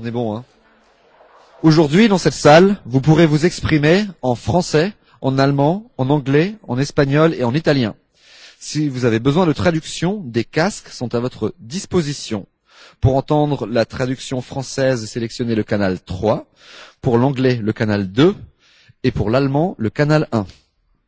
On est bon, hein. Aujourd'hui, dans cette salle, vous pourrez vous exprimer en français, en allemand, en anglais, en espagnol et en italien. Si vous avez besoin de traduction, des casques sont à votre disposition. Pour entendre la traduction française, sélectionnez le canal 3, pour l'anglais le canal 2 et pour l'allemand le canal 1.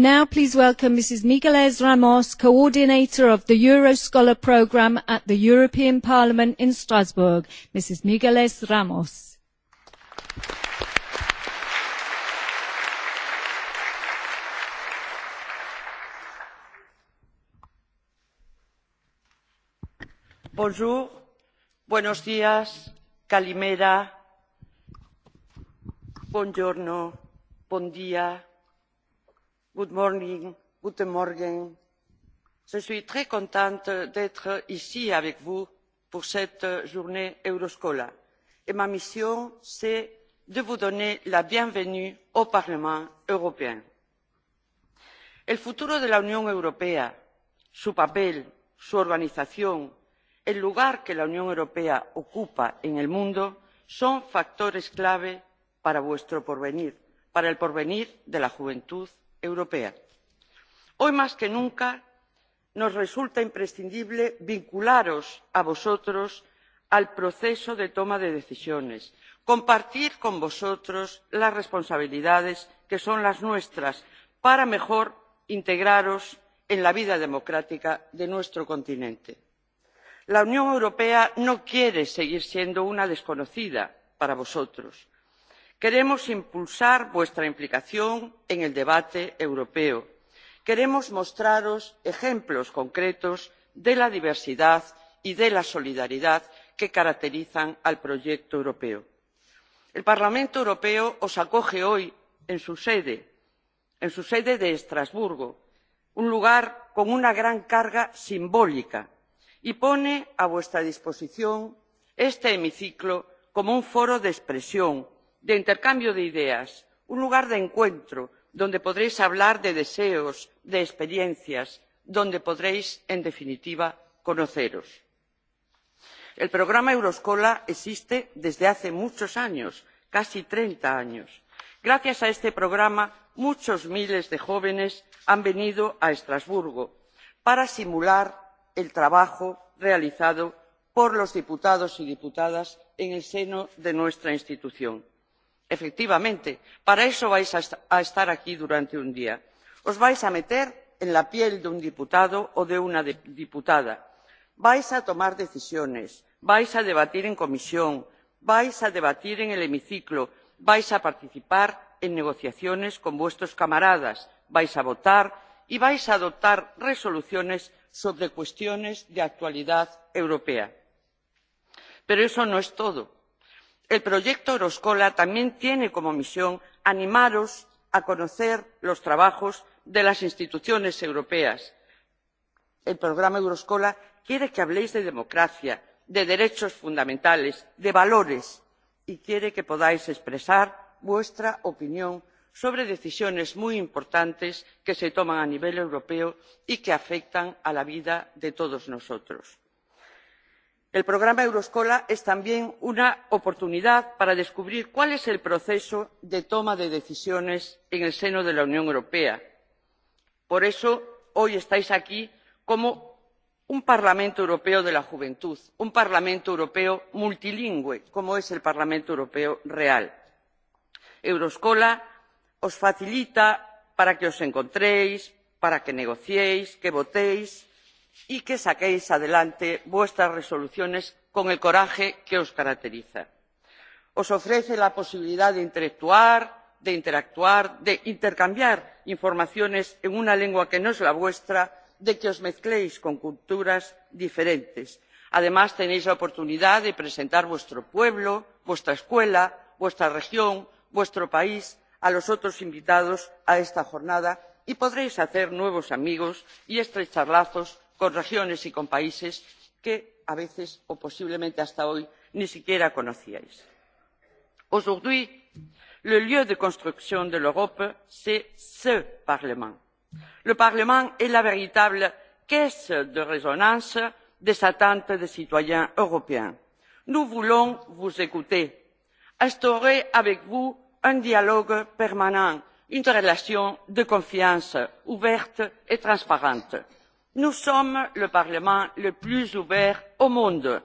now please welcome Mrs. Migueles Ramos, coordinator of the Euroscholar programme at the European Parliament in Strasbourg. Mrs. Migueles Ramos. Bonjour, buenos días, Kalimera. buongiorno, bon dia good morning guten morgen je suis très contente d'être ici avec vous pour cette journée euroscola et ma mission c'est de vous donner la bienvenue au parlement européen. el futuro de la unión europea su papel su organización el lugar que la unión europea ocupa en el mundo son factores clave para vuestro porvenir para el porvenir de la juventud europea. hoy más que nunca nos resulta imprescindible vincularos a vosotros al proceso de toma de decisiones compartir con vosotros las responsabilidades que son las nuestras para mejor integraros en la vida democrática de nuestro continente. la unión europea no quiere seguir siendo una desconocida para vosotros Queremos impulsar vuestra implicación en el debate europeo. Queremos mostraros ejemplos concretos de la diversidad y de la solidaridad que caracterizan al proyecto europeo. El Parlamento Europeo os acoge hoy en su sede, en su sede de Estrasburgo, un lugar con una gran carga simbólica, y pone a vuestra disposición este hemiciclo como un foro de expresión de intercambio de ideas un lugar de encuentro donde podréis hablar de deseos de experiencias donde podréis en definitiva conoceros. el programa euroscola existe desde hace muchos años casi treinta años. gracias a este programa muchos miles de jóvenes han venido a estrasburgo para simular el trabajo realizado por los diputados y diputadas en el seno de nuestra institución efectivamente para eso vais a estar aquí durante un día. os vais a meter en la piel de un diputado o de una diputada vais a tomar decisiones vais a debatir en comisión vais a debatir en el hemiciclo vais a participar en negociaciones con vuestros camaradas vais a votar y vais a adoptar resoluciones sobre cuestiones de actualidad europea. pero eso no es todo el proyecto euroscola también tiene como misión animaros a conocer los trabajos de las instituciones europeas. el programa euroscola quiere que habléis de democracia de derechos fundamentales de valores y quiere que podáis expresar vuestra opinión sobre decisiones muy importantes que se toman a nivel europeo y que afectan a la vida de todos nosotros el programa euroscola es también una oportunidad para descubrir cuál es el proceso de toma de decisiones en el seno de la unión europea. por eso hoy estáis aquí como un parlamento europeo de la juventud un parlamento europeo multilingüe como es el parlamento europeo real. euroscola os facilita para que os encontréis para que negociéis que votéis y que saquéis adelante vuestras resoluciones con el coraje que os caracteriza. Os ofrece la posibilidad de interactuar, de interactuar, de intercambiar informaciones en una lengua que no es la vuestra, de que os mezcléis con culturas diferentes. Además, tenéis la oportunidad de presentar vuestro pueblo, vuestra escuela, vuestra región, vuestro país a los otros invitados a esta jornada y podréis hacer nuevos amigos y estrechar lazos con regiones y con países que a veces o posiblemente hasta hoy ni siquiera conocíais. aujourd'hui le lieu de construction de l'europe c'est ce parlement. le parlement est la véritable caisse de résonance des attentes des citoyens européens. nous voulons vous écouter instaurer avec vous un dialogue permanent une relation de confiance ouverte et transparente Nous sommes le Parlement le plus ouvert au monde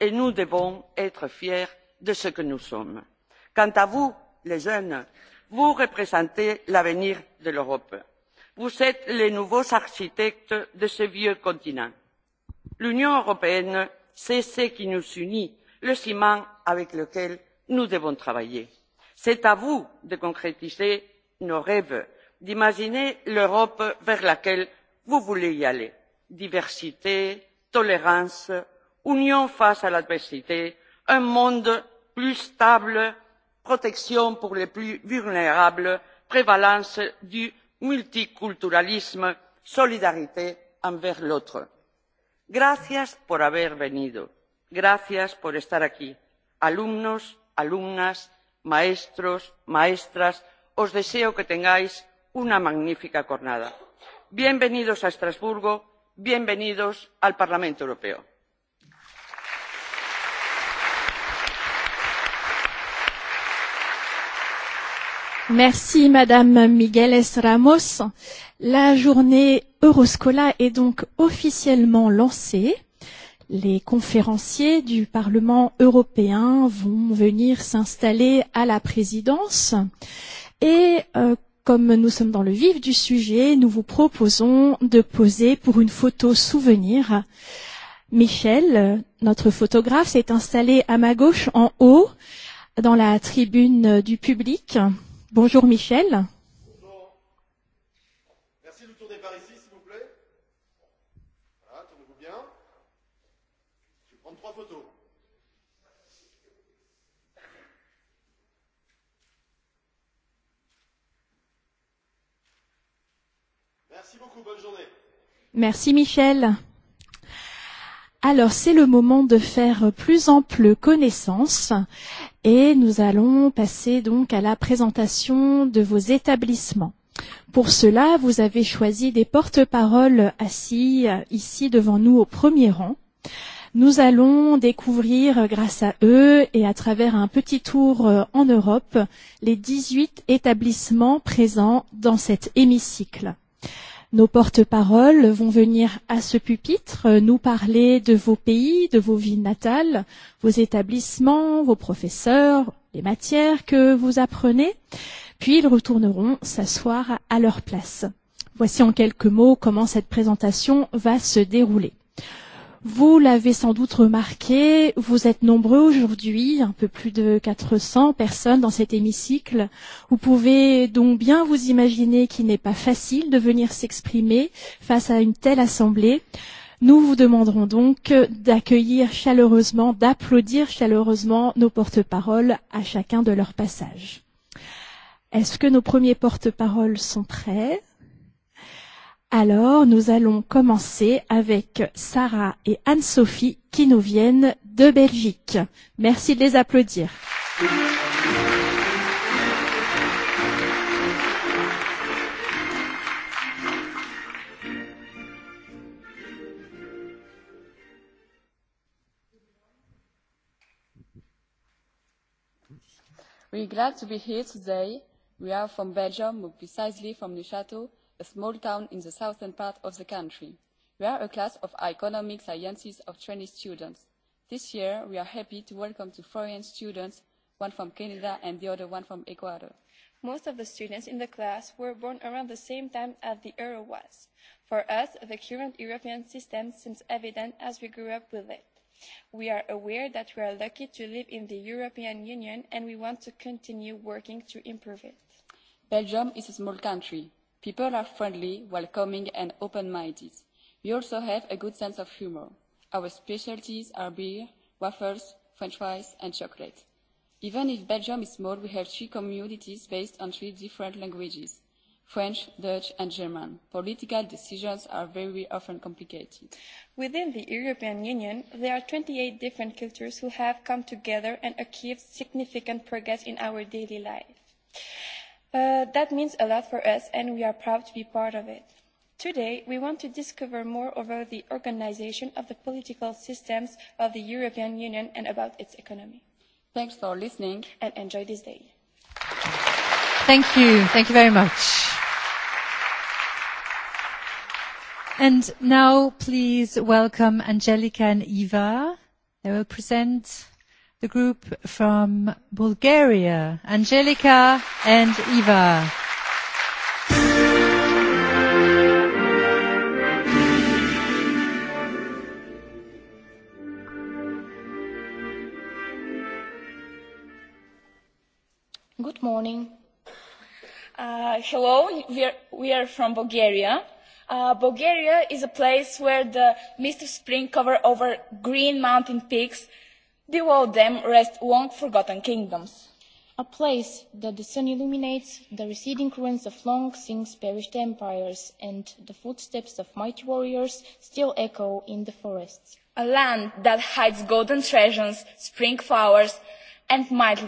et nous devons être fiers de ce que nous sommes. Quant à vous, les jeunes, vous représentez l'avenir de l'Europe. Vous êtes les nouveaux architectes de ce vieux continent. L'Union européenne, c'est ce qui nous unit, le ciment avec lequel nous devons travailler. C'est à vous de concrétiser nos rêves, d'imaginer l'Europe vers laquelle vous voulez y aller diversité tolérance union face à l'adversité un monde plus stable protection pour les plus vulnérables prévalence du multiculturalisme solidarité envers l'autre. gracias por haber venido gracias por estar aquí alumnos alumnas maestros maestras os deseo que tengáis una magnífica jornada bienvenidos a Estrasburgo, bienvenidos al Parlement Europeo. Merci Madame Migueles Ramos. La journée Euroscola est donc officiellement lancée. Les conférenciers du Parlement européen vont venir s'installer à la présidence et Comme nous sommes dans le vif du sujet, nous vous proposons de poser pour une photo souvenir. Michel, notre photographe, s'est installé à ma gauche en haut, dans la tribune du public. Bonjour Michel. Merci Michel. Alors c'est le moment de faire plus ample connaissance et nous allons passer donc à la présentation de vos établissements. Pour cela, vous avez choisi des porte-paroles assis ici devant nous au premier rang. Nous allons découvrir grâce à eux et à travers un petit tour en Europe les 18 établissements présents dans cet hémicycle. Nos porte-paroles vont venir à ce pupitre nous parler de vos pays, de vos villes natales, vos établissements, vos professeurs, les matières que vous apprenez, puis ils retourneront s'asseoir à leur place. Voici en quelques mots comment cette présentation va se dérouler. Vous l'avez sans doute remarqué, vous êtes nombreux aujourd'hui, un peu plus de 400 personnes dans cet hémicycle. Vous pouvez donc bien vous imaginer qu'il n'est pas facile de venir s'exprimer face à une telle assemblée. Nous vous demanderons donc d'accueillir chaleureusement, d'applaudir chaleureusement nos porte-paroles à chacun de leur passage. Est-ce que nos premiers porte-paroles sont prêts Alors, nous allons commencer avec Sarah et Anne-Sophie qui nous viennent de Belgique. Merci de les applaudir. glad to be here today. We are from Belgium, precisely from Neuchâtel, a small town in the southern part of the country. We are a class of economic sciences of 20 students. This year, we are happy to welcome two foreign students, one from Canada and the other one from Ecuador. Most of the students in the class were born around the same time as the euro was. For us, the current European system seems evident as we grew up with it. We are aware that we are lucky to live in the European Union and we want to continue working to improve it. Belgium is a small country People are friendly, welcoming and open-minded. We also have a good sense of humour. Our specialties are beer, waffles, french fries and chocolate. Even if Belgium is small, we have three communities based on three different languages, French, Dutch and German. Political decisions are very often complicated. Within the European Union, there are 28 different cultures who have come together and achieved significant progress in our daily life. That means a lot for us and we are proud to be part of it. Today, we want to discover more about the organisation of the political systems of the European Union and about its economy. Thanks for listening and enjoy this day. Thank you. Thank you very much. And now please welcome Angelica and Eva, They will present the group from Bulgaria, Angelika and Eva. Good morning. Hello, we are from Bulgaria. Bulgaria is a place where the mist of spring covers over green mountain peaks Below them rest long forgotten kingdoms. A place that the sun illuminates, the receding ruins of long since perished empires, and the footsteps of mighty warriors still echo in the forests. A land that hides golden treasures, spring flowers, and might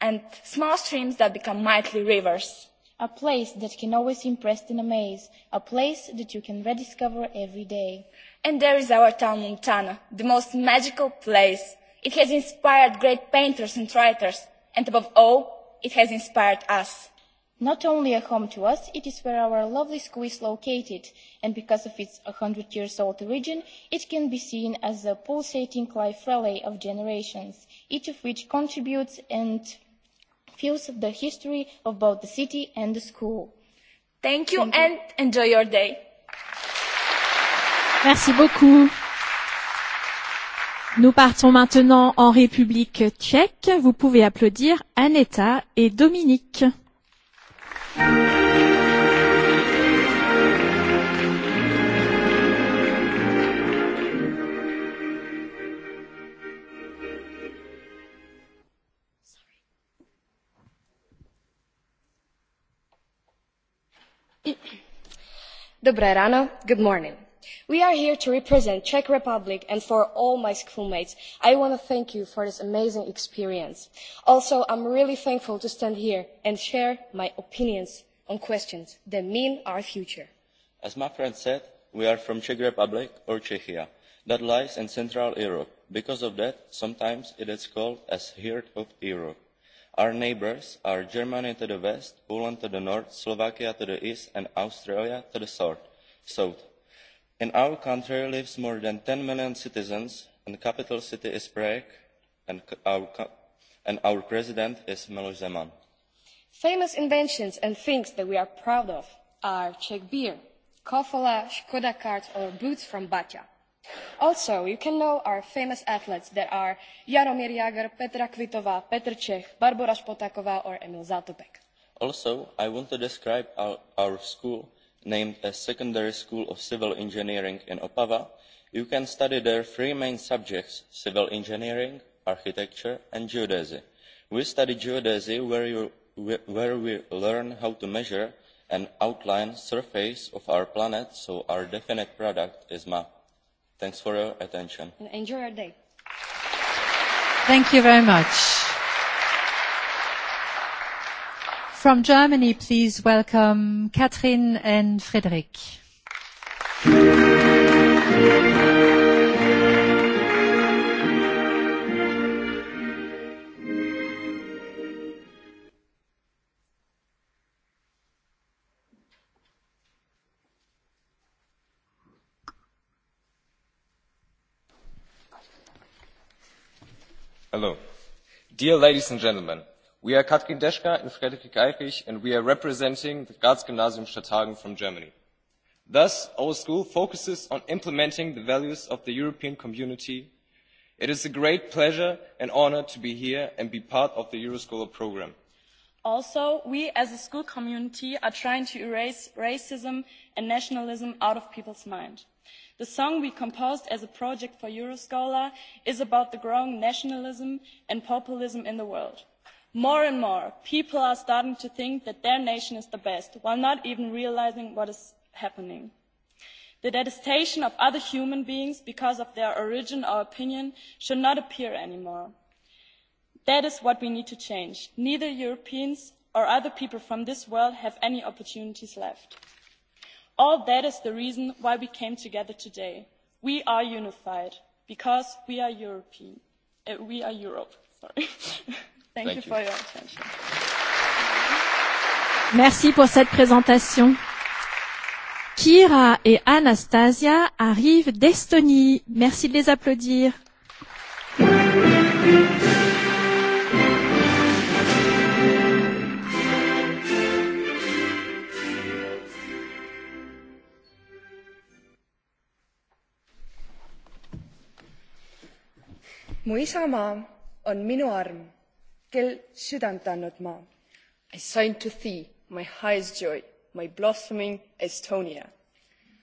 and small streams that become mighty rivers. A place that can always impress and amaze, a place that you can rediscover every day. And there is our town Montana, the most magical place It has inspired great painters and writers, and above all, it has inspired us. Not only a home to us, it is where our lovely school is located, and because of its 100 years old origin, it can be seen as a pulsating life relay of generations, each of which contributes and fuels the history of both the city and the school. Thank you and enjoy your day. Nous partons maintenant en République tchèque. Vous pouvez applaudir Aneta et Dominique. Dobré ráno, good morning we are here to represent the czech republic and for all my schoolmates i want to thank you for this amazing experience. also i am really thankful to stand here and share my opinions on questions that mean our future. as my friend said we are from the czech republic or czechia that lies in central europe. because of that sometimes it is called as heart of europe. our neighbours are germany to the west poland to the north slovakia to the east and australia to the south in our country lives more than 10 million citizens and the capital city is prague and our president is milos zeman. famous inventions and things that we are proud of are czech beer kofola skoda cars or boots from batya. also you can know our famous athletes that are jaromir jagr petra kvitova petr cech barbora spotakova or emil zatopek. also i want to describe our school named a secondary school of civil engineering in opava you can study their three main subjects civil engineering architecture and geodesy. we study geodesy where we learn how to measure and outline surface of our planet so our definite product is MA. thanks for your attention. enjoy your day. thank you very much. From Germany, please welcome Catherine and Frédéric. Hello. Dear ladies and gentlemen, We are Katrin Deschka and Friedrich Eichrich, and we are representing the Graz Gymnasium Stadthagen from Germany. Thus, our school focuses on implementing the values of the European community. It is a great pleasure and honor to be here and be part of the Euroscholar program. Also, we as a school community are trying to erase racism and nationalism out of people's mind. The song we composed as a project for Euroscholar is about the growing nationalism and populism in the world more and more people are starting to think that their nation is the best while not even realising what is happening. the detestation of other human beings because of their origin or opinion should not appear anymore. that is what we need to change. neither europeans nor other people from this world have any opportunities left. all that is the reason why we came together today. we are unified because we are europe. Thank you for your attention. Merci pour cette présentation. Kira et Anastasia arrivent d'Estonie. Merci de les applaudir. Mu isamaa on minu arm quel sedantan notement. I sign to thee, my highest joy, my blossoming Estonia.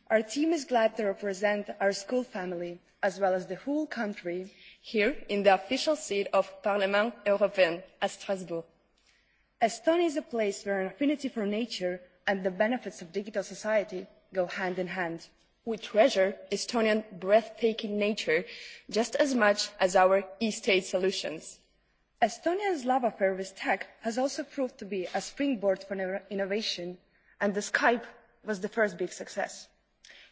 Our team is glad to represent our school family as well as the whole country here in the official seat of Parlement Européen at Strasbourg. Estonia is a place where an affinity for nature and the benefits of digital society go hand in hand. We treasure Estonian breathtaking nature just as much as our e-state solutions. Estonia's affair with Tech has also proved to be a springboard for innovation, and the Skype was the first big success.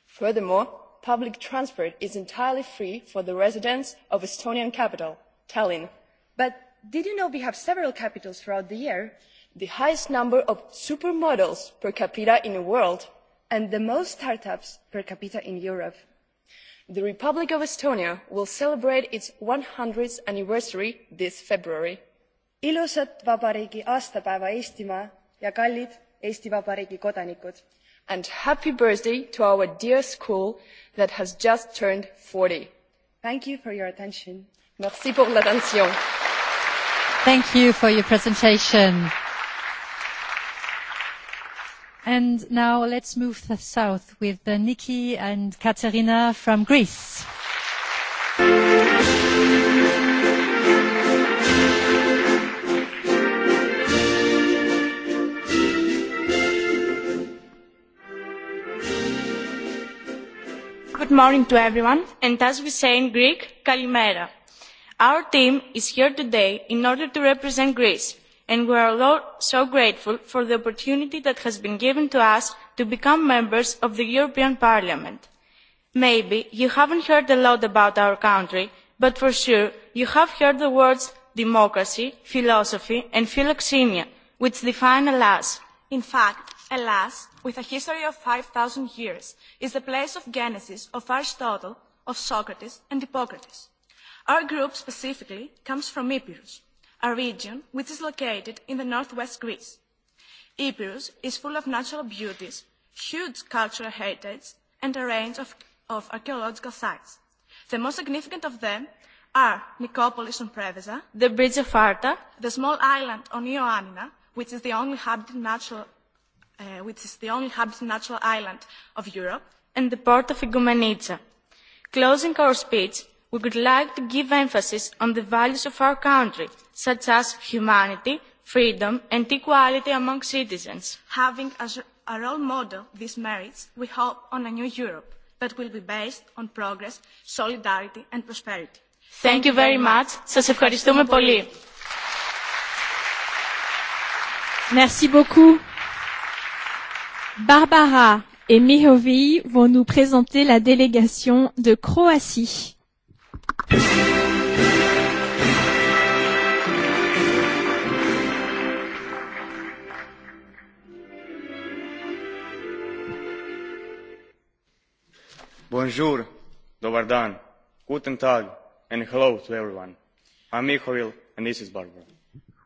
Furthermore, public transport is entirely free for the residents of Estonian capital, Tallinn. But did you know we have several capitals throughout the year? The highest number of supermodels per capita in the world, and the most ups per capita in Europe the republic of estonia will celebrate its 100th anniversary this february. ilusat vabariigi aastapäeva eestimaa ja kallid eesti vabariigi kodanikud and happy birthday to our dear school that has just turned 40. Thank you for your attention. Merci pour l'attention. Thank you for your presentation. And now let's move south with Nikki and Katerina from Greece. Good morning to everyone, and as we say in Greek, Kalimera. Our team is here today in order to represent Greece and we are all so grateful for the opportunity that has been given to us to become members of the European Parliament. Maybe you haven't heard a lot about our country, but for sure you have heard the words democracy, philosophy and philoxenia, which define alas. In fact, Alas with a history of 5,000 years, is the place of genesis of Aristotle, of Socrates and Hippocrates. Our group specifically comes from Epirus a region which is located in the northwest Greece. Epirus is full of natural beauties, huge cultural heritage, and a range of archaeological sites. The most significant of them are Nicopolis on Preveza, the Bridge of Arta, the small island on Ioannina, which is the only habited natural which is the only natural island of Europe, and the port of Igoumenitsa. Closing our speech, we would like to give emphasis on the values of our country, such as humanity, freedom and equality among citizens. Having as a role model these merits, we hope on a new Europe that will be based on progress, solidarity and prosperity. Thank you very much. Σας ευχαριστούμε πολύ. Merci beaucoup. Barbara et Mihovi vont nous présenter la délégation de Croatie. Bonjour, dobar dan, guten tag, and hello to everyone. I'm Mihovil, and this is Barbara.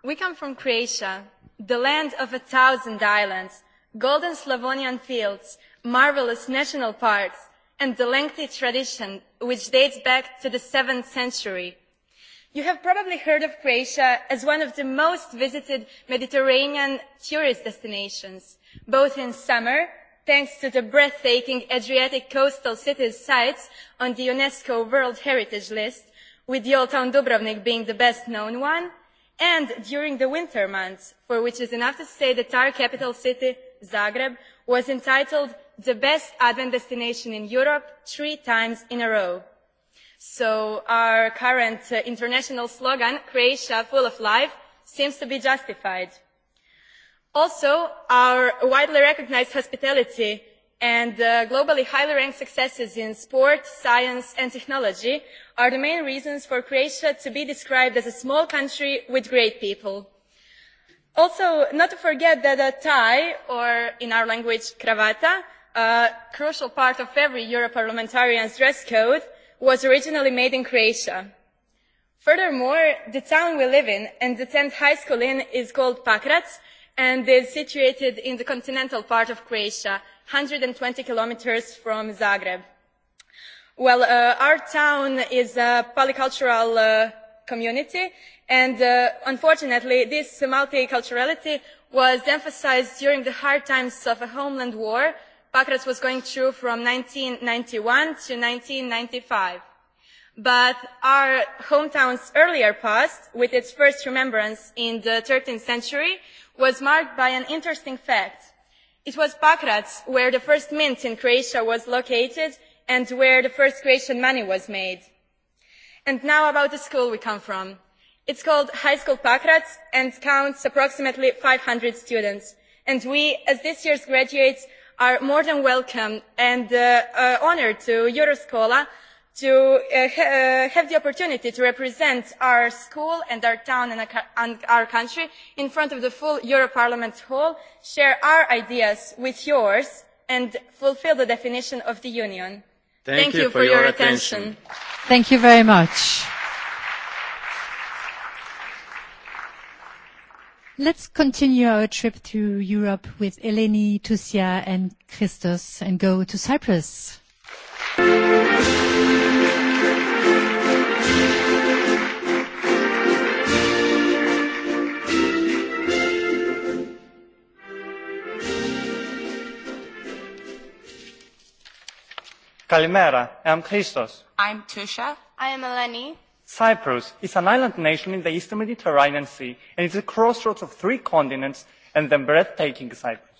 We come from Croatia, the land of a thousand islands, golden Slavonian fields, marvelous national parks, and the lengthy tradition which dates back to the 7th century. You have probably heard of Croatia as one of the most visited Mediterranean tourist destinations, both in summer thanks to the breathtaking Adriatic coastal cities sites on the UNESCO World Heritage List, with the Old Town Dubrovnik being the best known one, and during the winter months, for which is enough to say that our capital city, Zagreb, was entitled the best Advent destination in Europe three times in a row. So our current international slogan, Croatia full of life, seems to be justified. Also, our widely recognized hospitality and globally highly ranked successes in sport, science and technology are the main reasons for Croatia to be described as a small country with great people. Also, not to forget that a tie, or in our language, cravata, a crucial part of every Europarlamentarian's dress code, was originally made in Croatia. Furthermore, the town we live in and attend high school in is called Pakrac, and is situated in the continental part of Croatia, 120 kilometers from Zagreb. Well, our town is a polycultural community, and unfortunately this multiculturality was emphasized during the hard times of a homeland war Pakras was going through from 1991 to 1995. But our hometown's earlier past, with its first remembrance in the 13th century, was marked by an interesting fact. It was Pakrac where the first mint in Croatia was located and where the first Croatian money was made. And now about the school we come from. It's called High School Pakrac and counts approximately 500 students. And we, as this year's graduates, are more than welcome and honoured to Euroscola to have the opportunity to represent our school and our town and our country in front of the full Euro Parliament hall, share our ideas with yours and fulfil the definition of the Union. Thank you for your attention. Thank you very much. Let's continue our trip through Europe with Eleni, Tusia and Christos and go to Cyprus. Καλημέρα, I'm Christos. I'm Tusha. I am Eleni. Cyprus is an island nation in the eastern Mediterranean Sea and it's a crossroads of three continents and the breathtaking Cyprus.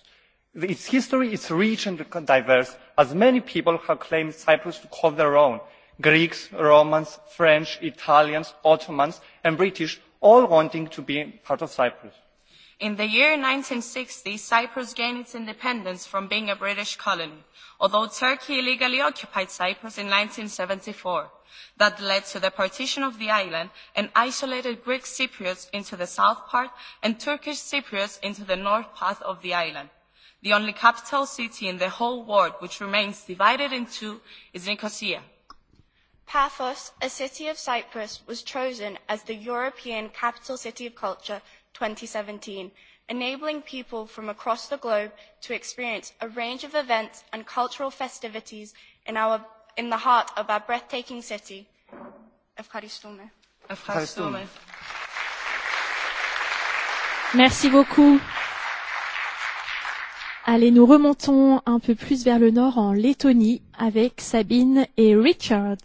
Its history is rich and diverse as many people have claimed Cyprus to call their own. Greeks, Romans, French, Italians, Ottomans and British all wanting to be part of Cyprus. In the year 1960, Cyprus gained its independence from being a British colony, although Turkey illegally occupied Cyprus in 1974. That led to the partition of the island and isolated Greek Cypriots into the south part and Turkish Cypriots into the north part of the island. The only capital city in the whole world which remains divided in two is Nicosia. Paphos, a city of Cyprus, was chosen as the European Capital City of Culture 2017, enabling people from across the globe to experience a range of events and cultural festivities in, our, in the heart of our breathtaking city. Ευχαριστούμε. Ευχαριστούμε. Merci beaucoup. Allez, nous remontons un peu plus vers le nord en Lettonie avec Sabine et Richards.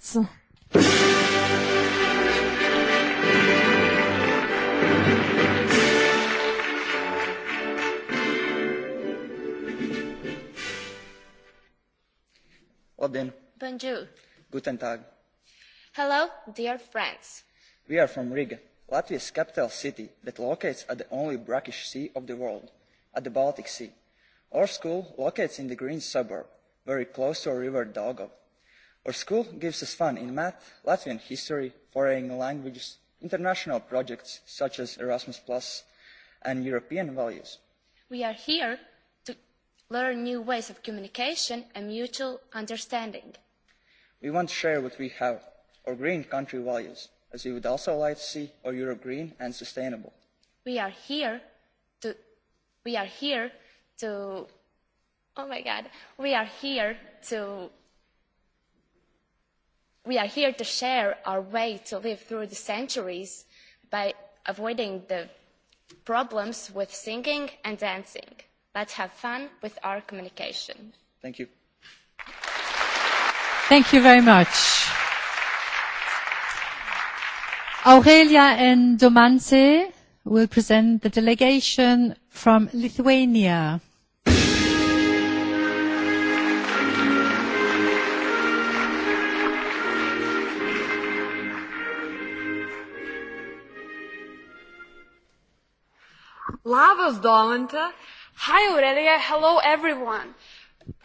Robin. Bonjour. Guten Tag. Hello, dear friends. We are from Riga, Latvia's capital city that locates at the only brackish sea of the world, at the Baltic Sea Our school locates in the green suburb, very close to our river Daugava. Our school gives us fun in math, Latvian history, foreign languages, international projects such as Erasmus Plus, and European values. We are here to learn new ways of communication and mutual understanding. We want to share what we have, our green country values, as we would also like to see our Europe green and sustainable. We are here to we are here to oh my god we are here to we are here to share our way to live through the centuries by avoiding the problems with singing and dancing let's have fun with our communication thank you thank you very much aurelia and domance will present the delegation from Lithuania. Labas, Dolanta. Hi, Aurelia. Hello, everyone.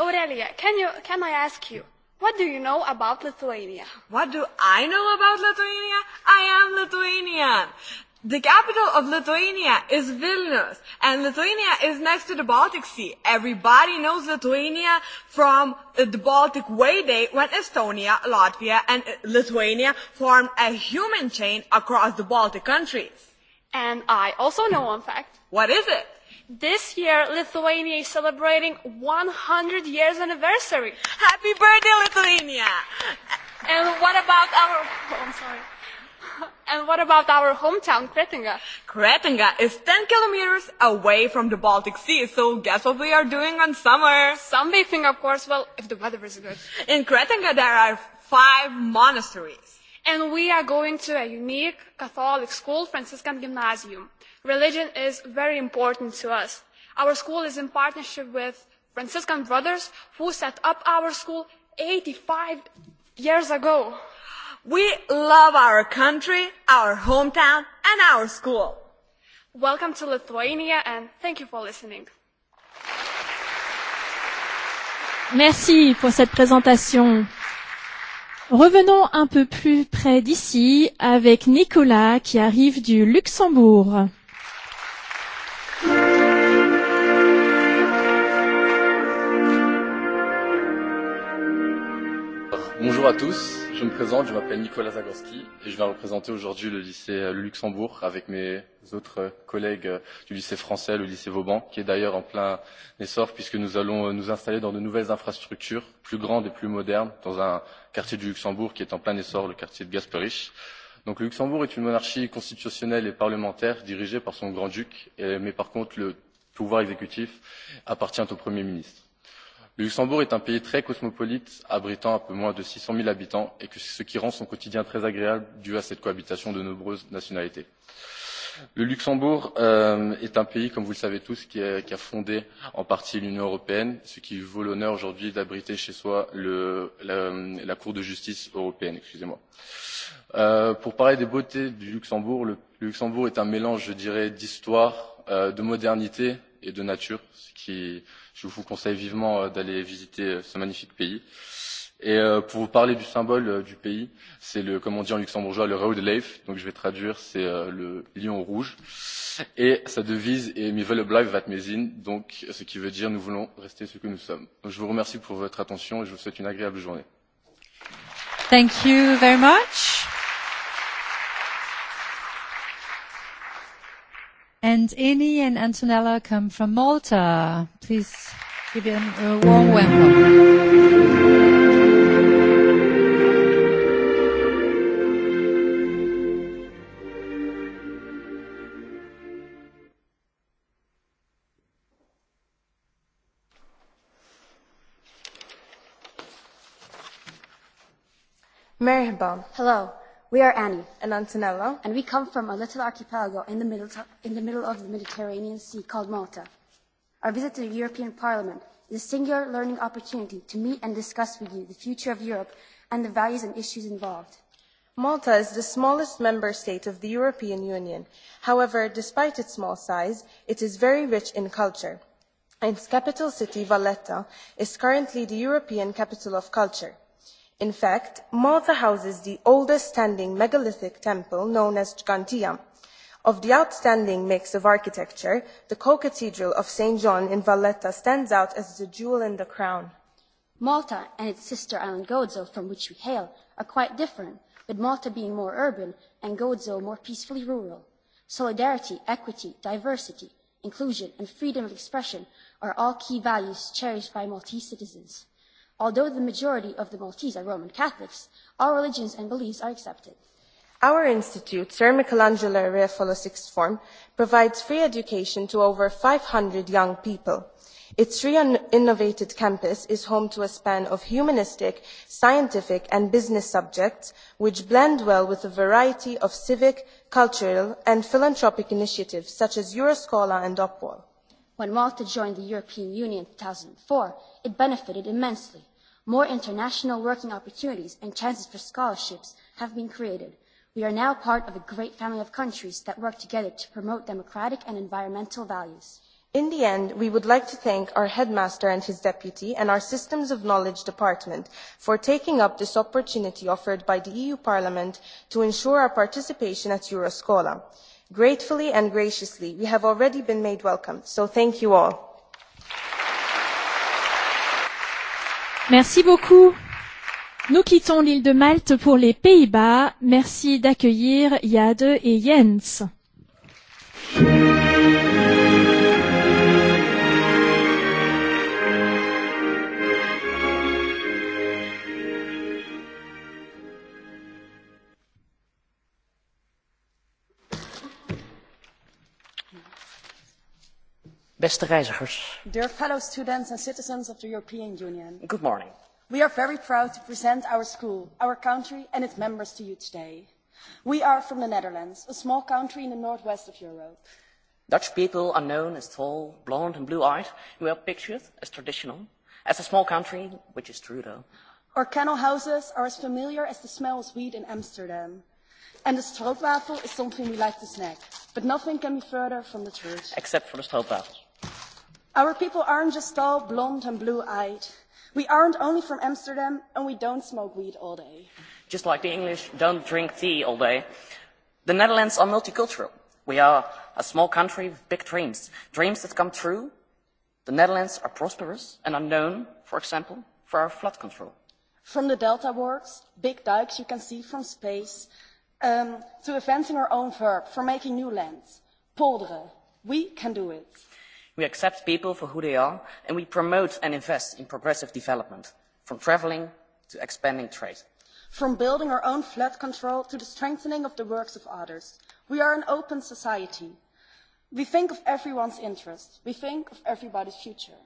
Aurelia, can, you, can I ask you, what do you know about Lithuania? What do I know about Lithuania? I am Lithuanian. The capital of Lithuania is Vilnius, and Lithuania is next to the Baltic Sea. Everybody knows Lithuania from the Baltic Way Day when Estonia, Latvia, and Lithuania formed a human chain across the Baltic countries. And I also know one fact. What is it? This year, Lithuania is celebrating 100 years anniversary. Happy birthday, Lithuania! And what about our... I'm sorry. And what about our hometown, Kretinga? Kretinga is 10 kilometers away from the Baltic Sea, so guess what we are doing on summer? Sunbathing, of course, well, if the weather is good. In Kretinga, there are five monasteries. And we are going to a unique Catholic school, Franciscan Gymnasium. Religion is very important to us. Our school is in partnership with Franciscan Brothers, who set up our school 85 years ago. We love our country, our hometown and our school. Welcome to Lithuania and thank you for listening. Merci pour cette présentation. Revenons un peu plus près d'ici avec Nicolas qui arrive du Luxembourg. Bonjour à tous je me présente, je m'appelle Nicolas Zagorski et je viens représenter aujourd'hui le lycée Luxembourg avec mes autres collègues du lycée français, le lycée Vauban, qui est d'ailleurs en plein essor puisque nous allons nous installer dans de nouvelles infrastructures, plus grandes et plus modernes, dans un quartier du Luxembourg qui est en plein essor, le quartier de Gasperich. Donc le Luxembourg est une monarchie constitutionnelle et parlementaire dirigée par son grand-duc, mais par contre le pouvoir exécutif appartient au Premier ministre Le Luxembourg est un pays très cosmopolite, abritant un peu moins de 600 habitants, et ce qui rend son quotidien très agréable dû à cette cohabitation de nombreuses nationalités. Le Luxembourg est un pays, comme vous le savez tous, qui a fondé en partie l'Union européenne, ce qui vaut l'honneur aujourd'hui d'abriter chez soi la Cour de justice européenne. Pour parler des beautés du Luxembourg, le Luxembourg est un mélange, je dirais, d'histoire, de modernité et de nature, ce qui Je vous conseille vivement d'aller visiter ce magnifique pays. Et pour vous parler du symbole du pays, c'est le, comme on dit en luxembourgeois, le Road Leif. Donc je vais traduire, c'est le lion rouge. Et sa devise est Mi veulent vat mezin », donc ce qui veut dire nous voulons rester ce que nous sommes. Donc je vous remercie pour votre attention et je vous souhaite une agréable journée. Thank you very much. And Eni and Antonella come from Malta. Please give them a warm welcome. Merhaba. Hello. We are Annie and Antonella, and we come from a little archipelago in the middle in the middle of the Mediterranean Sea called Malta. Our visit to the European Parliament is a singular learning opportunity to meet and discuss with you the future of Europe and the values and issues involved. Malta is the smallest member state of the European Union. However, despite its small size, it is very rich in culture. Its capital city, Valletta, is currently the European Capital of Culture In fact, Malta houses the oldest standing megalithic temple known as Gigantia. Of the outstanding mix of architecture, the co-cathedral of St. John in Valletta stands out as the jewel in the crown. Malta and its sister island Gozo, from which we hail, are quite different, with Malta being more urban and Gozo more peacefully rural. Solidarity, equity, diversity, inclusion and freedom of expression are all key values cherished by Maltese citizens although the majority of the Maltese are Roman Catholics, all religions and beliefs are accepted. Our institute, Sir Michelangelo Sixth Form, provides free education to over 500 young people. Its re-innovated campus is home to a span of humanistic, scientific and business subjects which blend well with a variety of civic, cultural and philanthropic initiatives such as Euroscola and Opwall. When Malta joined the European Union in 2004, it benefited immensely More international working opportunities and chances for scholarships have been created. We are now part of a great family of countries that work together to promote democratic and environmental values. In the end, we would like to thank our headmaster and his deputy and our Systems of Knowledge department for taking up this opportunity offered by the EU Parliament to ensure our participation at Euroscola. Gratefully and graciously, we have already been made welcome, so thank you all. Merci beaucoup. Nous quittons l'île de Malte pour les Pays-Bas. Merci d'accueillir Yade et Jens. beste reizigers. Dear fellow students and citizens of the European Union. Good morning. We are very proud to present our school, our country and its members to you today. We are from the Netherlands, a small country in the northwest of Europe. Dutch people are known as tall, blonde, and blue-eyed, and we are pictured as traditional, as a small country, which is true though. Our kennel houses are as familiar as the smell of weed in Amsterdam. And the stroopwafel is something we like to snack, but nothing can be further from the truth. Except for the stroopwafels. Our people aren't just tall, blonde and blue-eyed. We aren't only from Amsterdam and we don't smoke weed all day. Just like the English don't drink tea all day. The Netherlands are multicultural. We are a small country with big dreams. Dreams that come true. The Netherlands are prosperous and are known, for example, for our flood control. From the delta works, big dikes you can see from space, to advancing our own verb, for making new lands. Polderen. We can do it. We accept people for who they are, and we promote and invest in progressive development, from travelling to expanding trade. From building our own flood control to the strengthening of the works of others, we are an open society. We think of everyone's interests. We think of everybody's future.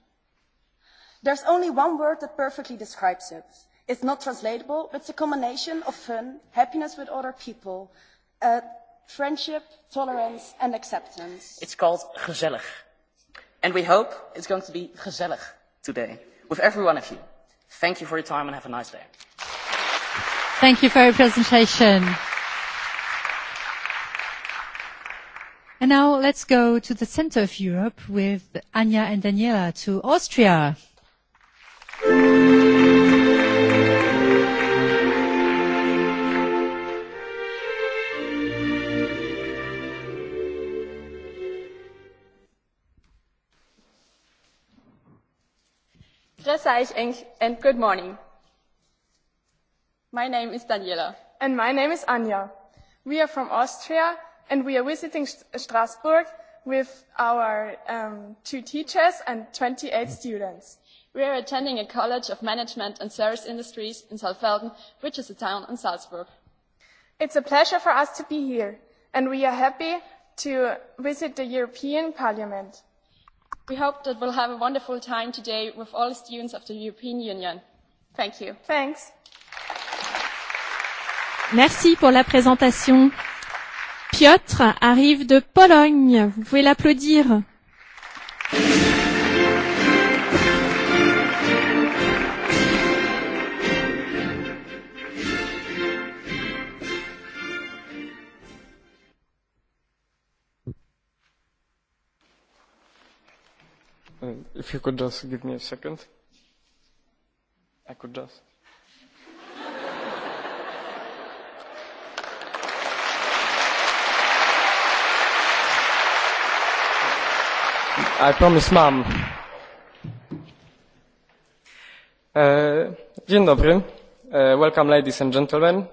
There's only one word that perfectly describes it. It's not translatable, but it's a combination of fun, happiness with other people, friendship, tolerance and acceptance. It's called gezellig and we hope it's going to be gezellig today with every one of you. Thank you for your time and have a nice day. Thank you for your presentation. And now let's go to the center of Europe with Anja and Daniela to Austria. euch and good morning. My name is Daniela. And my name is Anja. We are from Austria and we are visiting Strasbourg with our two teachers and 28 students. We are attending a college of management and service industries in Salfelden, which is a town in Salzburg. It's a pleasure for us to be here and we are happy to visit the European Parliament. We hope that we'll have a wonderful time today with all the students of the European Union. Thank you. Thanks. Merci pour la présentation. Piotr arrive de Pologne. Vous pouvez l'applaudir. If you could just give me a second. I could just. I promise mom. Dzień dobry. Welcome ladies and gentlemen,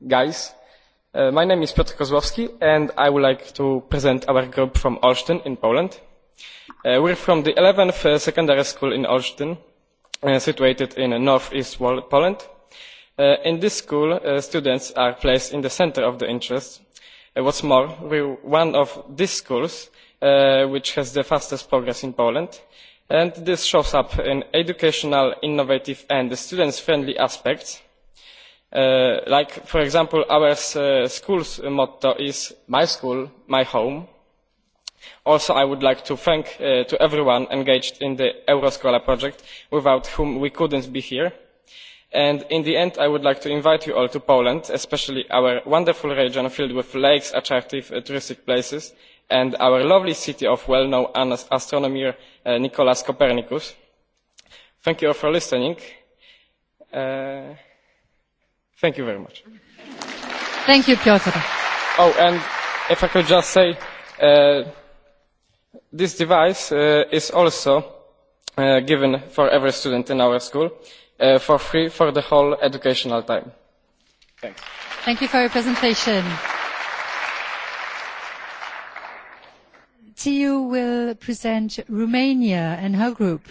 guys. My name is Piotr Kozłowski and I would like to present our group from Olsztyn in Poland are from the 11th secondary school in Olsztyn, situated in north-east east Poland. In this school, students are placed in the centre of the interest. What's more, are one of these schools which has the fastest progress in Poland, and this shows up in educational, innovative and students-friendly aspects. Like, for example, our school's motto is "My school, my home." also i would like to thank everyone engaged in the euroscola project without whom we couldn't be here and in the end i would like to invite you all to poland especially our wonderful region filled with lakes attractive touristic places and our lovely city of well known astronomer nicolas copernicus. thank you all for listening. thank you very much. thank you piotr. oh and if i could just say This device is also given for every student in our school for free for the whole educational time. Thank you for your presentation. TU will present Romania and her group.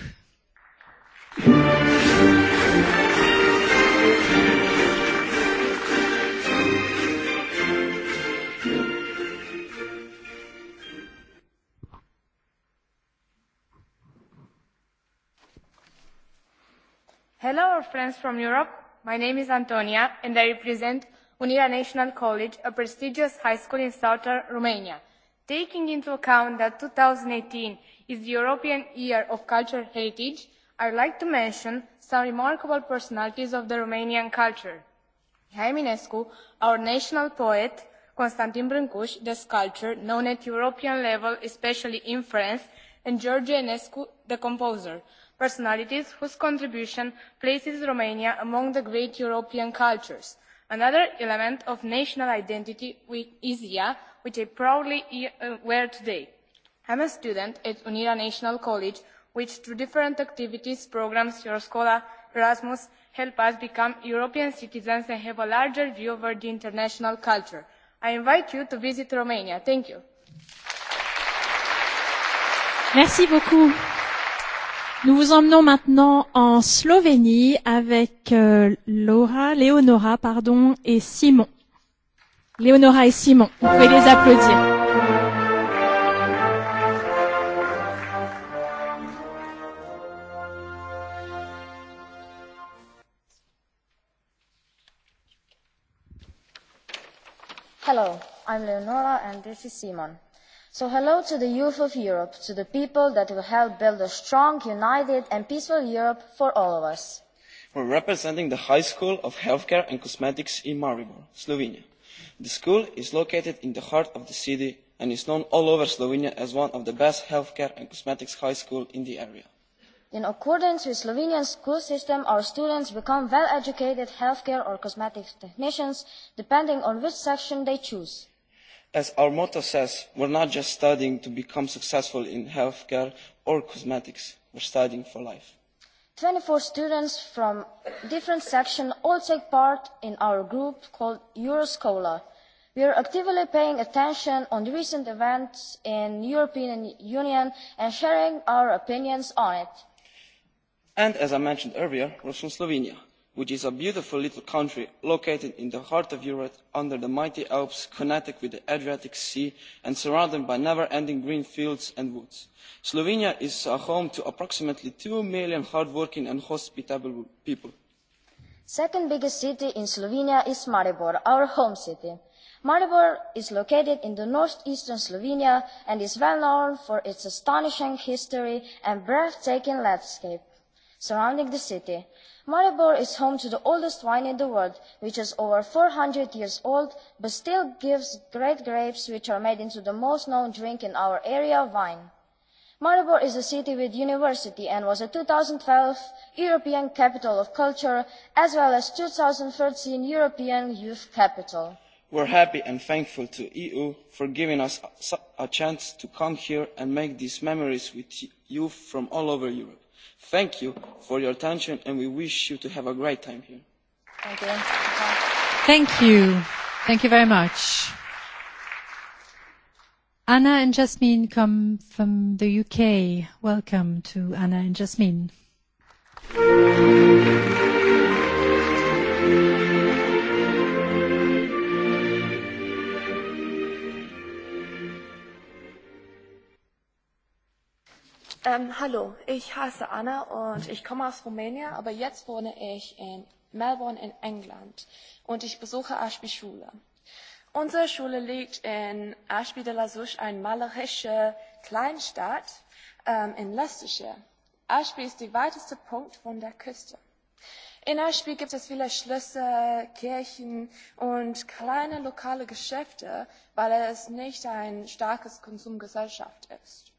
Hello, our friends from Europe. My name is Antonia, and I represent Unirea National College, a prestigious high school in southern Romania. Taking into account that 2018 is the European Year of Cultural Heritage, I would like to mention some remarkable personalities of the Romanian culture. Mihai our national poet, Constantin Brâncuș, the sculptor, known at European level, especially in France, and George Enescu, the composer personalities whose contribution places Romania among the great European cultures. Another element of national identity is IA, which I proudly wear today. I am a student at Unira National College, which through different activities, programs, Euroscola, Erasmus, help us become European citizens and have a larger view over the international culture. I invite you to visit Romania. Thank you. Nous vous emmenons maintenant en Slovénie avec Laura, Léonora pardon, et Simon. Léonora et Simon, vous pouvez les applaudir. Hello, I'm Leonora and this is Simon. So hello to the youth of Europe, to the people that will help build a strong, united and peaceful Europe for all of us. are representing the High School of Healthcare and Cosmetics in Maribor, Slovenia. The school is located in the heart of the city and is known all over Slovenia as one of the best healthcare and cosmetics high schools in the area. In accordance with the Slovenian school system, our students become well-educated healthcare or cosmetics technicians, depending on which section they choose as our motto says we are not just studying to become successful in healthcare or cosmetics we are studying for life. 24 students from different sections all take part in our group called euroscola. we are actively paying attention on recent events in the european union and sharing our opinions on it. and as i mentioned earlier are from slovenia which is a beautiful little country located in the heart of europe under the mighty alps connected with the adriatic sea and surrounded by never ending green fields and woods. slovenia is home to approximately two million hard working and hospitable people. the second biggest city in slovenia is maribor our home city. maribor is located in the north eastern slovenia and is well known for its astonishing history and breathtaking landscape surrounding the city. Maribor is home to the oldest wine in the world, which is over 400 years old, but still gives great grapes which are made into the most known drink in our area, wine. Maribor is a city with university and was a 2012 European Capital of Culture as well as 2013 European Youth Capital. are happy and thankful to EU for giving us a chance to come here and make these memories with youth from all over Europe. Thank you for your attention and we wish you to have a great time here. Thank you. Thank you very much. Anna and Jasmine come from the UK. Welcome to Anna and Jasmine. Hallo, ich heiße Anna und ich komme aus Rumänien, aber jetzt wohne ich in Melbourne in England und ich besuche Ashby Schule. Unsere Schule liegt in Ashby de la Suche, eine malerische Kleinstadt in Leicestershire. Ashby ist der weiteste Punkt von der Küste. In Ashby gibt es viele Schlösser, Kirchen und kleine lokale Geschäfte, weil es nicht ein starkes Konsumgesellschaft ist.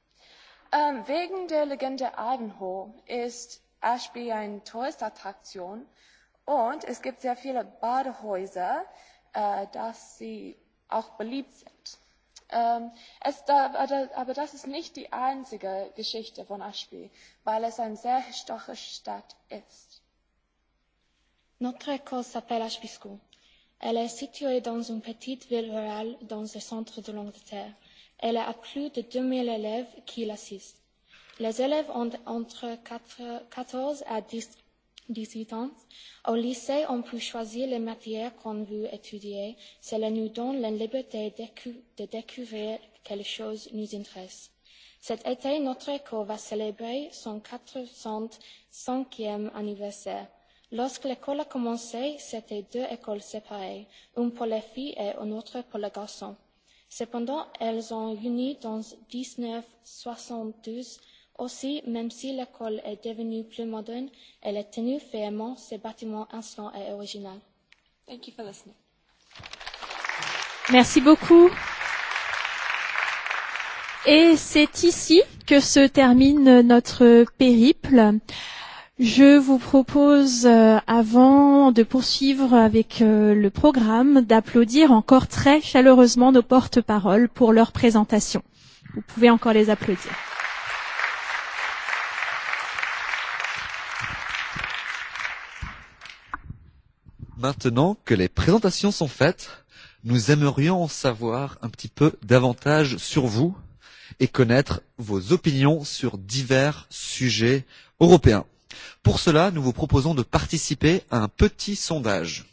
Wegen der Legende Ivanhoe ist Ashby eine Touristattraktion und es gibt sehr viele Badehäuser, dass sie auch beliebt sind. Aber das ist nicht die einzige Geschichte von Ashby, weil es eine sehr historische Stadt ist. Notre école s'appelle Ashby Elle est située dans une petite ville rurale dans le centre de l'Angleterre. Elle a plus de 2000 élèves qui l'assistent. Les élèves ont entre 14 à huit ans. Au lycée, on peut choisir les matières qu'on veut étudier. Cela nous donne la liberté de découvrir quelles choses nous intéressent. Cet été, notre école va célébrer son 405e anniversaire. Lorsque l'école a commencé, c'était deux écoles séparées, une pour les filles et une autre pour les garçons. Cependant, elles ont uni dans douze, aussi, même si l'école est devenue plus moderne, elle a tenu fermement ses bâtiments anciens et originaux. Merci beaucoup. Et c'est ici que se termine notre périple. Je vous propose, avant de poursuivre avec le programme, d'applaudir encore très chaleureusement nos porte-paroles pour leur présentation. Vous pouvez encore les applaudir. Maintenant que les présentations sont faites, nous aimerions en savoir un petit peu davantage sur vous et connaître vos opinions sur divers sujets européens. Pour cela, nous vous proposons de participer à un petit sondage.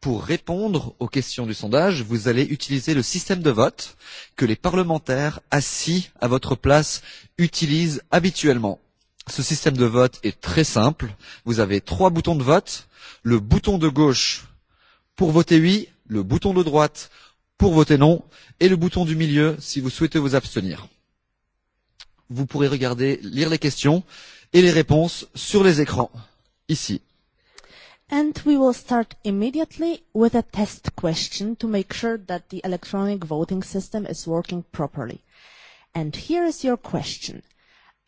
Pour répondre aux questions du sondage, vous allez utiliser le système de vote que les parlementaires assis à votre place utilisent habituellement. Ce système de vote est très simple. Vous avez trois boutons de vote. Le bouton de gauche pour voter oui, le bouton de droite pour voter non et le bouton du milieu si vous souhaitez vous abstenir. Vous pourrez regarder, lire les questions et les réponses sur les écrans, ici. And we will start immediately with a test question to make sure that the electronic voting system is working properly. And here is your question.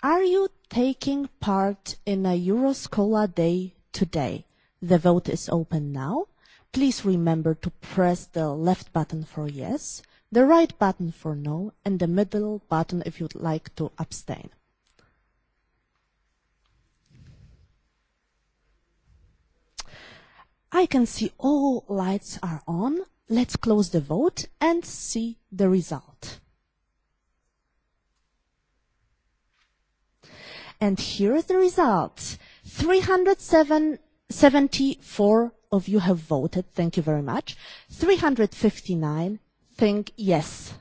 Are you taking part in a Euroscola Day today? The vote is open now. Please remember to press the left button for yes, the right button for no, and the middle button if you'd like to abstain. I can see all lights are on. Let's close the vote and see the result. And here is the result. 374 of you have voted. Thank you very much. 359 think yes.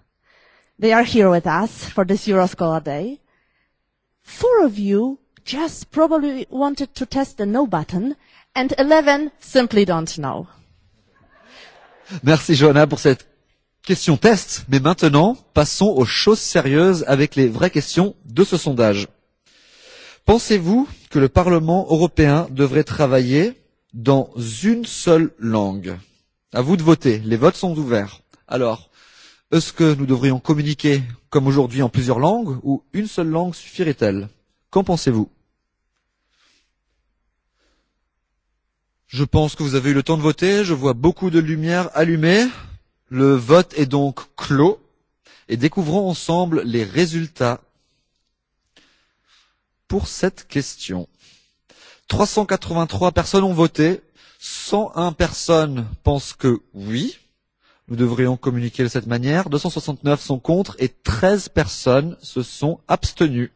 They are here with us for this Euroscholar Day. Four of you just probably wanted to test the no button and 11 simply don't know. Merci Johanna pour cette question test. Mais maintenant, passons aux choses sérieuses avec les vraies questions de ce sondage. Pensez-vous que le Parlement européen devrait travailler dans une seule langue À vous de voter. Les votes sont ouverts. Alors, est-ce que nous devrions communiquer comme aujourd'hui en plusieurs langues ou une seule langue suffirait-elle Qu'en pensez-vous Je pense que vous avez eu le temps de voter. Je vois beaucoup de lumière allumée. Le vote est donc clos. Et découvrons ensemble les résultats pour cette question. 383 personnes ont voté. 101 personnes pensent que oui. Nous devrions communiquer de cette manière. 269 sont contre et 13 personnes se sont abstenues.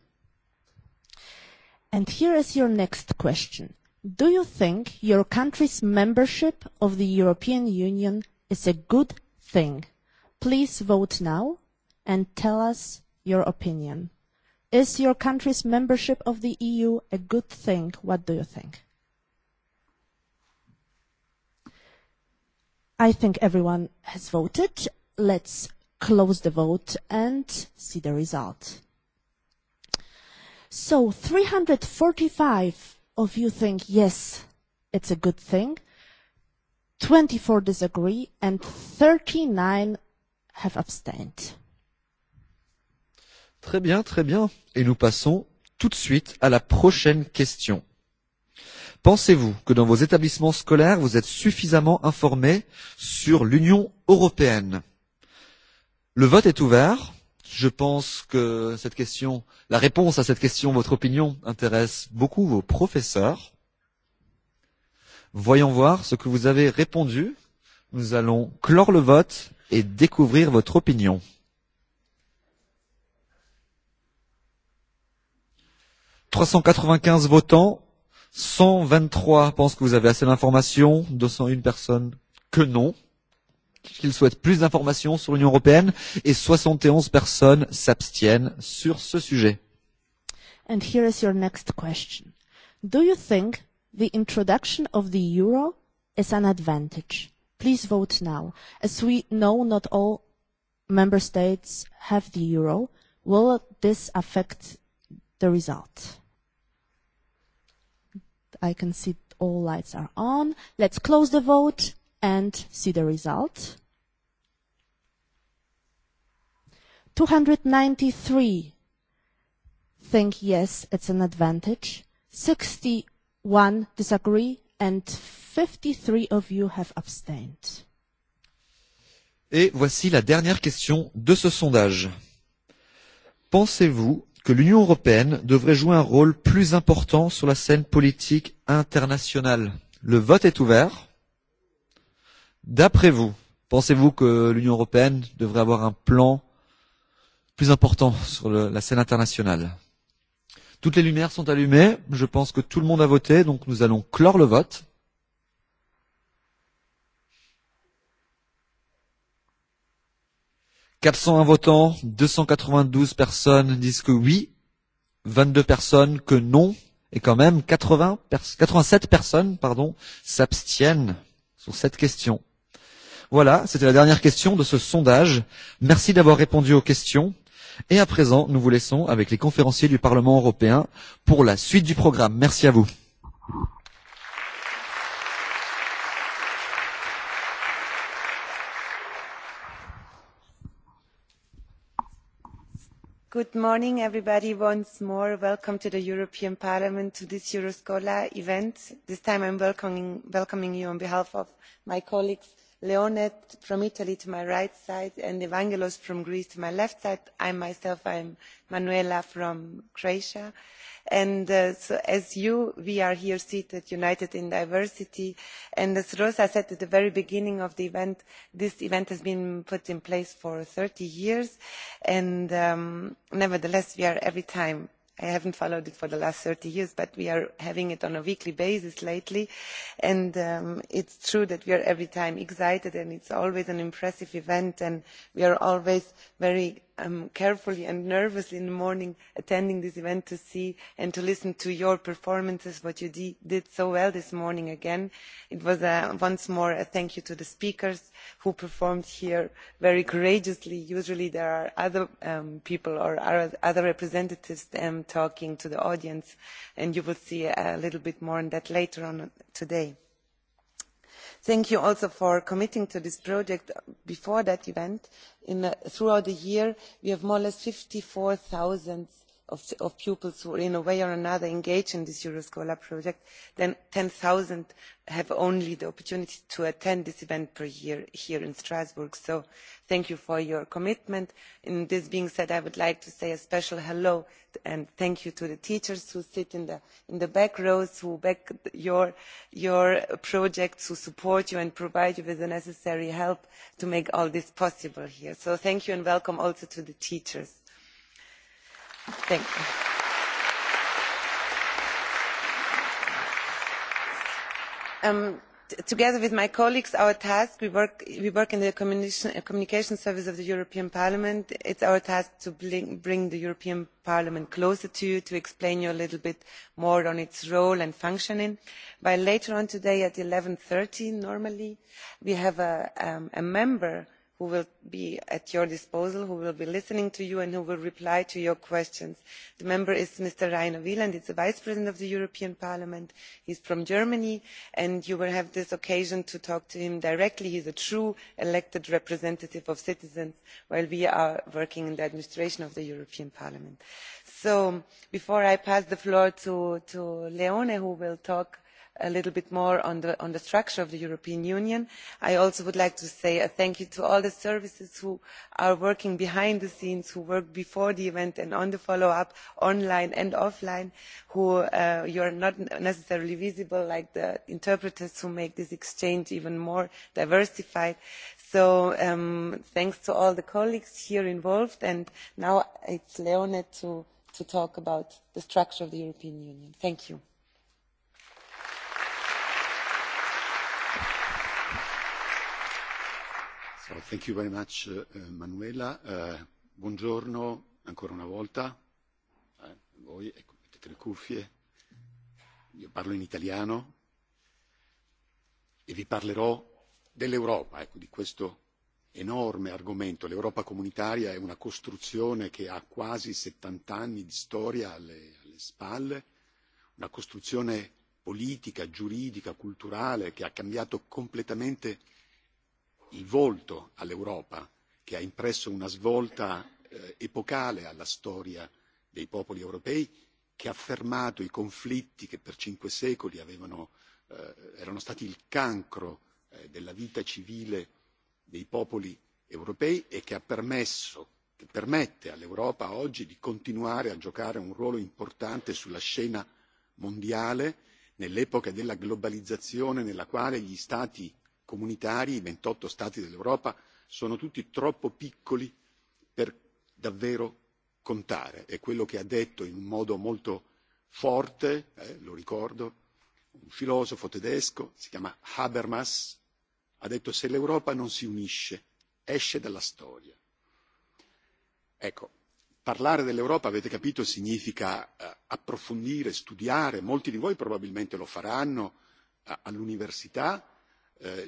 And here is your next question. Do you think your country's membership of the European Union is a good thing? Please vote now and tell us your opinion. Is your country's membership of the EU a good thing? What do you think? I think everyone has voted. Let's close the vote and see the result. So 345 of you think, yes, it's a good thing, 24 disagree, and 39 have abstained. Très bien, très bien. Et nous passons tout de suite à la prochaine question. Pensez-vous que dans vos établissements scolaires, vous êtes suffisamment informés sur l'Union européenne Le vote est ouvert. Je pense que cette question, la réponse à cette question, votre opinion, intéresse beaucoup vos professeurs. Voyons voir ce que vous avez répondu. Nous allons clore le vote et découvrir votre opinion. Trois cent quatre-vingt-quinze votants, cent vingt-trois pensent que vous avez assez d'informations, deux cent une personnes que non qu'ils souhaitent plus d'informations sur l'Union européenne et 71 personnes s'abstiennent sur ce sujet. And here is your next question. Do you think the introduction of the euro is an advantage? Please vote now. As we know not all member states have the euro, will this affect the result? I can see all lights are on. Let's close the vote and see the result. 293 think yes, it's an advantage. 61 disagree and 53 of you have abstained. Et voici la dernière question de ce sondage. Pensez-vous que l'Union européenne devrait jouer un rôle plus important sur la scène politique internationale Le vote est ouvert. D'après vous, pensez-vous que l'Union européenne devrait avoir un plan plus important sur la scène internationale Toutes les lumières sont allumées. Je pense que tout le monde a voté, donc nous allons clore le vote. Quatre cent un votants, deux cent quatre-vingt-douze personnes disent que oui, vingt-deux personnes que non, et quand même quatre-vingt-sept personnes s'abstiennent sur cette question. Voilà, c'était la dernière question de ce sondage. Merci d'avoir répondu aux questions. Et à présent, nous vous laissons avec les conférenciers du Parlement européen pour la suite du programme. Merci à vous. Good morning, everybody. Once more, welcome to the European Parliament to this Euroscola event. This time, I'm welcoming you on behalf of my colleagues leonet from italy to my right side and evangelos from greece to my left side. i myself am manuela from croatia and as you we are here seated united in diversity and as rosa said at the very beginning of the event this event has been put in place for 30 years and nevertheless we are every time I haven't followed it for the last 30 years, but we are having it on a weekly basis lately, and it's true that we are every time excited, and it's always an impressive event, and we are always very carefully and nervously in the morning attending this event to see and to listen to your performances, what you did so well this morning again. It was once more a thank you to the speakers who performed here very courageously. Usually there are other people or other representatives talking to the audience and you will see a little bit more on that later on today. Thank you also for committing to this project before that event. Throughout the year, we have more or less zero of pupils who in a way or another engage in this Euroscola project, then 10,000 have only the opportunity to attend this event per year here in Strasbourg. So thank you for your commitment. In this being said, I would like to say a special hello and thank you to the teachers who sit in the in the back rows, who back your your projects, who support you and provide you with the necessary help to make all this possible here. So thank you and welcome also to the teachers. Thank you. Together with my colleagues, our task, we work in the Communication Service of the European Parliament. It's our task to bring the European Parliament closer to you, to explain you a little bit more on its role and functioning. By later on today at 11.30, normally, we have a member who will be at your disposal who will be listening to you and who will reply to your questions. the member is mr rainer wieland he is the vice president of the european parliament he is from germany and you will have this occasion to talk to him directly. he is a true elected representative of citizens while we are working in the administration of the european parliament. so before i pass the floor to leone who will talk a little bit more on the structure of the European Union. I also would like to say a thank you to all the services who are working behind the scenes, who work before the event and on the follow-up, online and offline, who you are not necessarily visible, like the interpreters who make this exchange even more diversified. So thanks to all the colleagues here involved, and now it's Leone to talk about the structure of the European Union. Thank you. Thank you very much, Manuela. Buongiorno ancora una volta voi, ecco, mettete le cuffie. Io parlo in italiano e vi parlerò dell'Europa, ecco, di questo enorme argomento. L'Europa comunitaria è una costruzione che ha quasi 70 anni di storia alle spalle, una costruzione politica, giuridica, culturale che ha cambiato completamente il volto all'Europa che ha impresso una svolta epocale alla storia dei popoli europei che ha fermato i conflitti che per cinque secoli erano stati il cancro della vita civile dei popoli europei e che ha permesso che permette all'Europa oggi di continuare a giocare un ruolo importante sulla scena mondiale nell'epoca della globalizzazione nella quale gli stati comunitari, i 28 Stati dell'Europa, sono tutti troppo piccoli per davvero contare. È quello che ha detto in un modo molto forte, lo ricordo, un filosofo tedesco, si chiama Habermas, ha detto se l'Europa non si unisce, esce dalla storia. Ecco, parlare dell'Europa, avete capito, significa approfondire, studiare, molti di voi probabilmente lo faranno all'università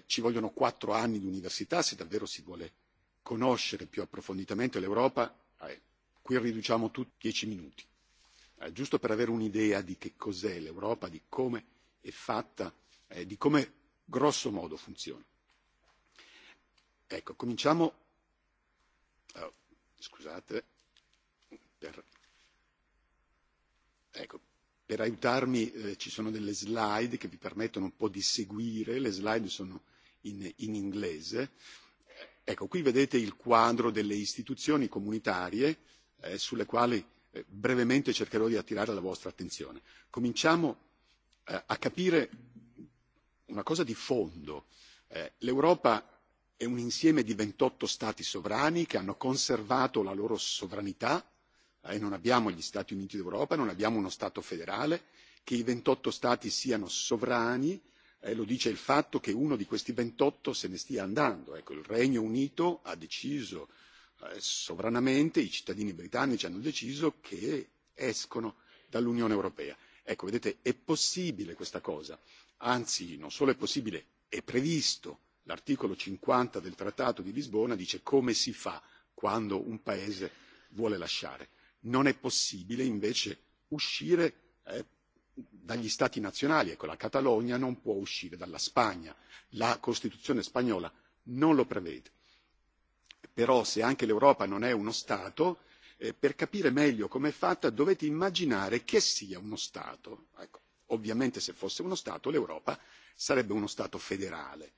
ci vogliono quattro anni di università se davvero si vuole conoscere più approfonditamente l'Europa, qui riduciamo tutti dieci minuti, giusto per avere un'idea di che cos'è l'Europa, di come è fatta, di come grosso modo funziona. Ecco, cominciamo, scusate, ecco, Per aiutarmi ci sono delle slide che vi permettono un po' di seguire, le slide sono in inglese. Ecco, qui vedete il quadro delle istituzioni comunitarie sulle quali brevemente cercherò di attirare la vostra attenzione. Cominciamo a capire una cosa di fondo. L'Europa è un insieme di 28 Stati sovrani che hanno conservato la loro sovranità non abbiamo gli Stati Uniti d'Europa, non abbiamo uno Stato federale, che i 28 Stati siano sovrani, lo dice il fatto che uno di questi 28 se ne stia andando. Ecco, il Regno Unito ha deciso sovranamente, i cittadini britannici hanno deciso che escono dall'Unione Europea. Ecco, vedete, è possibile questa cosa. Anzi, non solo è possibile, è previsto. L'articolo 50 del Trattato di Lisbona dice come si fa quando un Paese vuole lasciare non è possibile invece uscire dagli stati nazionali ecco la catalogna non può uscire dalla spagna la costituzione spagnola non lo prevede però se anche l'europa non è uno stato per capire meglio com'è è fatta dovete immaginare che sia uno stato ecco ovviamente se fosse uno stato l'europa sarebbe uno stato federale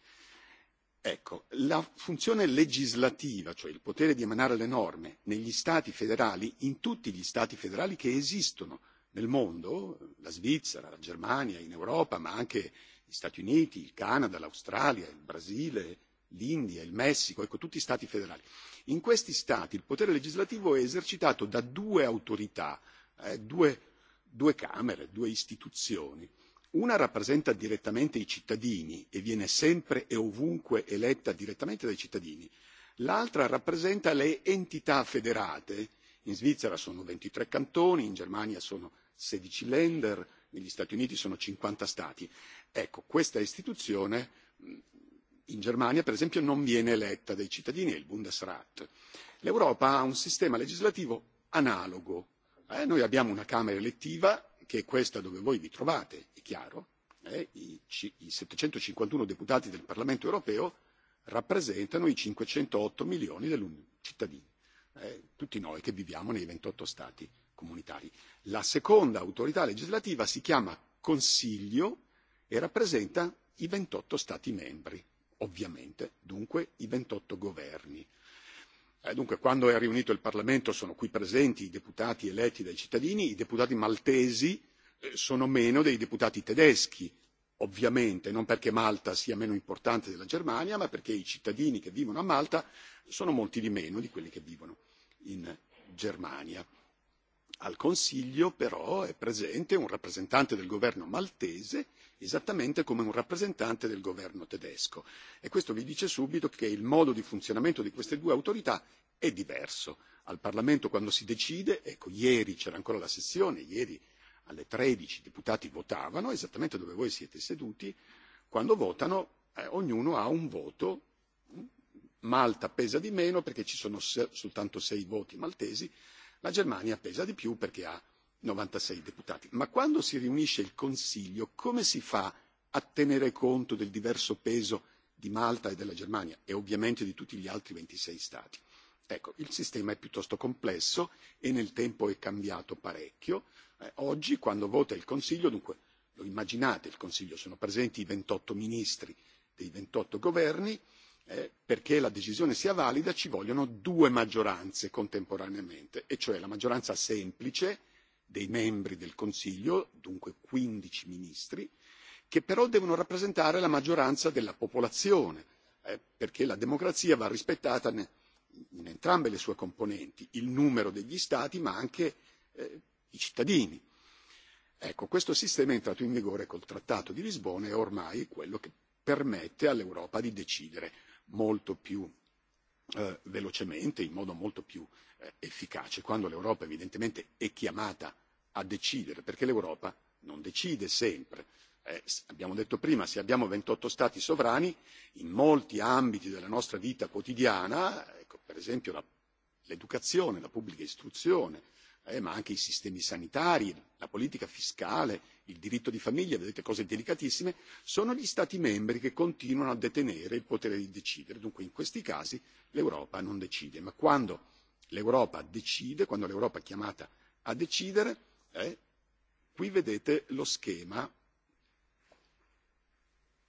Ecco, la funzione legislativa, cioè il potere di emanare le norme negli Stati federali, in tutti gli Stati federali che esistono nel mondo, la Svizzera, la Germania, in Europa, ma anche gli Stati Uniti, il Canada, l'Australia, il Brasile, l'India, il Messico, ecco tutti gli Stati federali. In questi Stati il potere legislativo è esercitato da due autorità, due camere, due istituzioni una rappresenta direttamente i cittadini e viene sempre e ovunque eletta direttamente dai cittadini l'altra rappresenta le entità federate in svizzera sono 23 cantoni in germania sono 16 länder negli stati uniti sono 50 stati. ecco questa istituzione in germania per esempio non viene eletta dai cittadini è il bundesrat. l'europa ha un sistema legislativo analogo noi abbiamo una camera elettiva che è questa dove voi vi trovate, è chiaro, i 751 deputati del Parlamento europeo rappresentano i 508 milioni di cittadini, tutti noi che viviamo nei 28 Stati comunitari. La seconda autorità legislativa si chiama Consiglio e rappresenta i 28 Stati membri, ovviamente, dunque i 28 governi. Dunque, quando è riunito il Parlamento sono qui presenti i deputati eletti dai cittadini, i deputati maltesi sono meno dei deputati tedeschi, ovviamente, non perché Malta sia meno importante della Germania, ma perché i cittadini che vivono a Malta sono molti di meno di quelli che vivono in Germania. Al Consiglio, però, è presente un rappresentante del governo maltese esattamente come un rappresentante del governo tedesco e questo vi dice subito che il modo di funzionamento di queste due autorità è diverso al parlamento quando si decide ecco ieri c'era ancora la sessione ieri alle 13 i deputati votavano esattamente dove voi siete seduti quando votano ognuno ha un voto malta pesa di meno perché ci sono soltanto sei voti maltesi la germania pesa di più perché ha 96 deputati. Ma quando si riunisce il Consiglio, come si fa a tenere conto del diverso peso di Malta e della Germania e ovviamente di tutti gli altri 26 Stati? Ecco, il sistema è piuttosto complesso e nel tempo è cambiato parecchio. Oggi, quando vota il Consiglio, dunque lo immaginate, il Consiglio sono presenti i 28 ministri dei 28 governi, perché la decisione sia valida ci vogliono due maggioranze contemporaneamente, e cioè la maggioranza semplice, dei membri del Consiglio, dunque 15 ministri, che però devono rappresentare la maggioranza della popolazione, perché la democrazia va rispettata in entrambe le sue componenti, il numero degli Stati ma anche i cittadini. Ecco, questo sistema è entrato in vigore col Trattato di Lisbona e ormai è quello che permette all'Europa di decidere molto più velocemente, in modo molto più efficace quando l'Europa evidentemente è chiamata a decidere, perché l'Europa non decide sempre. Abbiamo detto prima, se abbiamo 28 Stati sovrani, in molti ambiti della nostra vita quotidiana, per esempio l'educazione, la pubblica istruzione, ma anche i sistemi sanitari, la politica fiscale, il diritto di famiglia, vedete cose delicatissime, sono gli Stati membri che continuano a detenere il potere di decidere. Dunque in questi casi l'Europa non decide. Ma quando l'Europa decide, quando l'Europa è chiamata a decidere, qui vedete lo schema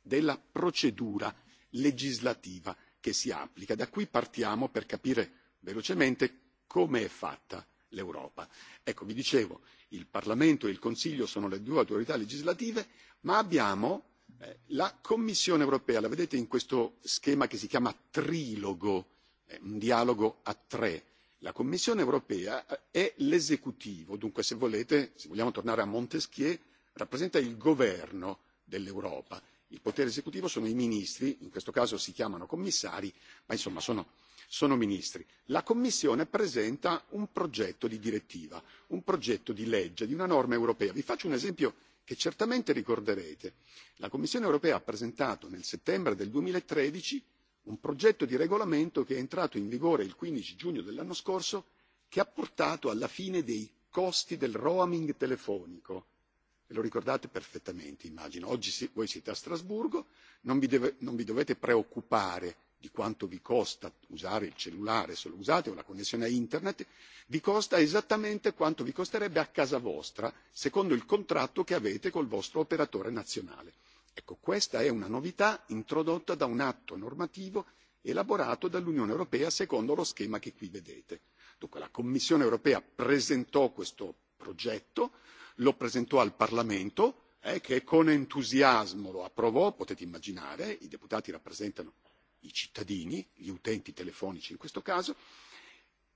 della procedura legislativa che si applica. Da qui partiamo per capire velocemente come è fatta l'Europa. Ecco, vi dicevo, il Parlamento e il Consiglio sono le due autorità legislative, ma abbiamo la Commissione europea, la vedete in questo schema che si chiama trilogo, un dialogo a tre la commissione europea è l'esecutivo dunque se volete se vogliamo tornare a montesquieu rappresenta il governo dell'europa il potere esecutivo sono i ministri in questo caso si chiamano commissari ma insomma sono ministri. la commissione presenta un progetto di direttiva un progetto di legge di una norma europea. vi faccio un esempio che certamente ricorderete la commissione europea ha presentato nel settembre del duemilatredici un progetto di regolamento che è entrato in vigore il 15 giugno dell'anno scorso che ha portato alla fine dei costi del roaming telefonico. Ve lo ricordate perfettamente, immagino. Oggi voi siete a Strasburgo, non vi dovete preoccupare di quanto vi costa usare il cellulare se lo usate o la connessione a internet, vi costa esattamente quanto vi costerebbe a casa vostra, secondo il contratto che avete col vostro operatore nazionale. Ecco, questa è una novità introdotta da un atto normativo elaborato dall'Unione Europea secondo lo schema che qui vedete. Dunque la Commissione Europea presentò questo progetto, lo presentò al Parlamento che con entusiasmo lo approvò, potete immaginare, i deputati rappresentano i cittadini, gli utenti telefonici in questo caso,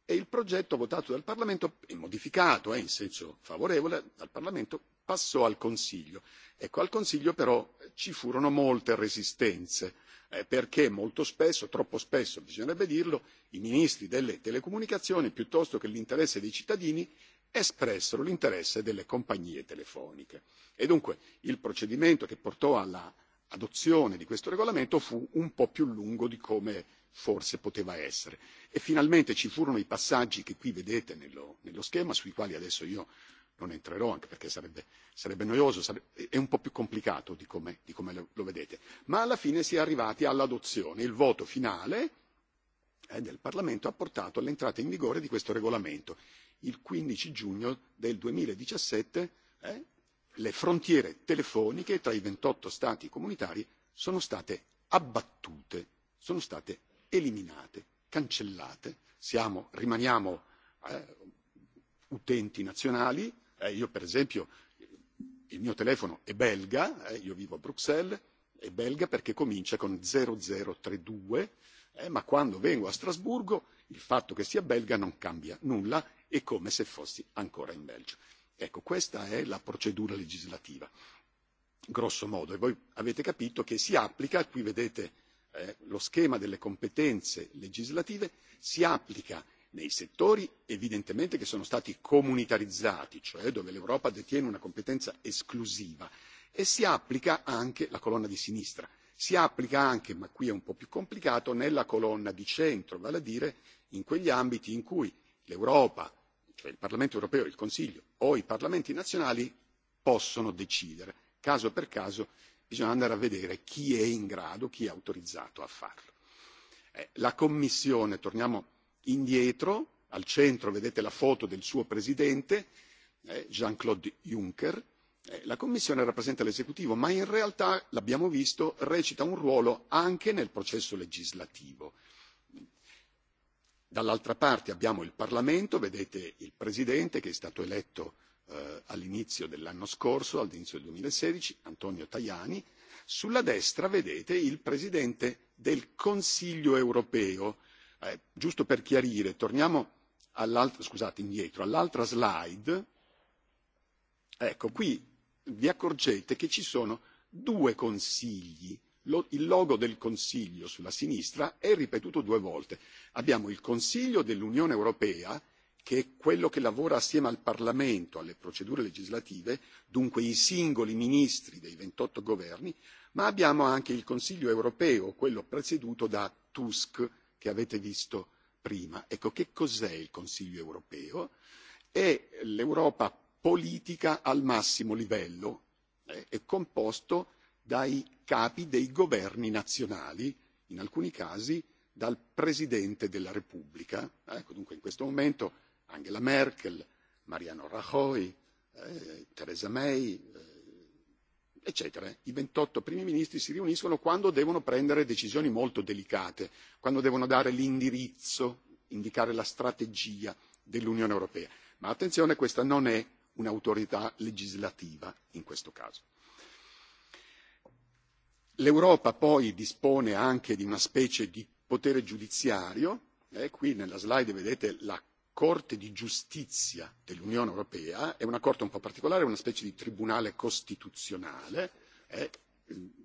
e il progetto votato dal Parlamento e modificato in senso favorevole dal Parlamento passò al Consiglio. Ecco, al Consiglio però ci furono molte resistenze, perché molto spesso, troppo spesso bisognerebbe dirlo, i ministri delle telecomunicazioni, piuttosto che l'interesse dei cittadini, espressero l'interesse delle compagnie telefoniche. E dunque il procedimento che portò all'adozione di questo regolamento fu un po' più lungo di come forse poteva essere. E finalmente ci furono i passaggi che qui vedete nello schema, sui quali adesso io non entrerò anche perché sarebbe, sarebbe noioso, è un po' più complicato di come, di come lo, vedete, ma alla fine si è arrivati all'adozione. Il voto finale del Parlamento ha portato all'entrata in vigore di questo regolamento. Il 15 giugno del 2017 le frontiere telefoniche tra i 28 Stati comunitari sono state abbattute, sono state eliminate, cancellate. Siamo, rimaniamo utenti nazionali, Io per esempio il mio telefono è belga, io vivo a Bruxelles, è belga perché comincia con 0032, ma quando vengo a Strasburgo il fatto che sia belga non cambia nulla, è come se fossi ancora in Belgio. Ecco, questa è la procedura legislativa, grosso modo, e voi avete capito che si applica, qui vedete lo schema delle competenze legislative, si applica nei settori evidentemente che sono stati comunitarizzati cioè dove l'europa detiene una competenza esclusiva e si applica anche la colonna di sinistra si applica anche ma qui è un po' più complicato nella colonna di centro vale a dire in quegli ambiti in cui l'europa cioè il parlamento europeo il consiglio o i parlamenti nazionali possono decidere caso per caso bisogna andare a vedere chi è in grado chi è autorizzato a farlo. la commissione torniamo indietro al centro vedete la foto del suo presidente jean claude juncker la commissione rappresenta l'esecutivo ma in realtà l'abbiamo visto recita un ruolo anche nel processo legislativo. dall'altra parte abbiamo il parlamento vedete il presidente che è stato eletto all'inizio dell'anno scorso all'inizio del 2016 antonio tajani sulla destra vedete il presidente del consiglio europeo giusto per chiarire torniamo scusate indietro all'altra slide ecco qui vi accorgete che ci sono due consigli il logo del consiglio sulla sinistra è ripetuto due volte abbiamo il consiglio dell'unione europea che è quello che lavora assieme al parlamento alle procedure legislative dunque i singoli ministri dei 28 governi ma abbiamo anche il consiglio europeo quello presieduto da tusk che avete visto prima. Ecco, che cos'è il Consiglio europeo? È l'Europa politica al massimo livello, è composto dai capi dei governi nazionali, in alcuni casi dal Presidente della Repubblica. Ecco, dunque in questo momento Angela Merkel, Mariano Rajoy, Theresa May, eccetera. I 28 primi ministri si riuniscono quando devono prendere decisioni molto delicate, quando devono dare l'indirizzo, indicare la strategia dell'Unione Europea. Ma attenzione, questa non è un'autorità legislativa in questo caso. L'Europa poi dispone anche di una specie di potere giudiziario, qui nella slide vedete la Corte di giustizia dell'Unione europea è una Corte un po' particolare, una specie di tribunale costituzionale e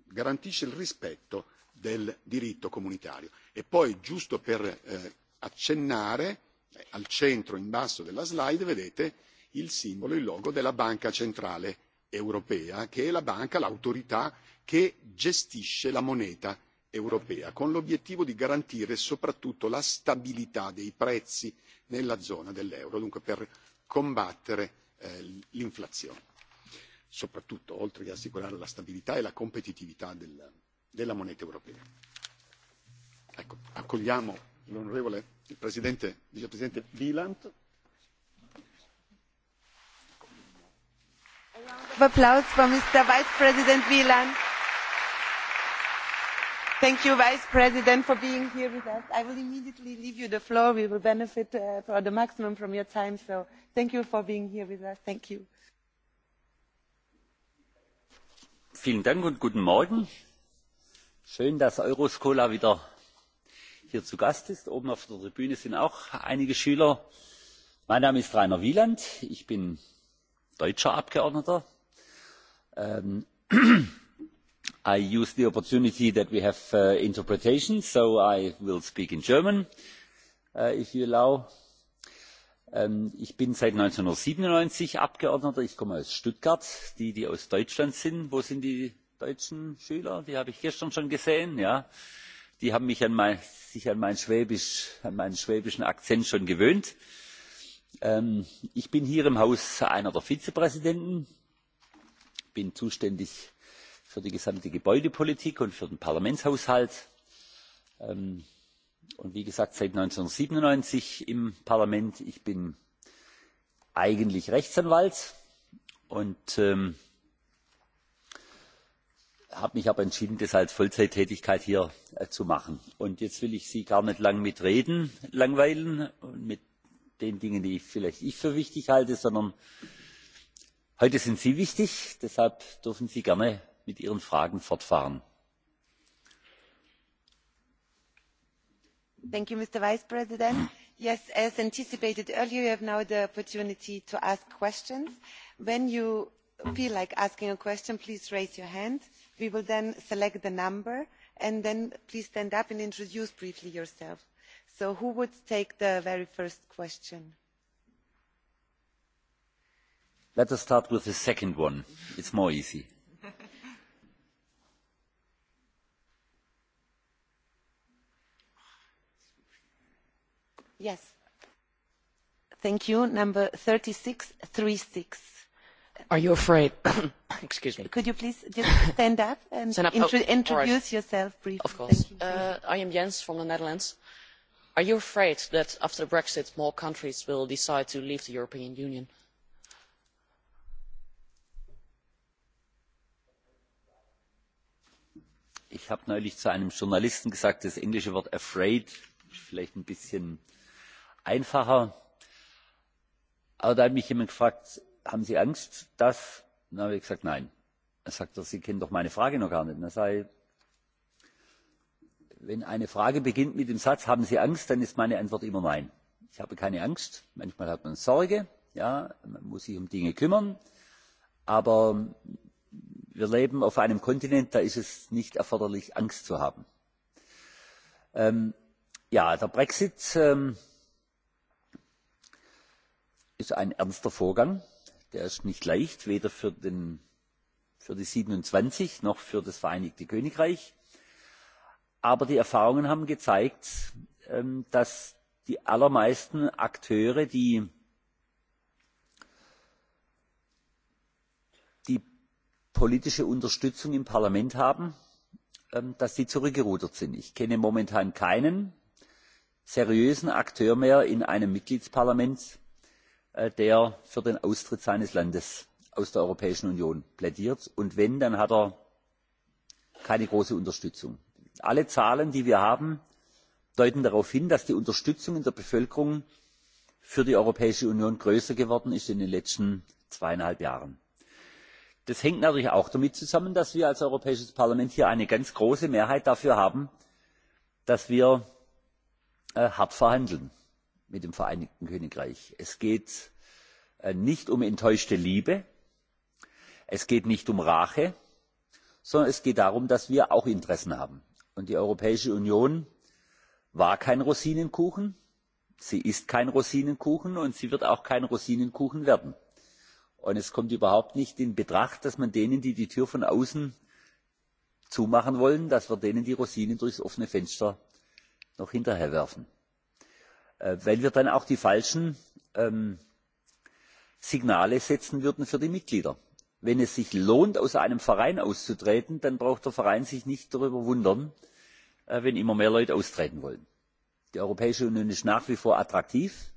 garantisce il rispetto del diritto comunitario. E poi, giusto per accennare, al centro in basso della slide vedete il simbolo, il logo della Banca centrale europea, che è la banca, l'autorità che gestisce la moneta europea, con l'obiettivo di garantire soprattutto la stabilità dei prezzi nella zona dell'euro, dunque per combattere l'inflazione, soprattutto oltre che assicurare la stabilità e la competitività della moneta europea. Ecco, accogliamo l'onorevole il Presidente, Vicepresidente Wieland. Mr. Vice President Wieland. Thank you, Vice President, for being here with us. I will immediately leave you the floor. We will benefit for the maximum from your time. So thank you for being here with us. Thank you. Vielen Dank und guten Morgen. Schön, dass Euroscola wieder hier zu Gast ist. Oben auf der Tribüne sind auch einige Schüler. Mein Name ist Rainer Wieland. Ich bin deutscher Abgeordneter I use the opportunity that we have interpretation, so I will speak in German, if you allow. Ich bin seit 1997 Abgeordneter. Ich komme aus Stuttgart. Die, die aus Deutschland sind, wo sind die deutschen Schüler? Die habe ich gestern schon gesehen. Ja, die haben mich sich an meinen schwäbischen Akzent schon gewöhnt. Ich bin hier im Haus einer der Vizepräsidenten. Bin zuständig für die gesamte gebäudepolitik und für den parlamentshaushalt und wie gesagt seit 1997 im parlament ich bin eigentlich rechtsanwalt und habe mich aber entschieden das als vollzeittätigkeit hier zu machen. und jetzt will ich sie gar nicht lang mit reden langweilen und mit den dingen die vielleicht ich für wichtig halte sondern heute sind sie wichtig deshalb dürfen sie gerne mit Ihren Fragen fortfahren. Thank you, Mr. Vice President. Yes, as anticipated earlier, you have now the opportunity to ask questions. When you feel like asking a question, please raise your hand. We will then select the number, and then please stand up and introduce briefly yourself. So who would take the very first question? Let us start with the second one. It's more easy. Yes. Thank you. Number 3636. Are you afraid? Excuse me. Could you please just stand up and introduce yourself briefly? Of course. I am Jens from the Netherlands. Are you afraid that after Brexit more countries will decide to leave the European Union? Ich habe neulich zu einem Journalisten gesagt, das englische Wort afraid ist vielleicht ein bisschen einfacher. Aber da hat mich jemand gefragt, haben Sie Angst, dass? dann habe ich gesagt, nein. Dann sagt er, Sie kennen doch meine Frage noch gar nicht. Dann sage wenn eine Frage beginnt mit dem Satz, haben Sie Angst, dann ist meine Antwort immer nein. Ich habe keine Angst. Manchmal hat man Sorge. Ja, man muss sich um Dinge kümmern. Aber wir leben auf einem Kontinent, da ist es nicht erforderlich, Angst zu haben. Ja, der Brexit ist ein ernster Vorgang. Der ist nicht leicht, weder für die 27 noch für das Vereinigte Königreich. Aber die Erfahrungen haben gezeigt, dass die allermeisten Akteure, die politische Unterstützung im Parlament haben, dass sie zurückgerudert sind. Ich kenne momentan keinen seriösen Akteur mehr in einem Mitgliedsparlament, der für den Austritt seines Landes aus der Europäischen Union plädiert. Und wenn, dann hat er keine große Unterstützung. Alle Zahlen, die wir haben, deuten darauf hin, dass die Unterstützung in der Bevölkerung für die Europäische Union größer geworden ist in den letzten zweieinhalb Jahren. Das hängt natürlich auch damit zusammen, dass wir als Europäisches Parlament hier eine ganz große Mehrheit dafür haben, dass wir hart verhandeln mit dem vereinigten königreich. es geht nicht um enttäuschte liebe es geht nicht um rache sondern es geht darum dass wir auch interessen haben. und die europäische union war kein rosinenkuchen sie ist kein rosinenkuchen und sie wird auch kein rosinenkuchen werden. und es kommt überhaupt nicht in betracht dass man denen die die tür von außen zumachen wollen dass wir denen die rosinen durchs offene fenster noch hinterherwerfen weil wir dann auch die falschen signale setzen würden für die mitglieder. wenn es sich lohnt aus einem verein auszutreten dann braucht der verein sich nicht darüber wundern wenn immer mehr leute austreten wollen. die europäische union ist nach wie vor attraktiv.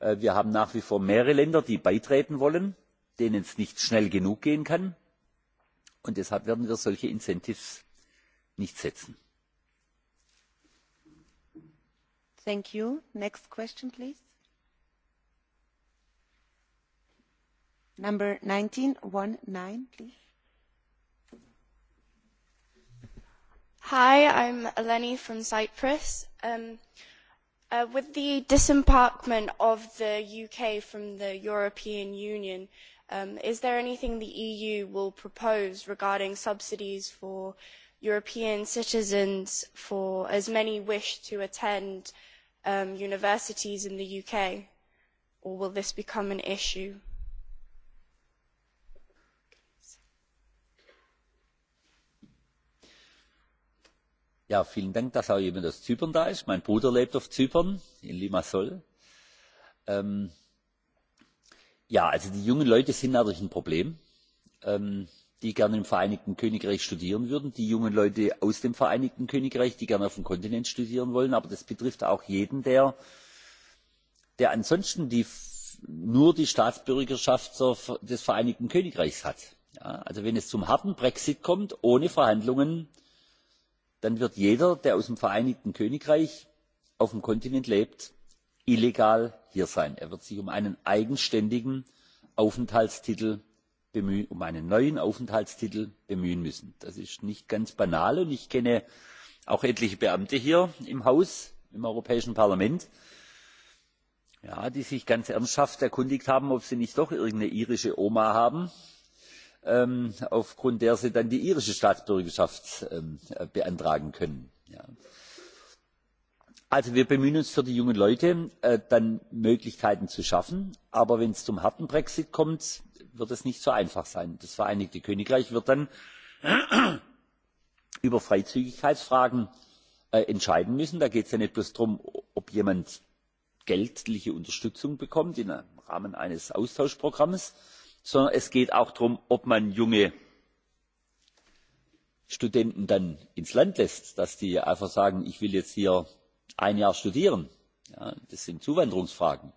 wir haben nach wie vor mehrere länder die beitreten wollen denen es nicht schnell genug gehen kann und deshalb werden wir solche incentives nicht setzen. Thank you. Next question, please. Number 1919, please. Hi, I'm Eleni from Cyprus. With the disembarkment of the UK from the European Union, is there anything the EU will propose regarding subsidies for European citizens for as many wish to attend universities in the UK? Or will this become an issue? Ja, vielen Dank, dass auch jemand aus Zypern da ist. Mein Bruder lebt auf Zypern, in Limassol. Ja, also die jungen Leute sind natürlich ein Problem die gerne im Vereinigten Königreich studieren würden, die jungen Leute aus dem Vereinigten Königreich, die gerne auf dem Kontinent studieren wollen. Aber das betrifft auch jeden, der ansonsten nur die Staatsbürgerschaft des Vereinigten Königreichs hat. Also wenn es zum harten Brexit kommt, ohne Verhandlungen, dann wird jeder, der aus dem Vereinigten Königreich auf dem Kontinent lebt, illegal hier sein. Er wird sich um einen eigenständigen Aufenthaltstitel um einen neuen Aufenthaltstitel bemühen müssen. Das ist nicht ganz banal und ich kenne auch etliche Beamte hier im Haus, im Europäischen Parlament, die sich ganz ernsthaft erkundigt haben, ob sie nicht doch irgendeine irische Oma haben, aufgrund der sie dann die irische Staatsbürgerschaft beantragen können. Also wir bemühen uns für die jungen Leute, dann Möglichkeiten zu schaffen, aber wenn es zum harten Brexit kommt, wird es nicht so einfach sein. das vereinigte königreich wird dann über freizügigkeitsfragen entscheiden müssen. da geht es ja nicht bloß darum ob jemand geldliche unterstützung bekommt im rahmen eines austauschprogramms sondern es geht auch darum ob man junge studenten dann ins land lässt dass die einfach sagen ich will jetzt hier ein jahr studieren. das sind zuwanderungsfragen.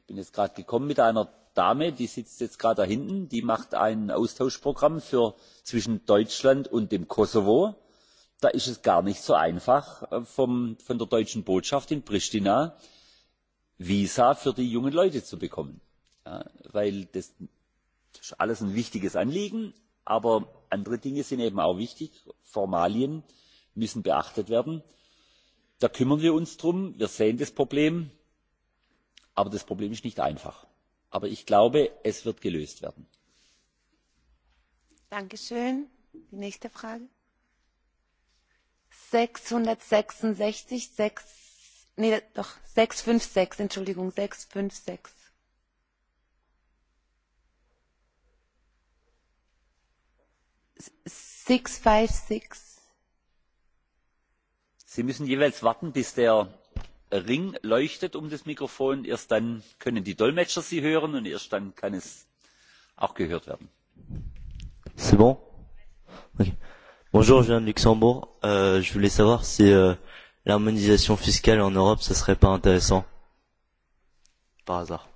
ich bin jetzt gerade gekommen mit einer Dame, die sitzt jetzt gerade da hinten, die macht ein Austauschprogramm zwischen Deutschland und dem Kosovo. Da ist es gar nicht so einfach, von der deutschen Botschaft in Pristina Visa für die jungen Leute zu bekommen. Weil das ist alles ein wichtiges Anliegen, aber andere Dinge sind eben auch wichtig. Formalien müssen beachtet werden. Da kümmern wir uns drum. Wir sehen das Problem. Aber das Problem ist nicht einfach aber ich glaube es wird gelöst werden. Die nächste Frage. 666, 6, nee, doch, Entschuldigung, Six, five, six. Sie müssen jeweils warten, bis der ring leuchtet um das mikrofon erst dann können die dolmetscher sie hören und erst dann kann es auch gehört werden. c'est bon? bonjour je viens de luxembourg je voulais savoir si l'harmonisation fiscale en europe ce serait pas intéressant par hasard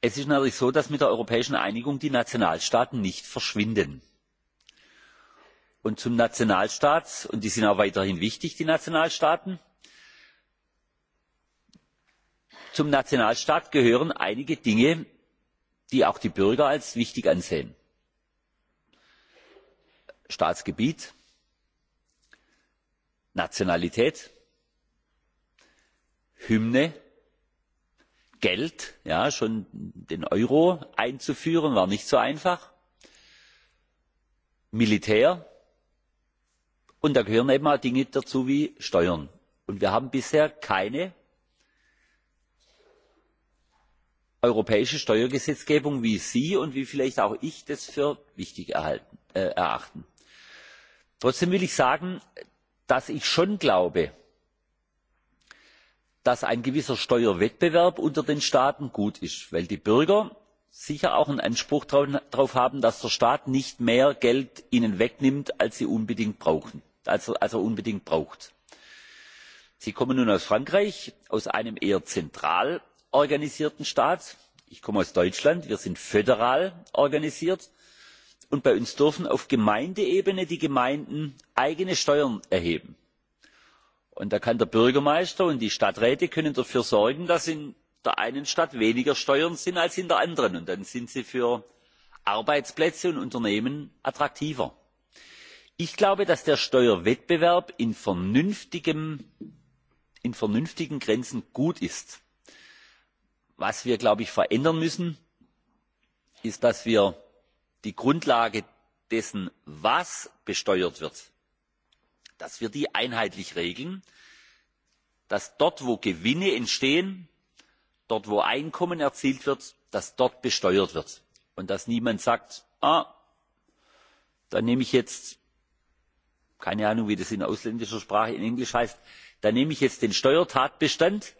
es ist natürlich so dass mit der europäischen einigung die nationalstaaten nicht verschwinden. und zum nationalstaat und die sind auch weiterhin wichtig die nationalstaaten zum nationalstaat gehören einige dinge die auch die bürger als wichtig ansehen staatsgebiet nationalität hymne Geld, ja, schon den Euro einzuführen, war nicht so einfach. Militär. Und da gehören eben auch Dinge dazu wie Steuern. Und wir haben bisher keine europäische Steuergesetzgebung, wie Sie und wie vielleicht auch ich das für wichtig erachten. Trotzdem will ich sagen, dass ich schon glaube, dass ein gewisser Steuerwettbewerb unter den Staaten gut ist, weil die Bürger sicher auch einen Anspruch darauf haben, dass der Staat nicht mehr Geld wegnimmt, als sie unbedingt brauchen, als er unbedingt braucht. Sie kommen nun aus Frankreich, aus einem eher zentral organisierten Staat. Ich komme aus Deutschland. Wir sind föderal organisiert. Und bei uns dürfen auf Gemeindeebene die Gemeinden eigene Steuern erheben und da kann der bürgermeister und die stadträte dafür sorgen dass in der einen stadt weniger steuern sind als in der anderen und dann sind sie für arbeitsplätze und unternehmen attraktiver. ich glaube dass der steuerwettbewerb in vernünftigen grenzen gut ist. was wir glaube ich verändern müssen ist dass wir die grundlage dessen was besteuert wird dass wir die einheitlich regeln dass dort wo gewinne entstehen dort wo einkommen erzielt wird dass dort besteuert wird und dass niemand sagt ah dann nehme ich jetzt keine ahnung wie das in ausländischer sprache in englisch heißt dann nehme ich jetzt den steuertatbestand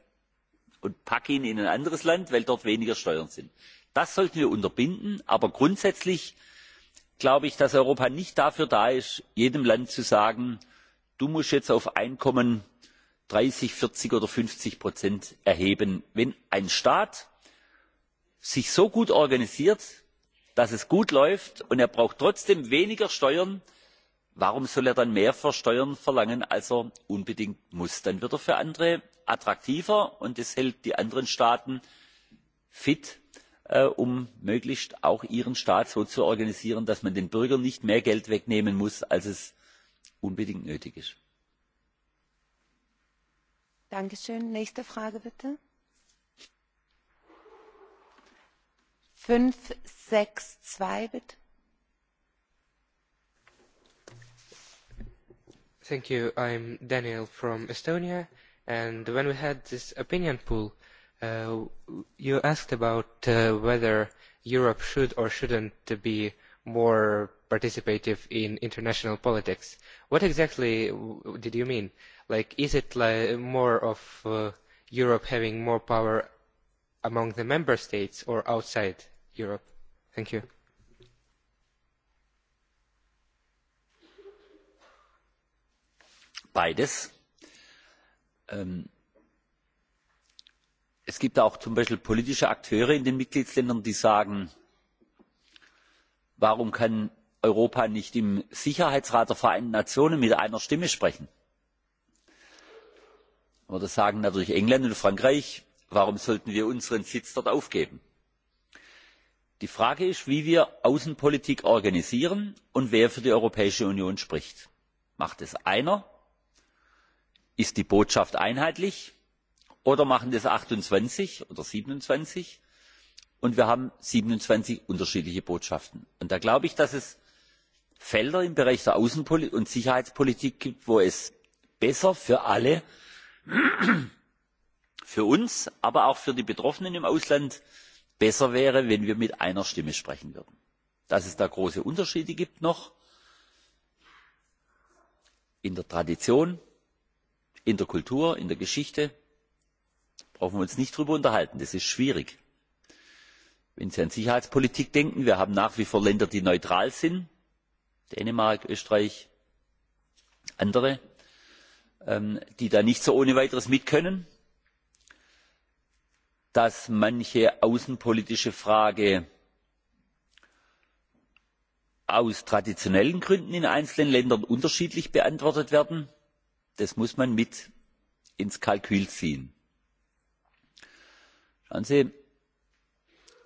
und packe ihn in ein anderes land weil dort weniger steuern sind. das sollten wir unterbinden aber grundsätzlich glaube ich dass europa nicht dafür da ist jedem land zu sagen du musst jetzt auf einkommen dreißig vierzig oder fünfzig erheben. wenn ein staat sich so gut organisiert dass es gut läuft und er braucht trotzdem weniger steuern warum soll er dann mehr für steuern verlangen als er unbedingt muss? dann wird er für andere attraktiver und das hält die anderen staaten fit um möglichst auch ihren staat so zu organisieren dass man den bürgern nicht mehr geld wegnehmen muss als unbedingt nötig ist. Dankeschön. Nächste Frage bitte. 562 bitte. Thank you. I'm Daniel from Estonia. And when we had this opinion pool, you asked about whether Europe should or shouldn't be more participative in international politics. What exactly did you mean? Like, is it more of Europe having more power among the member states or outside Europe? Thank you. Beides. Es gibt auch zum Beispiel politische Akteure in den Mitgliedsländern, die sagen, warum kann europa nicht im sicherheitsrat der vereinten nationen mit einer stimme sprechen? das sagen natürlich england und frankreich warum sollten wir unseren sitz dort aufgeben? die frage ist wie wir außenpolitik organisieren und wer für die europäische union spricht. macht es einer? ist die botschaft einheitlich? oder machen das achtundzwanzig oder siebenundzwanzig? und wir haben 27 unterschiedliche Botschaften. da glaube ich, dass es Felder im Bereich der Außen und Sicherheitspolitik gibt, wo es besser für alle, für uns, aber auch für die Betroffenen im Ausland besser wäre, wenn wir mit einer Stimme sprechen würden. Dass es da große Unterschiede gibt noch in der Tradition, in der Kultur, in der Geschichte, brauchen wir uns nicht darüber unterhalten. Das ist schwierig wenn sie an sicherheitspolitik denken wir haben nach wie vor länder die neutral sind dänemark österreich andere die da nicht so ohne weiteres mit können, dass manche außenpolitische frage aus traditionellen gründen in einzelnen ländern unterschiedlich beantwortet werden das muss man mit ins kalkül ziehen. schauen sie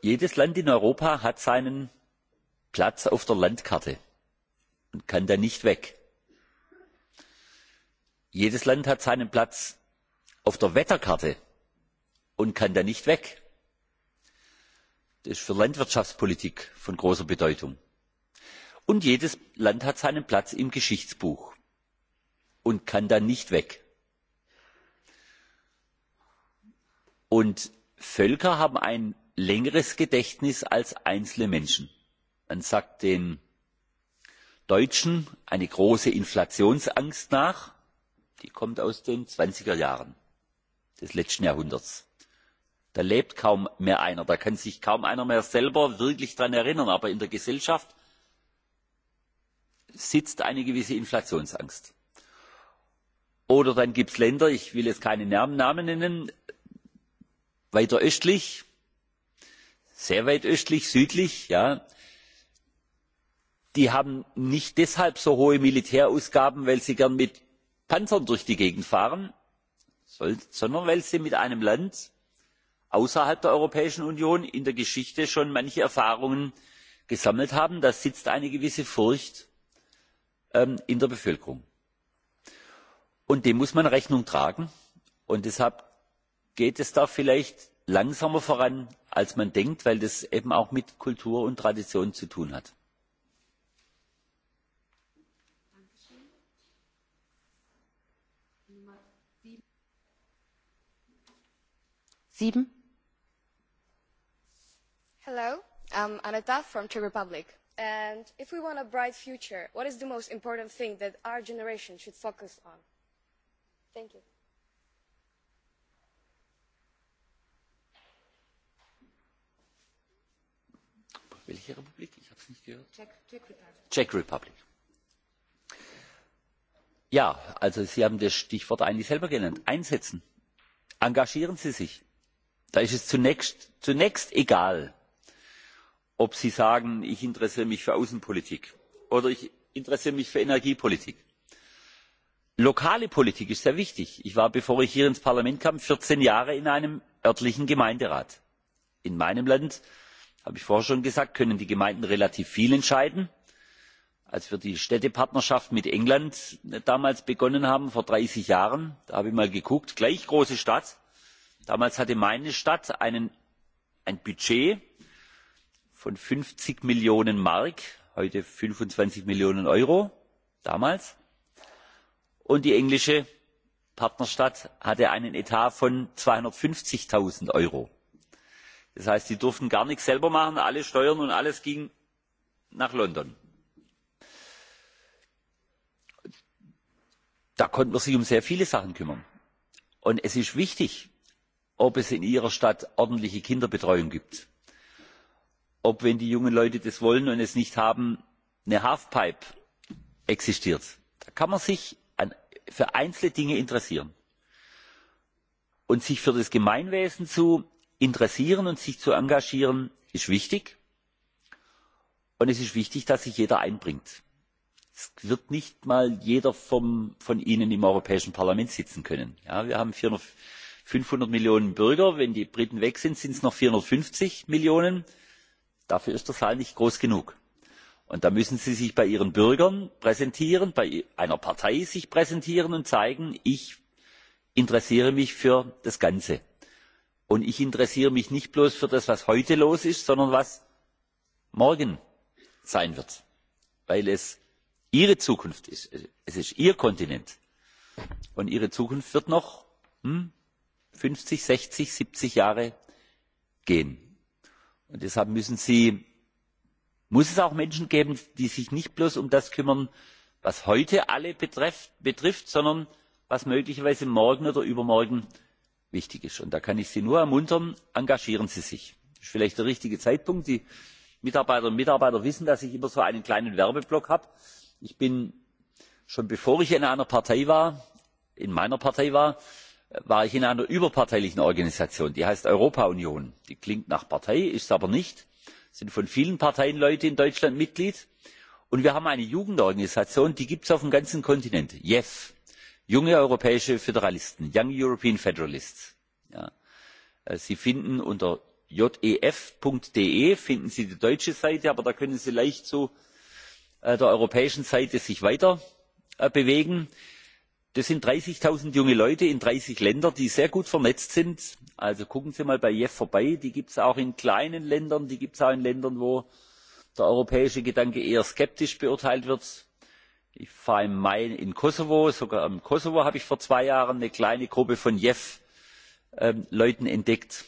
jedes land in europa hat seinen platz auf der landkarte und kann da nicht weg. jedes land hat seinen platz auf der wetterkarte und kann da nicht weg. das ist für landwirtschaftspolitik von großer bedeutung. und jedes land hat seinen platz im geschichtsbuch und kann da nicht weg. und völker haben längeres Gedächtnis als einzelne Menschen. Man sagt den Deutschen eine große Inflationsangst nach, die kommt aus den 20er Jahren des letzten Jahrhunderts. Da lebt kaum mehr einer, da kann sich kaum einer mehr selber wirklich daran erinnern, aber in der Gesellschaft sitzt eine gewisse Inflationsangst. Oder dann gibt es Länder, ich will jetzt keine Namen nennen, weiter östlich, sehr weit östlich, südlich, Die haben nicht deshalb so hohe Militärausgaben, weil sie gern mit Panzern durch die Gegend fahren, sondern weil sie mit einem Land außerhalb der Europäischen Union in der Geschichte schon manche Erfahrungen gesammelt haben. Da sitzt eine gewisse Furcht in der Bevölkerung. Und dem muss man Rechnung tragen. Und deshalb geht es da vielleicht langsamer voran als man denkt weil das eben auch mit kultur und tradition zu tun hat. hello i'm from czech republic and if we want a bright future what is the most important thing that our generation should focus on? thank you. Welche Republik? Ich habe es nicht gehört. Czech Republic. Ja, also Sie haben das Stichwort eigentlich selber genannt. Einsetzen. Engagieren Sie sich. Da ist es zunächst egal, ob Sie sagen, ich interessiere mich für Außenpolitik oder ich interessiere mich für Energiepolitik. Lokale Politik ist sehr wichtig. Ich war, bevor ich hier ins Parlament kam, 14 Jahre in einem örtlichen Gemeinderat. In meinem Land habe ich vorher schon gesagt können die gemeinden relativ viel entscheiden. als wir die städtepartnerschaft mit england damals begonnen haben vor dreißig jahren da habe ich mal geguckt gleich große stadt damals hatte meine stadt ein budget von fünfzig millionen mark heute fünfundzwanzig millionen euro damals und die englische partnerstadt hatte einen etat von zweihundertfünfzig null euro. Das heißt, sie durften gar nichts selber machen, alle Steuern und alles ging nach London. Da konnten man sich um sehr viele Sachen kümmern. Und es ist wichtig, ob es in Ihrer Stadt ordentliche Kinderbetreuung gibt. Ob, wenn die jungen Leute das wollen und es nicht haben, eine Halfpipe existiert. Da kann man sich für einzelne Dinge interessieren. Und sich für das Gemeinwesen zu interessieren und sich zu engagieren ist wichtig und es ist wichtig dass sich jeder einbringt. es wird nicht mal jeder von ihnen im europäischen parlament sitzen können. wir haben 500 millionen bürger wenn die briten weg sind sind es noch 450 millionen. dafür ist der saal nicht groß genug. und da müssen sie sich bei ihren bürgern präsentieren bei einer partei sich präsentieren und zeigen ich interessiere mich für das ganze. Und ich interessiere mich nicht bloß für das, was heute los ist, sondern was morgen sein wird, weil es Ihre Zukunft ist. Es ist Ihr Kontinent. Und Ihre Zukunft wird noch 50, 60, 70 Jahre gehen. Und deshalb müssen Sie, muss es auch Menschen geben, die sich nicht bloß um das kümmern, was heute alle betrifft, sondern was möglicherweise morgen oder übermorgen wichtig ist. Und da kann ich Sie nur ermuntern, engagieren Sie sich. Das ist vielleicht der richtige Zeitpunkt. Die Mitarbeiterinnen und Mitarbeiter wissen, dass ich immer so einen kleinen Werbeblock habe. Ich bin schon bevor ich in einer Partei war, in meiner Partei war, war ich in einer überparteilichen Organisation, die heißt Europa Union. Die klingt nach Partei, ist es aber nicht. Es sind von vielen Parteien Leute in Deutschland Mitglied. Und wir haben eine Jugendorganisation, die gibt es auf dem ganzen Kontinent, JEF junge europäische föderalisten young european federalists. sie finden unter jef die deutsche seite aber da können sie leicht zu der europäischen seite weiter bewegen. das sind dreißig junge leute in dreißig ländern die sehr gut vernetzt sind also gucken sie mal bei jef vorbei die gibt es auch in kleinen ländern die gibt es auch in ländern wo der europäische gedanke eher skeptisch beurteilt wird ich war im mai im kosovo sogar im kosovo habe ich vor zwei jahren eine kleine gruppe von jef leuten entdeckt.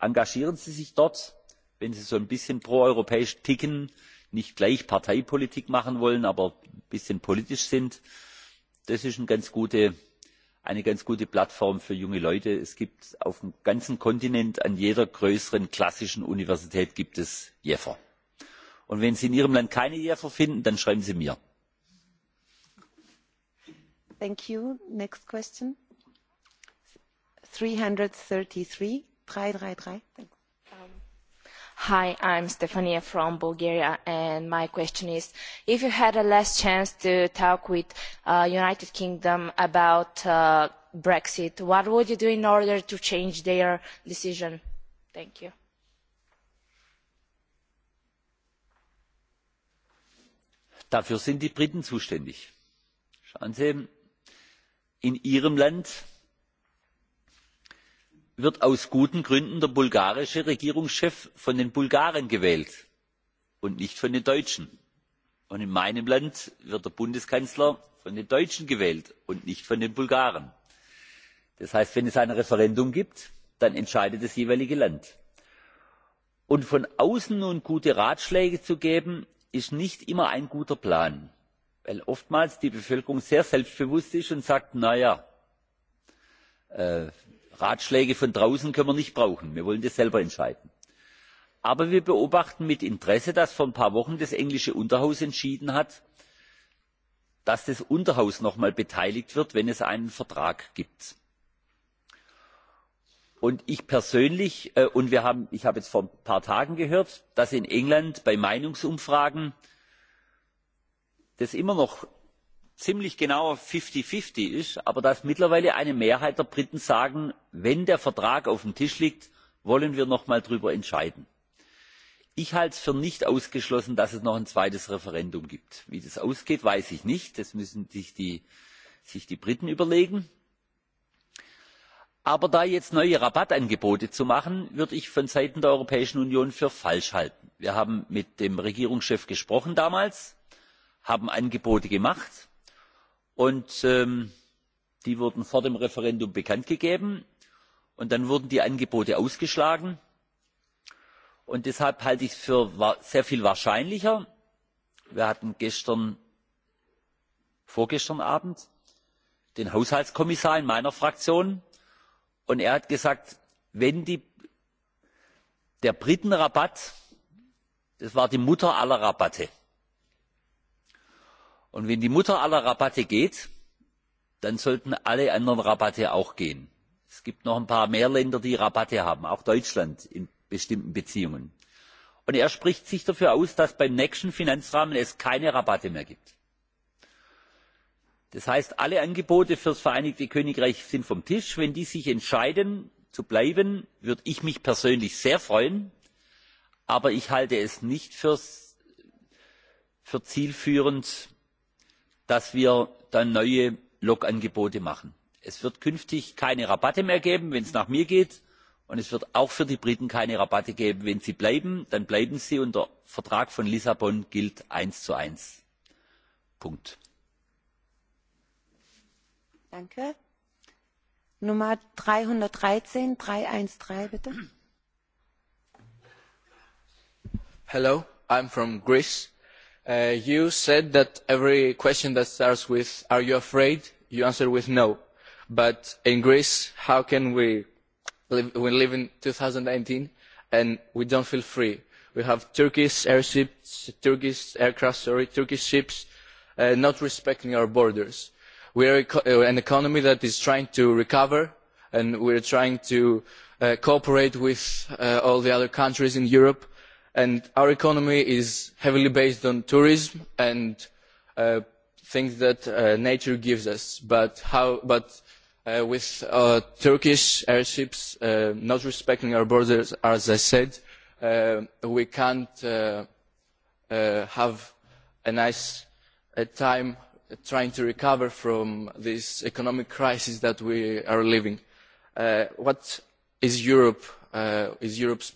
engagieren sie sich dort wenn sie so ein bisschen proeuropäisch ticken nicht gleich parteipolitik machen wollen aber ein bisschen politisch sind. das ist eine ganz gute plattform für junge leute. es gibt auf dem ganzen kontinent an jeder größeren klassischen universität gibt es jeffer. und wenn sie in ihrem land keine jeffer finden dann schreiben sie mir. Thank you. Next question. 333. Hi, I'm Stefania from Bulgaria, and my question is, if you had a last chance to talk with United Kingdom about Brexit, what would you do in order to change their decision? Thank you. Dafür sind die Briten zuständig. Schauen Sie, in ihrem land wird aus guten gründen der bulgarische regierungschef von den bulgaren gewählt und nicht von den deutschen und in meinem land wird der bundeskanzler von den deutschen gewählt und nicht von den bulgaren. das heißt wenn es ein referendum gibt dann entscheidet das jeweilige land. und von außen nun gute ratschläge zu geben ist nicht immer ein guter plan weil oftmals die bevölkerung sehr selbstbewusst ist und sagt na ja ratschläge von draußen können wir nicht brauchen wir wollen das selber entscheiden. aber wir beobachten mit interesse dass vor ein paar wochen das englische unterhaus entschieden hat dass das unterhaus noch einmal beteiligt wird wenn es einen vertrag gibt. und ich persönlich und ich habe jetzt vor ein paar tagen gehört dass in england bei meinungsumfragen das immer noch ziemlich genau fifty fifty ist aber dass mittlerweile eine mehrheit der briten sagen wenn der vertrag auf dem tisch liegt wollen wir noch einmal darüber entscheiden. ich halte es für nicht ausgeschlossen dass es noch ein zweites referendum gibt. wie das ausgeht weiß ich nicht das müssen sich die briten überlegen. aber da jetzt neue rabattangebote zu machen würde ich von seiten der europäischen union für falsch halten. wir haben mit dem regierungschef gesprochen haben Angebote gemacht und die wurden vor dem Referendum bekanntgegeben, und dann wurden die Angebote ausgeschlagen. Und deshalb halte ich es für sehr viel wahrscheinlicher. Wir hatten gestern, vorgestern Abend, den Haushaltskommissar in meiner Fraktion und er hat gesagt, wenn der Britenrabatt, das war die Mutter aller Rabatte, Und wenn die Mutter aller Rabatte geht, dann sollten alle anderen Rabatte auch gehen. Es gibt noch ein paar mehr Länder, die Rabatte haben, auch Deutschland in bestimmten Beziehungen. Und er spricht sich dafür aus, dass es beim nächsten Finanzrahmen es keine Rabatte mehr gibt. Das heißt, alle Angebote für das Vereinigte Königreich sind vom Tisch. Wenn die sich entscheiden, zu bleiben, würde ich mich persönlich sehr freuen. Aber ich halte es nicht für zielführend, dass wir dann neue Lokangebote machen. Es wird künftig keine Rabatte mehr geben, wenn es nach mir geht, und es wird auch für die Briten keine Rabatte geben. Wenn sie bleiben, dann bleiben sie, und der Vertrag von Lissabon gilt eins zu eins. Punkt. Nummer bitte. Hello, I'm from Greece you said that every question that starts with are you afraid you answer with no but in greece how can we live in 2019 and we don't feel free we have turkish airships turkish aircraft sorry turkish ships not respecting our borders we are an economy that is trying to recover and we are trying to cooperate with all the other countries in europe and our economy is heavily based on tourism and things that nature gives us but with turkish airships not respecting our borders as i said we can't have a nice time trying to recover from this economic crisis that we are living. what is europe is europe's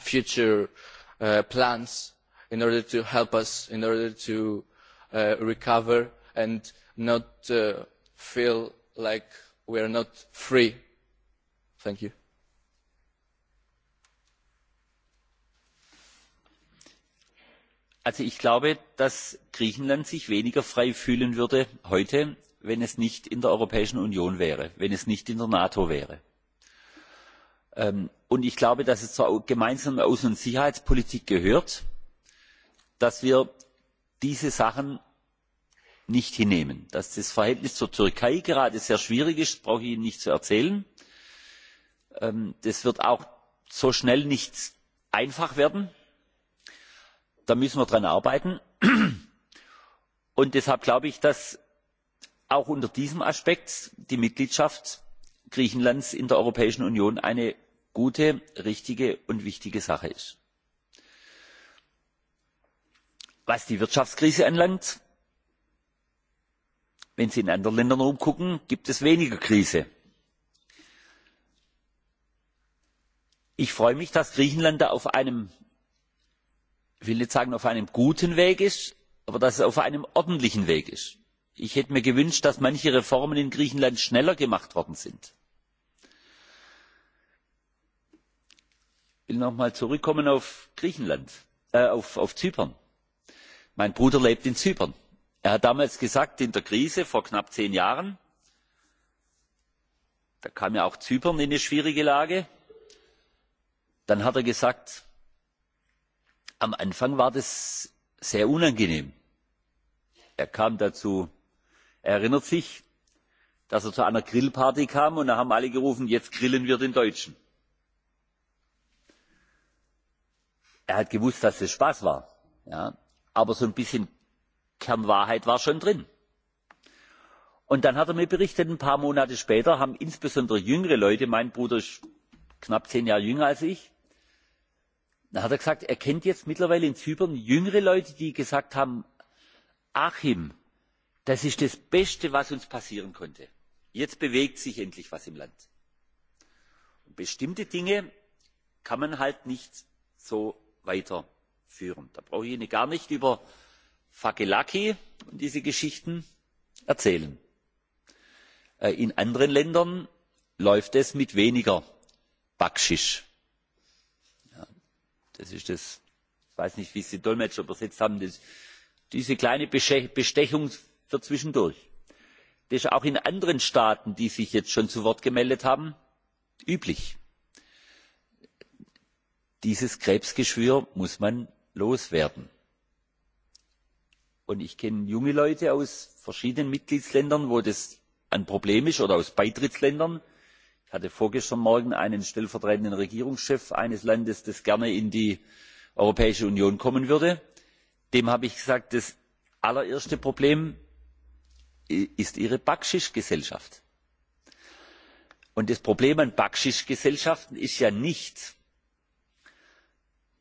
future plans in order to help us in order to recover and not feel like we are not free. Thank you. Also ich glaube, dass Griechenland sich weniger frei fühlen würde heute, wenn es nicht in der Europäischen Union wäre, wenn es nicht in der NATO wäre und ich glaube dass es zur gemeinsamen außen und sicherheitspolitik gehört dass wir diese sachen nicht hinnehmen. dass das verhältnis zur türkei gerade sehr schwierig ist brauche ich ihnen nicht zu erzählen. das wird auch so schnell nicht einfach werden. da müssen wir daran arbeiten. und deshalb glaube ich dass auch unter diesem aspekt die mitgliedschaft griechenlands in der europäischen union gute, richtige und wichtige Sache ist. Was die Wirtschaftskrise anlangt, wenn Sie in anderen Ländern rumgucken, gibt es weniger Krise. Ich freue mich, dass Griechenland da auf einem, ich will nicht sagen auf einem guten Weg ist, aber dass es auf einem ordentlichen Weg ist. Ich hätte mir gewünscht, dass manche Reformen in Griechenland schneller gemacht worden sind will noch mal zurückkommen auf griechenland auf zypern. mein bruder lebt in zypern. er hat damals gesagt in der krise vor knapp zehn jahren da kam ja auch zypern in eine schwierige lage dann hat er gesagt am anfang war das sehr unangenehm. er kam dazu er erinnert sich dass er zu einer grillparty kam und da haben alle gerufen jetzt grillen wir den deutschen. er hat gewusst, dass es Spaß war. Aber so ein bisschen Kernwahrheit war schon drin. Und dann hat er mir berichtet, ein paar Monate später haben insbesondere jüngere Leute, mein Bruder ist knapp zehn Jahre jünger als ich, da hat er gesagt, er kennt jetzt mittlerweile in Zypern jüngere Leute, die gesagt haben, Achim, das ist das Beste, was uns passieren konnte. Jetzt bewegt sich endlich was im Land. Bestimmte Dinge kann man halt nicht so weiterführen. Da brauche ich Ihnen gar nicht über Fakelaki und diese Geschichten erzählen. In anderen Ländern läuft es mit weniger Backschisch. Das ist das, ich weiß nicht, wie Sie Dolmetscher übersetzt haben, diese kleine Bestechung für zwischendurch. Das ist auch in anderen Staaten, die sich jetzt schon zu Wort gemeldet haben, üblich. Dieses Krebsgeschwür muss man loswerden. Und ich kenne junge Leute aus verschiedenen Mitgliedsländern, wo das ein Problem ist, oder aus Beitrittsländern. Ich hatte vorgestern Morgen einen stellvertretenden Regierungschef eines Landes, das gerne in die Europäische Union kommen würde. Dem habe ich gesagt, das allererste Problem ist ihre Backschisch-Gesellschaft. Und das Problem an Backschisch-Gesellschaften ist ja nicht,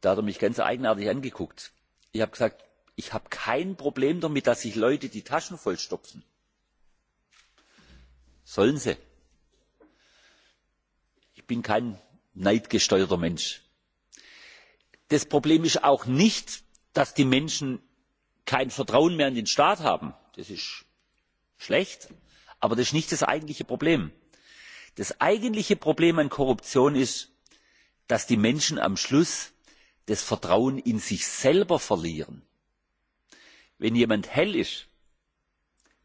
Da hat er mich ganz eigenartig angeguckt. Ich habe gesagt, ich habe kein Problem damit, dass sich Leute die Taschen vollstopfen. Sollen sie. Ich bin kein neidgesteuerter Mensch. Das Problem ist auch nicht, dass die Menschen kein Vertrauen mehr in den Staat haben. Das ist schlecht, aber das ist nicht das eigentliche Problem. Das eigentliche Problem an Korruption ist, dass die Menschen am Schluss das Vertrauen in sich selber verlieren. Wenn jemand hell ist,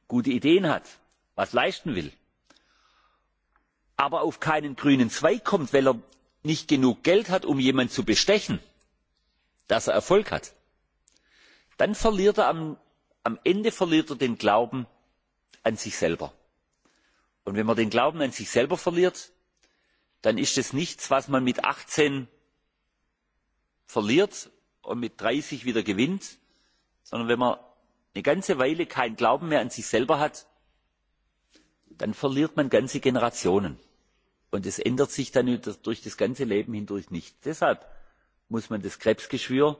gute Ideen hat, was leisten will, aber auf keinen grünen Zweig kommt, weil er nicht genug Geld hat, um jemanden zu bestechen, dass er Erfolg hat, dann verliert er am Ende verliert er den Glauben an sich selber. Und wenn man den Glauben an sich selber verliert, dann ist es nichts, was man mit 18 verliert und mit 30 wieder gewinnt, sondern wenn man eine ganze Weile keinen Glauben mehr an sich selber hat, dann verliert man ganze Generationen. Und es ändert sich dann durch das ganze Leben hindurch nicht. Deshalb muss man das Krebsgeschwür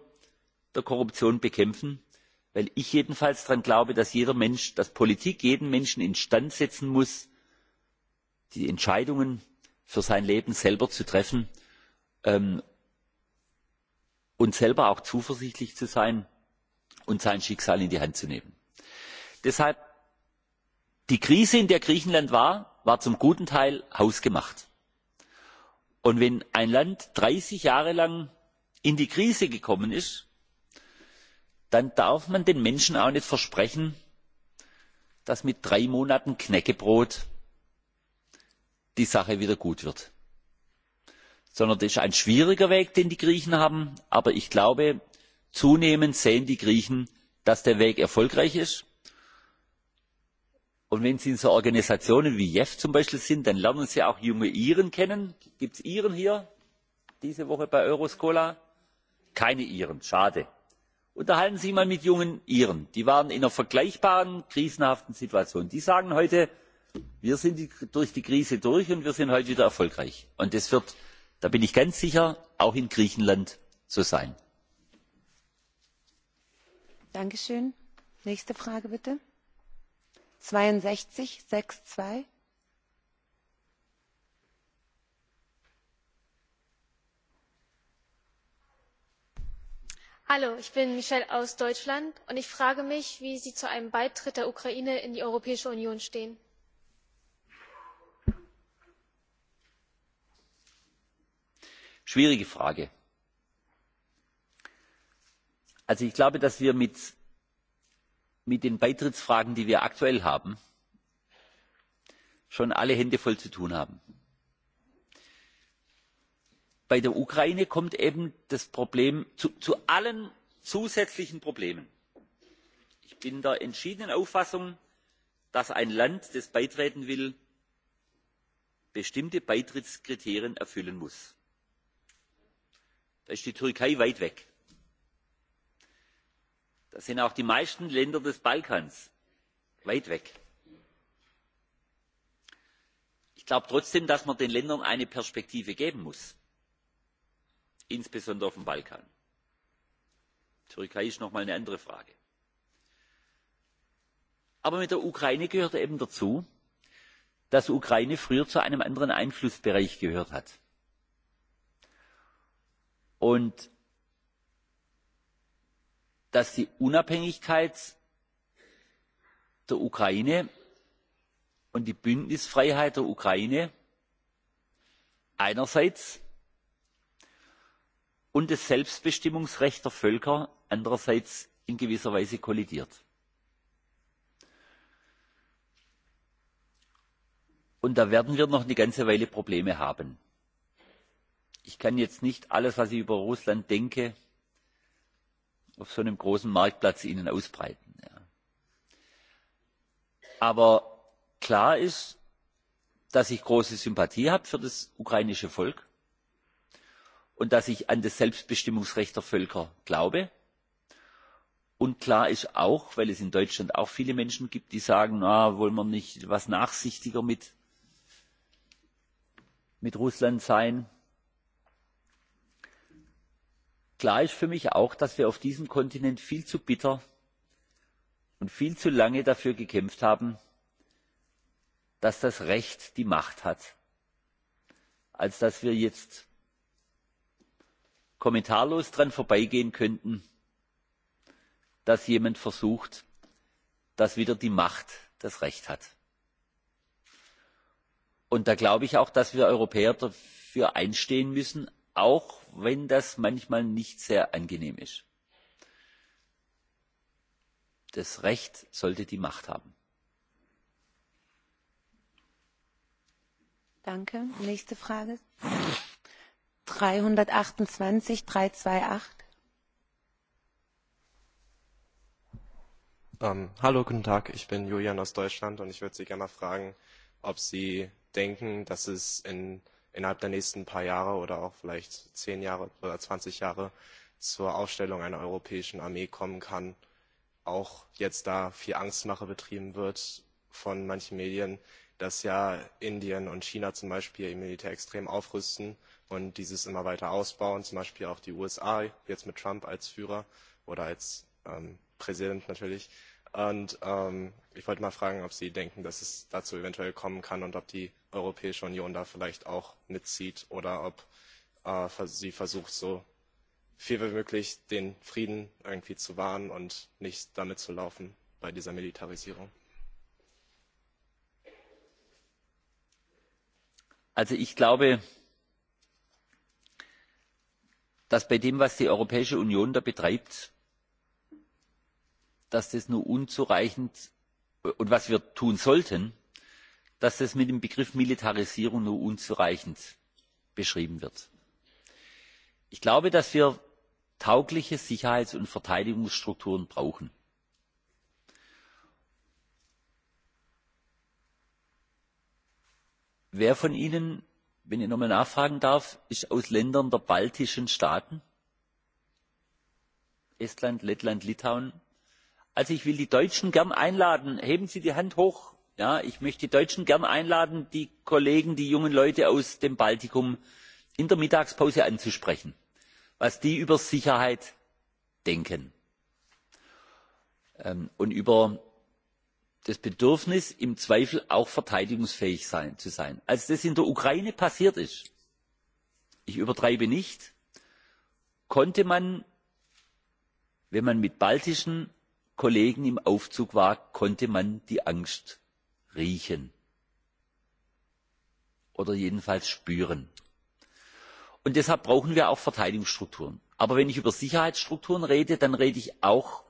der Korruption bekämpfen, weil ich jedenfalls daran glaube, dass jeder Mensch, dass Politik jeden Menschen instand setzen muss, die Entscheidungen für sein Leben selber zu treffen und selber auch zuversichtlich zu sein und sein Schicksal in die Hand zu nehmen. Deshalb die Krise, in der Griechenland war, war zum guten Teil hausgemacht. Und wenn ein Land 30 Jahre lang in die Krise gekommen ist, dann darf man den Menschen auch nicht versprechen, dass mit drei Monaten Knäckebrot die Sache wieder gut wird sondern das ist ein schwieriger weg den die griechen haben aber ich glaube zunehmend sehen die griechen dass der weg erfolgreich ist und wenn sie in so organisationen wie jef zum beispiel sind dann lernen sie auch junge iren kennen. gibt es iren hier diese woche bei euroscola? keine iren schade. unterhalten sie mal mit jungen iren die waren in einer vergleichbaren krisenhaften situation. die sagen heute wir sind durch die krise durch und wir sind heute wieder erfolgreich. und das da bin ich ganz sicher auch in griechenland so sein. nächste frage bitte. Hallo, ich bin Michelle aus Deutschland und ich frage mich, wie Sie zu einem Beitritt der Ukraine in die Europäische Union stehen. schwierige frage. ich glaube dass wir mit den beitrittsfragen die wir aktuell haben schon alle hände voll zu tun haben. bei der ukraine kommt eben das problem zu allen zusätzlichen problemen. ich bin der entschiedenen auffassung dass ein land das beitreten will bestimmte beitrittskriterien erfüllen muss da ist die türkei weit weg. da sind auch die meisten länder des balkans weit weg. ich glaube trotzdem dass man den ländern eine perspektive geben muss insbesondere auf dem balkan. die türkei ist noch mal eine andere frage. aber mit der ukraine gehört eben dazu dass die ukraine früher zu einem anderen einflussbereich gehört hat und dass die Unabhängigkeit der Ukraine und die Bündnisfreiheit der Ukraine einerseits und das Selbstbestimmungsrecht der Völker andererseits in gewisser Weise kollidiert. Und da werden wir noch eine ganze Weile Probleme haben ich kann jetzt nicht alles was ich über russland denke auf so einem großen marktplatz ihnen ausbreiten aber klar ist dass ich große sympathie habe für das ukrainische volk und dass ich an das selbstbestimmungsrecht der völker glaube und klar ist auch weil es in deutschland auch viele menschen gibt die sagen na wollen wir nicht etwas nachsichtiger mit russland sein klar ist für mich auch dass wir auf diesem kontinent viel zu bitter und viel zu lange dafür gekämpft haben dass das recht die macht hat als dass wir jetzt kommentarlos daran vorbeigehen könnten dass jemand versucht dass wieder die macht das recht hat. und da glaube ich auch dass wir europäer dafür einstehen müssen auch wenn das manchmal nicht sehr angenehm ist. Das Recht sollte die Macht haben. Danke. Nächste Frage. 328, 328. Ähm, hallo, guten Tag. Ich bin Julian aus Deutschland und ich würde Sie gerne fragen, ob Sie denken, dass es in innerhalb der nächsten paar Jahre oder auch vielleicht zehn Jahre oder 20 Jahre zur Aufstellung einer europäischen Armee kommen kann. Auch jetzt da viel Angstmache betrieben wird von manchen Medien, dass ja Indien und China zum Beispiel ihr Militär extrem aufrüsten und dieses immer weiter ausbauen, zum Beispiel auch die USA jetzt mit Trump als Führer oder als Präsident natürlich Und ich wollte mal fragen, ob Sie denken, dass es dazu eventuell kommen kann und ob die Europäische Union da vielleicht auch mitzieht oder ob sie versucht, so viel wie möglich den Frieden irgendwie zu wahren und nicht damit zu laufen bei dieser Militarisierung. Also ich glaube, dass bei dem, was die Europäische Union da betreibt, dass das nur unzureichend und was wir tun sollten, dass das mit dem Begriff Militarisierung nur unzureichend beschrieben wird. Ich glaube, dass wir taugliche Sicherheits- und Verteidigungsstrukturen brauchen. Wer von Ihnen, wenn ich nochmal nachfragen darf, ist aus Ländern der baltischen Staaten? Estland, Lettland, Litauen? also ich will die deutschen gern einladen heben sie die hand hoch ja ich möchte die deutschen gern einladen die kollegen die jungen leute aus dem baltikum in der mittagspause anzusprechen was die über sicherheit denken und über das bedürfnis im zweifel auch verteidigungsfähig zu sein. als das in der ukraine passiert ist ich übertreibe nicht konnte man wenn man mit baltischen kollegen im aufzug war konnte man die angst riechen oder jedenfalls spüren. und deshalb brauchen wir auch verteidigungsstrukturen. aber wenn ich über sicherheitsstrukturen rede dann rede ich auch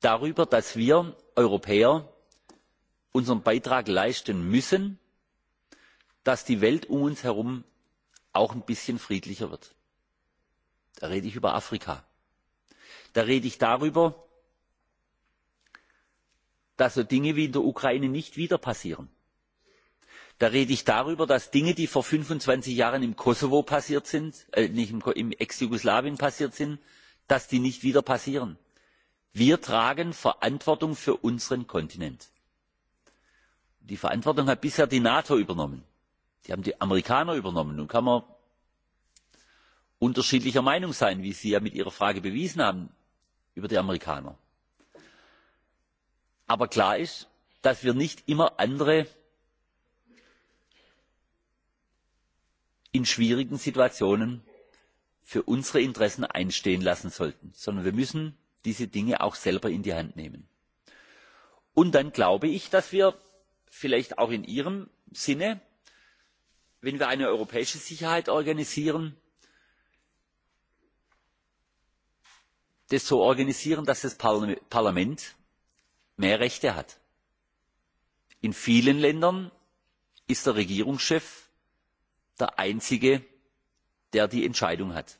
darüber dass wir europäer unseren beitrag leisten müssen dass die welt um uns herum auch ein bisschen friedlicher wird. da rede ich über afrika. da rede ich darüber dass so Dinge wie in der Ukraine nicht wieder passieren. Da rede ich darüber, dass Dinge, die vor 25 Jahren im Kosovo passiert sind, nicht im Ex-Jugoslawien passiert sind, dass die nicht wieder passieren. Wir tragen Verantwortung für unseren Kontinent. Die Verantwortung hat bisher die NATO übernommen. Die haben die Amerikaner übernommen. Nun kann man unterschiedlicher Meinung sein, wie Sie ja mit Ihrer Frage bewiesen haben über die Amerikaner aber klar ist dass wir nicht immer andere in schwierigen situationen für unsere interessen einstehen lassen sollten sondern wir müssen diese dinge auch selber in die hand nehmen. und dann glaube ich dass wir vielleicht auch in ihrem sinne wenn wir eine europäische sicherheit organisieren das so organisieren dass das parlament mehr Rechte hat. In vielen Ländern ist der Regierungschef der Einzige, der die Entscheidung hat.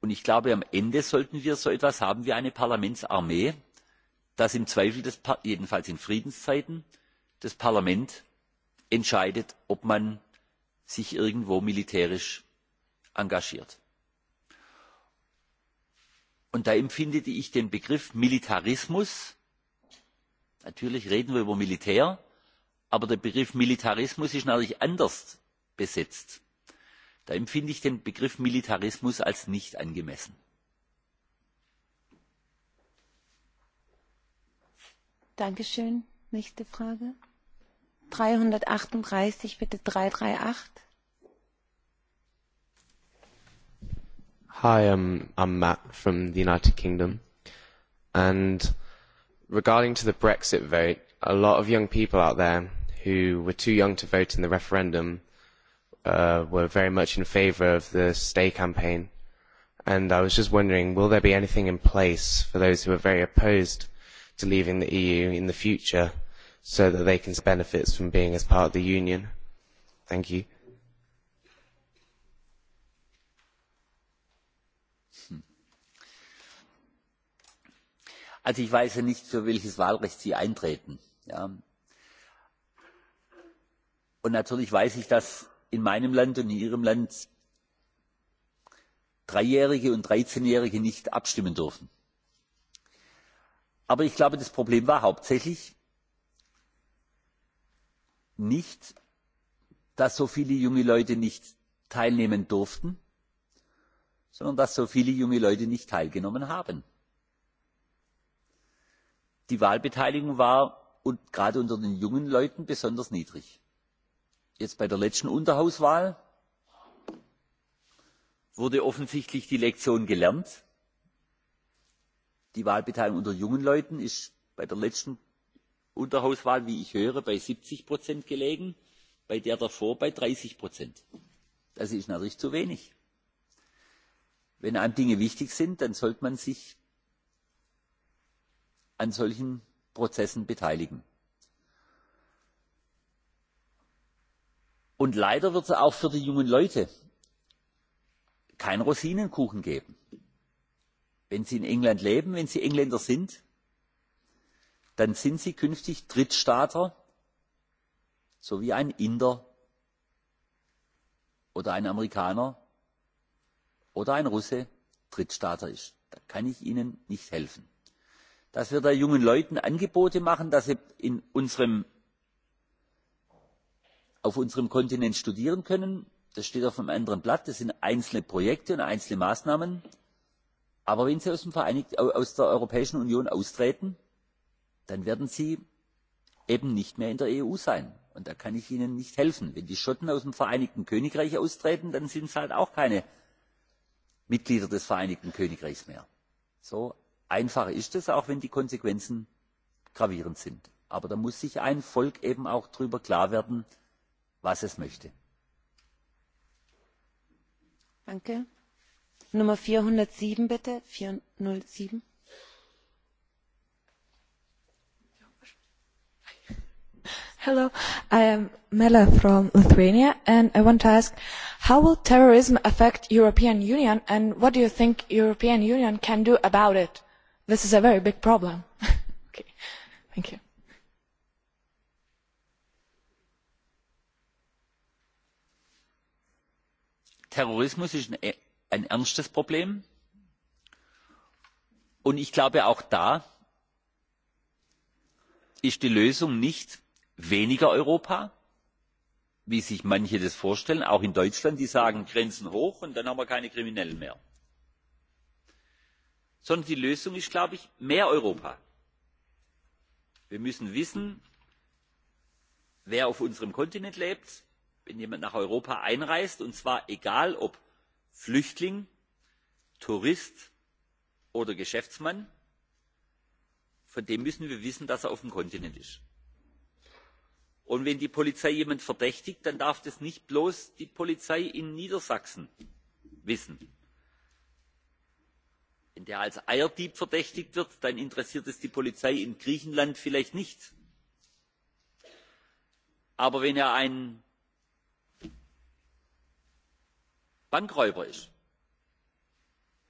Und ich glaube, am Ende sollten wir so etwas haben wie eine Parlamentsarmee, dass im Zweifel, jedenfalls in Friedenszeiten, das Parlament entscheidet, ob man sich irgendwo militärisch engagiert. Und da empfinde ich den Begriff Militarismus, natürlich reden wir über Militär, aber der Begriff Militarismus ist natürlich anders besetzt. Da empfinde ich den Begriff Militarismus als nicht angemessen. Dankeschön. Nächste Frage. 338, bitte 338. Hi, um, I'm Matt from the United Kingdom. And regarding to the Brexit vote, a lot of young people out there who were too young to vote in the referendum uh, were very much in favour of the Stay campaign. And I was just wondering, will there be anything in place for those who are very opposed to leaving the EU in the future so that they can benefit from being as part of the Union? Thank you. Also ich weiß ja nicht, für welches Wahlrecht Sie eintreten. Und natürlich weiß ich, dass in meinem Land und in Ihrem Land Dreijährige und Dreizehnjährige nicht abstimmen dürfen. Aber ich glaube, das Problem war hauptsächlich nicht, dass so viele junge Leute nicht teilnehmen durften, sondern dass so viele junge Leute nicht teilgenommen haben die wahlbeteiligung war gerade unter den jungen leuten besonders niedrig. jetzt bei der letzten unterhauswahl wurde offensichtlich die lektion gelernt die wahlbeteiligung unter jungen leuten ist bei der letzten unterhauswahl wie ich höre bei siebzig gelegen bei der davor bei. dreißig das ist natürlich zu wenig. wenn einem dinge wichtig sind dann sollte man sich an solchen Prozessen beteiligen. Und leider wird es auch für die jungen Leute keinen Rosinenkuchen geben. Wenn sie in England leben, wenn sie Engländer sind, dann sind sie künftig Drittstaater, so wie ein Inder oder ein Amerikaner oder ein Russe Drittstaater ist. Da kann ich Ihnen nicht helfen dass wir da jungen Leuten Angebote machen, dass sie auf unserem Kontinent studieren können. Das steht auf einem anderen Blatt. Das sind einzelne Projekte und einzelne Maßnahmen. Aber wenn sie aus, der Europäischen Union austreten, dann werden sie eben nicht mehr in der EU sein. Und da kann ich Ihnen nicht helfen. Wenn die Schotten aus dem Vereinigten Königreich austreten, dann sind sie halt auch keine Mitglieder des Vereinigten Königreichs mehr. So Einfacher ist es, auch wenn die Konsequenzen gravierend sind. Aber da muss sich ein Volk eben auch darüber klar werden, was es möchte. Danke. Nummer 407 bitte. 407. Hello, I am Mela from Lithuania, and I want to ask, how will terrorism affect European Union, and what do you think European Union can do about it? This is a very big problem. thank you. Terrorismus ist ein ernstes Problem. Und ich glaube, auch da ist die Lösung nicht weniger Europa, wie sich manche das vorstellen, auch in Deutschland, die sagen Grenzen hoch und dann haben wir keine Kriminellen mehr sondern die lösung ist glaube ich mehr europa. wir müssen wissen wer auf unserem kontinent lebt wenn jemand nach europa einreist und zwar egal ob flüchtling tourist oder geschäftsmann von dem müssen wir wissen dass er auf dem kontinent ist. und wenn die polizei jemanden verdächtigt dann darf das nicht bloß die polizei in niedersachsen wissen wenn der als eierdieb verdächtigt wird dann interessiert es die polizei in griechenland vielleicht nicht aber wenn er ein bankräuber ist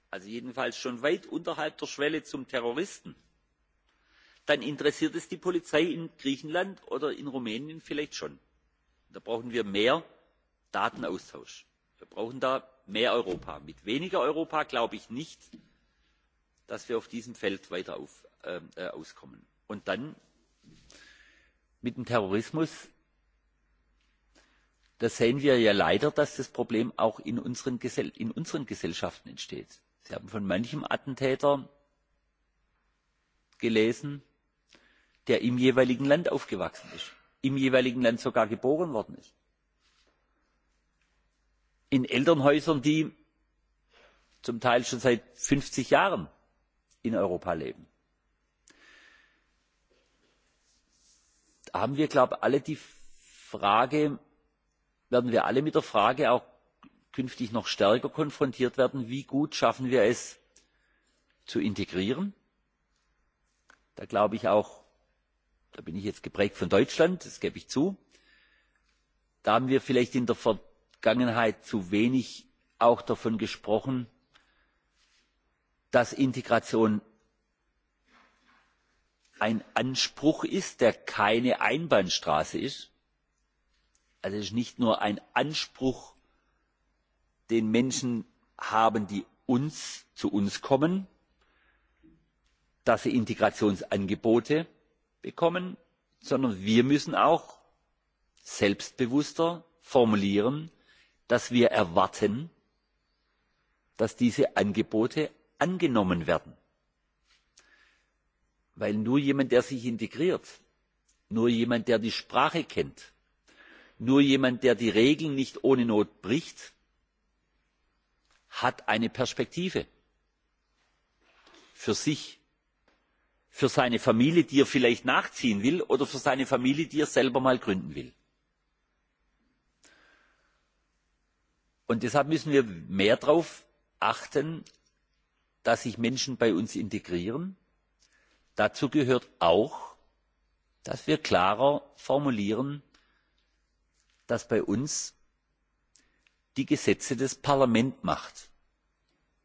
also jedenfalls schon weit unterhalb der schwelle zum terroristen dann interessiert es die polizei in griechenland oder in rumänien vielleicht schon. da brauchen wir mehr datenaustausch. wir brauchen da mehr europa. mit weniger europa glaube ich nicht dass wir auf diesem Feld weiter auskommen. Und dann mit dem Terrorismus, da sehen wir ja leider, dass das Problem auch in unseren Gesellschaften entsteht. Sie haben von manchem Attentäter gelesen, der im jeweiligen Land aufgewachsen ist, im jeweiligen Land sogar geboren worden ist. In Elternhäusern, die zum Teil schon seit 50 Jahren in Europa leben. Da haben wir, glaube ich, alle die Frage, werden wir alle mit der Frage auch künftig noch stärker konfrontiert werden, wie gut schaffen wir es zu integrieren. Da glaube ich auch, da bin ich jetzt geprägt von Deutschland, das gebe ich zu, da haben wir vielleicht in der Vergangenheit zu wenig auch davon gesprochen, dass Integration ein Anspruch ist, der keine Einbahnstraße ist. Also es ist nicht nur ein Anspruch, den Menschen haben, die uns zu uns kommen, dass sie Integrationsangebote bekommen, sondern wir müssen auch selbstbewusster formulieren, dass wir erwarten, dass diese Angebote angenommen werden. Weil nur jemand, der sich integriert, nur jemand, der die Sprache kennt, nur jemand, der die Regeln nicht ohne Not bricht, hat eine Perspektive für sich, für seine Familie, die er vielleicht nachziehen will, oder für seine Familie, die er selber mal gründen will. Und deshalb müssen wir mehr darauf achten, dass sich Menschen bei uns integrieren. Dazu gehört auch, dass wir klarer formulieren, dass bei uns die Gesetze des Parlament macht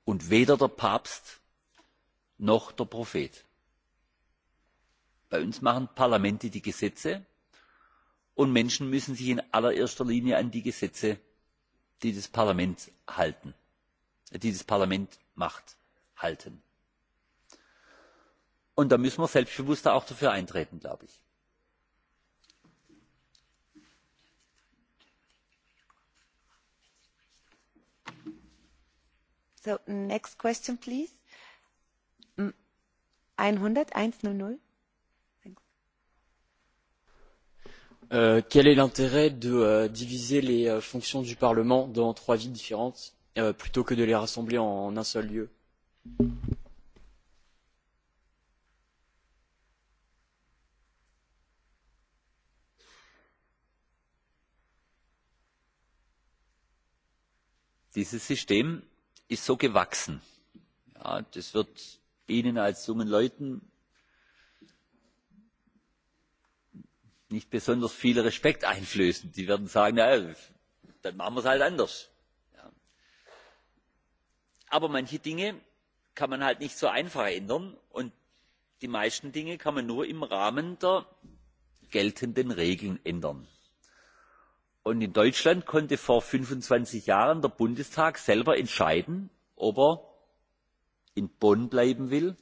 und weder der Papst noch der Prophet. Bei uns machen Parlamente die Gesetze und Menschen müssen sich in allererster Linie an die Gesetze, die das Parlament halten, die das Parlament macht halten. Und da müssen wir selbstbewusster auch dafür eintreten, glaube ich. So, next question, please. 100, 100. Euh, quel est l'intérêt de diviser les fonctions du Parlement dans trois villes différentes plutôt que de les rassembler en un seul lieu Dieses System ist so gewachsen. Das wird Ihnen als jungen Leuten nicht besonders viel Respekt einflößen. Die werden sagen, ja, dann machen wir es halt anders. Aber manche Dinge kann man halt nicht so einfach ändern und die meisten Dinge kann man nur im Rahmen der geltenden Regeln ändern. Und in Deutschland konnte vor 25 Jahren der Bundestag selber entscheiden, ob er in Bonn bleiben will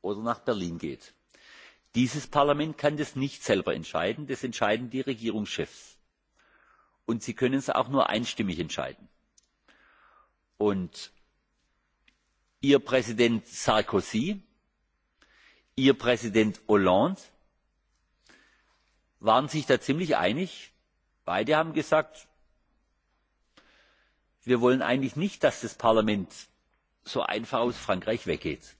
oder nach Berlin geht. Dieses Parlament kann das nicht selber entscheiden, das entscheiden die Regierungschefs. Und sie können es auch nur einstimmig entscheiden ihr Präsident Sarkozy, ihr Präsident Hollande waren sich da ziemlich einig. Beide haben gesagt, wir wollen eigentlich nicht, dass das Parlament so einfach aus Frankreich weggeht.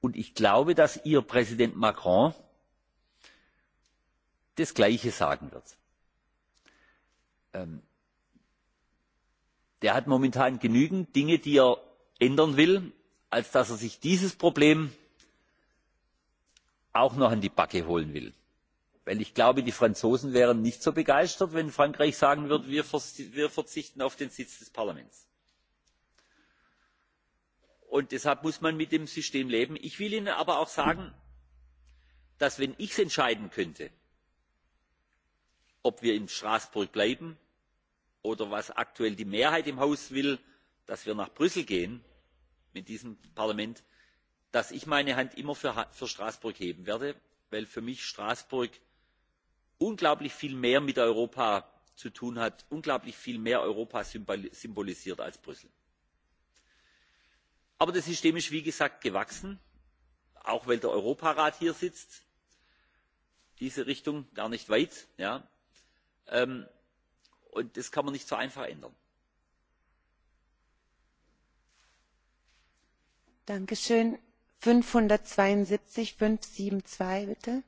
Und ich glaube, dass ihr Präsident Macron das Gleiche sagen wird. Der hat momentan genügend Dinge, die er ändern will als dass er sich dieses problem auch noch an die backe holen will. denn ich glaube die franzosen wären nicht so begeistert wenn frankreich sagen würde wir verzichten auf den sitz des parlaments. deshalb muss man mit dem system leben. ich will ihnen aber auch sagen dass wenn ich entscheiden könnte ob wir in straßburg bleiben oder was aktuell die mehrheit im haus dass wir nach brüssel gehen mit diesem parlament dass ich meine hand immer für straßburg heben werde weil für mich straßburg unglaublich viel mehr mit europa zu tun hat unglaublich viel mehr europa symbolisiert als brüssel. aber das system ist wie gesagt gewachsen auch weil der europarat hier sitzt diese richtung gar nicht weit und das kann man nicht so einfach ändern. Dankeschön. 572, 572, bitte.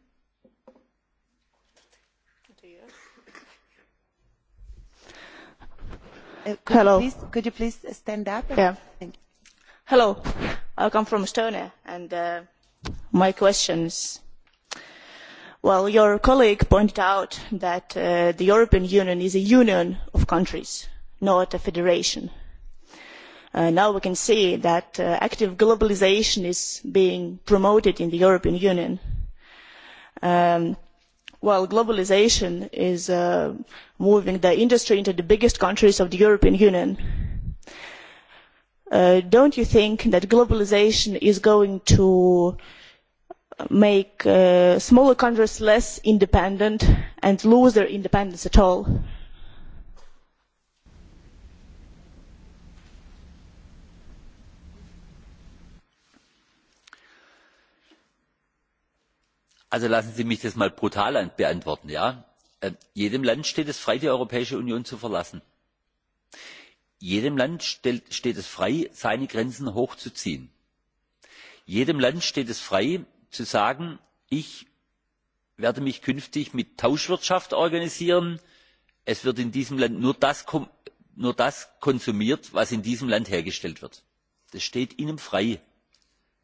Hello. Could you please stand up? Yeah. Hello. I come from Estonia, and my question is, well, your colleague pointed out that the European Union is a union of countries, not a federation now we can see that active globalisation is being promoted in the european union. while globalisation is moving the industry into the biggest countries of the european union don't you think that globalisation is going to make smaller countries less independent and lose their independence at all? Also lassen Sie mich das mal brutal beantworten. Jedem Land steht es frei, die Europäische Union zu verlassen. Jedem Land steht es frei, seine Grenzen hochzuziehen. Jedem Land steht es frei, zu sagen, ich werde mich künftig mit Tauschwirtschaft organisieren. Es wird in diesem Land nur das konsumiert, was in diesem Land hergestellt wird. Das steht Ihnen frei.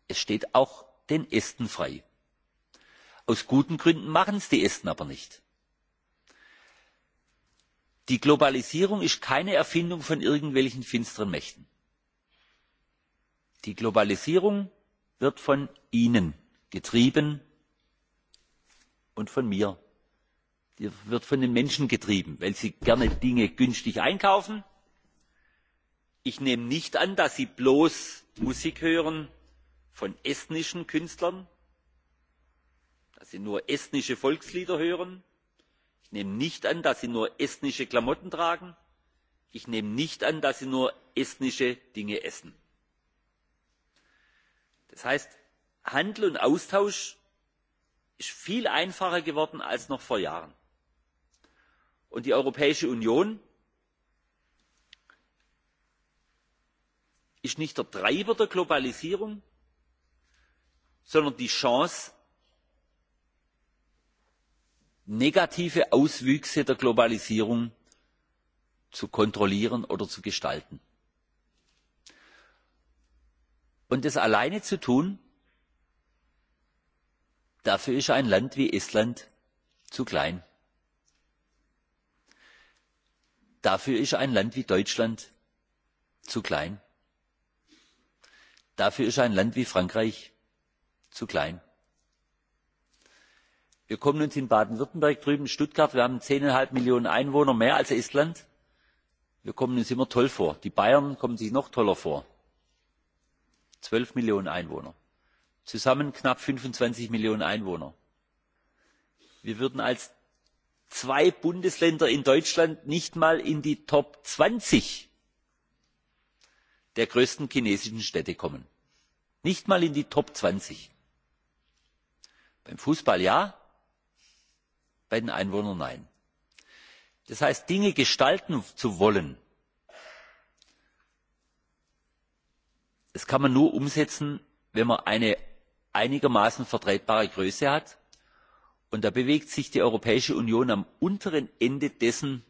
Es steht auch den Esten frei. Aus guten Gründen machen es die Esten aber nicht. Die Globalisierung ist keine Erfindung von irgendwelchen finsteren Mächten. Die Globalisierung wird von Ihnen getrieben und von mir. Die wird von den Menschen getrieben, weil sie gerne Dinge günstig einkaufen. Ich nehme nicht an, dass Sie bloß Musik hören von estnischen Künstlern dass sie nur estnische volkslieder hören. Ich nehme nicht an, dass sie nur estnische Klamotten tragen. Ich nehme nicht an, dass sie nur estnische Dinge essen. Das heißt, Handel und Austausch ist viel einfacher geworden als noch vor Jahren. Und die Europäische Union ist nicht der Treiber der Globalisierung, sondern die Chance negative Auswüchse der Globalisierung zu kontrollieren oder zu gestalten. Und das alleine zu tun, dafür ist ein Land wie Estland zu klein. Dafür ist ein Land wie Deutschland zu klein. Dafür ist ein Land wie Frankreich zu klein wir kommen uns in baden württemberg drüben in stuttgart wir haben zehneinhalb millionen einwohner mehr als estland wir kommen uns immer toll vor. die bayern kommen sich noch toller vor zwölf millionen einwohner zusammen knapp fünfundzwanzig millionen einwohner. wir würden als zwei bundesländer in deutschland nicht mal in die top zwanzig der größten chinesischen städte kommen nicht mal in die top. zwanzig beim fußball bei den Einwohnern nein. Das heißt, Dinge gestalten zu wollen, das kann man nur umsetzen, wenn man eine einigermaßen vertretbare Größe hat. Und da bewegt sich die Europäische Union am unteren Ende dessen,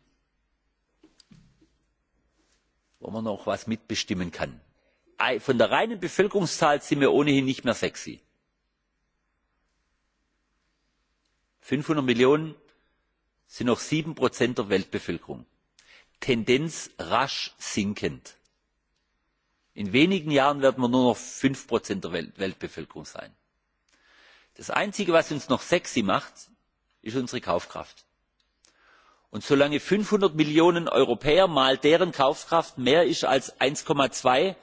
wo man noch etwas mitbestimmen kann. Von der reinen Bevölkerungszahl sind wir ohnehin nicht mehr sexy. fünfhundert millionen sind noch sieben prozent der weltbevölkerung tendenz rasch sinkend. in wenigen jahren werden wir nur noch fünf prozent der weltbevölkerung sein. das einzige was uns noch sexy macht ist unsere kaufkraft. und solange fünfhundert millionen europäer mal deren kaufkraft mehr ist als eins zwei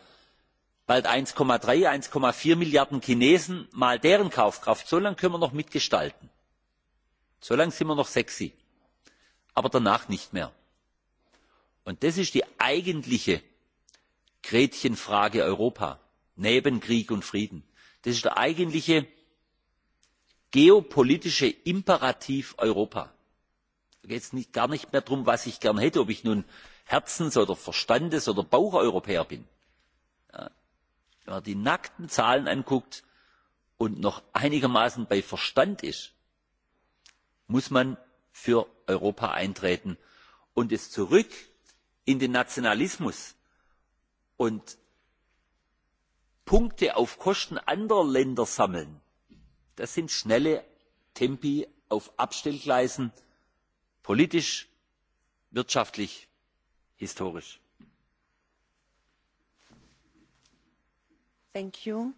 bald eins drei eins vier milliarden chinesen mal deren kaufkraft solange können wir noch mitgestalten. Solange sind wir noch sexy, aber danach nicht mehr. Und das ist die eigentliche Gretchenfrage Europa, neben Krieg und Frieden. Das ist der eigentliche geopolitische Imperativ Europa. Da geht es gar nicht mehr darum, was ich gern hätte, ob ich nun Herzens- oder Verstandes- oder Baucheuropäer bin. Wenn man die nackten Zahlen anguckt und noch einigermaßen bei Verstand ist, muss man für europa eintreten und es zurück in den nationalismus und punkte auf kosten anderer länder sammeln das sind schnelle tempi auf abstellgleisen politisch wirtschaftlich historisch. Thank you.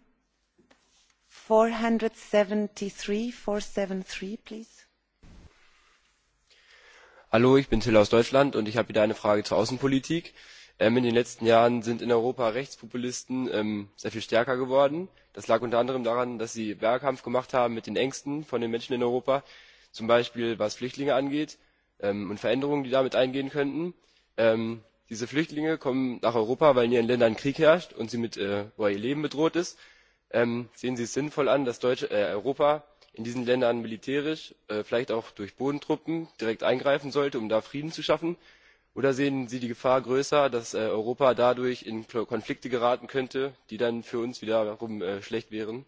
please. Hallo, ich bin Till aus Deutschland und ich habe wieder eine Frage zur Außenpolitik. In den letzten Jahren sind in Europa Rechtspopulisten sehr viel stärker geworden. Das lag unter anderem daran, dass sie Wahlkampf gemacht haben mit den Ängsten von den Menschen in Europa, zum Beispiel was Flüchtlinge angeht und Veränderungen, die damit eingehen könnten. Diese Flüchtlinge kommen nach Europa, weil in ihren Ländern Krieg herrscht und sie mit wo ihr Leben bedroht ist. Sehen Sie es sinnvoll an, dass Europa in diesen ländern militärisch vielleicht auch durch bodentruppen direkt eingreifen sollte um da frieden zu schaffen oder sehen sie die gefahr größer dass europa dadurch in konflikte geraten könnte die dann für uns wiederum schlecht wären?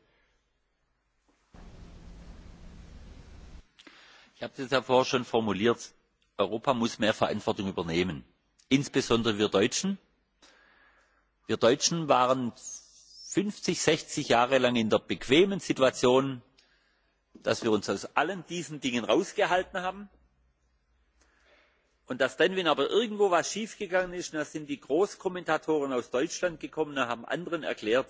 ich habe es ja vorher schon formuliert europa muss mehr verantwortung übernehmen insbesondere wir deutschen. wir deutschen waren fünfzig sechzig jahre lang in der bequemen situation dass wir uns aus allen diesen Dingen herausgehalten haben und dass dann, wenn aber irgendwo etwas schiefgegangen ist, dann sind die Großkommentatoren aus Deutschland gekommen und haben anderen erklärt,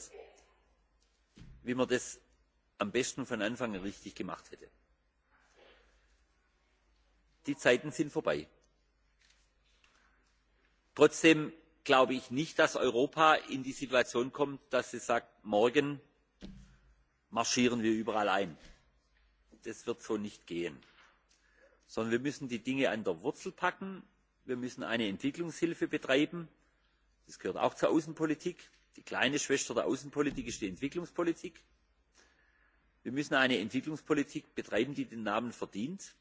wie man das am besten von Anfang an richtig gemacht hätte. Die Zeiten sind vorbei. Trotzdem glaube ich nicht, dass Europa in die Situation kommt, dass es sagt, morgen marschieren wir überall ein das wird so nicht gehen. Sondern wir müssen die Dinge an der Wurzel packen. Wir müssen eine Entwicklungshilfe betreiben. Das gehört auch zur Außenpolitik. Die kleine Schwester der Außenpolitik ist die Entwicklungspolitik. Wir müssen eine Entwicklungspolitik betreiben, die den Namen verdient.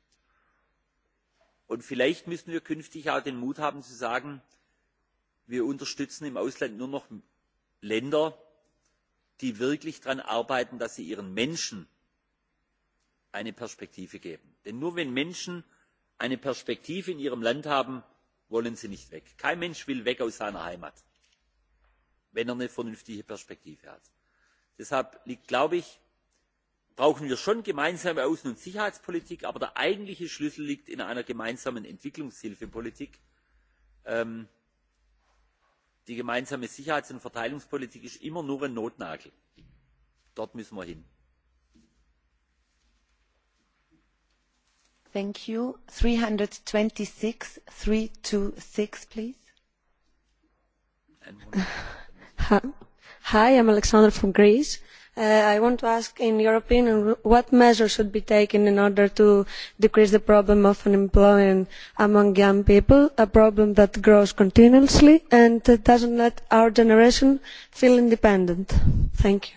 Und vielleicht müssen wir künftig auch den Mut haben zu sagen, wir unterstützen im Ausland nur noch Länder, die wirklich daran arbeiten, dass sie ihren Menschen eine perspektive geben. denn nur wenn menschen eine perspektive in ihrem land haben wollen sie nicht weg. kein mensch will weg aus seiner heimat wenn er eine vernünftige perspektive hat. deshalb glaube ich brauchen wir schon gemeinsame außen und sicherheitspolitik aber der eigentliche schlüssel liegt in einer gemeinsamen entwicklungshilfepolitik. die gemeinsame sicherheits und Verteilungspolitik ist immer nur ein notnagel. dort müssen wir hin. Thank you. 326, 326, please. Hi, I'm Alexander from Greece. I want to ask, in your opinion, what measures should be taken in order to decrease the problem of unemployment among young people, a problem that grows continuously and doesn't let our generation feel independent? Thank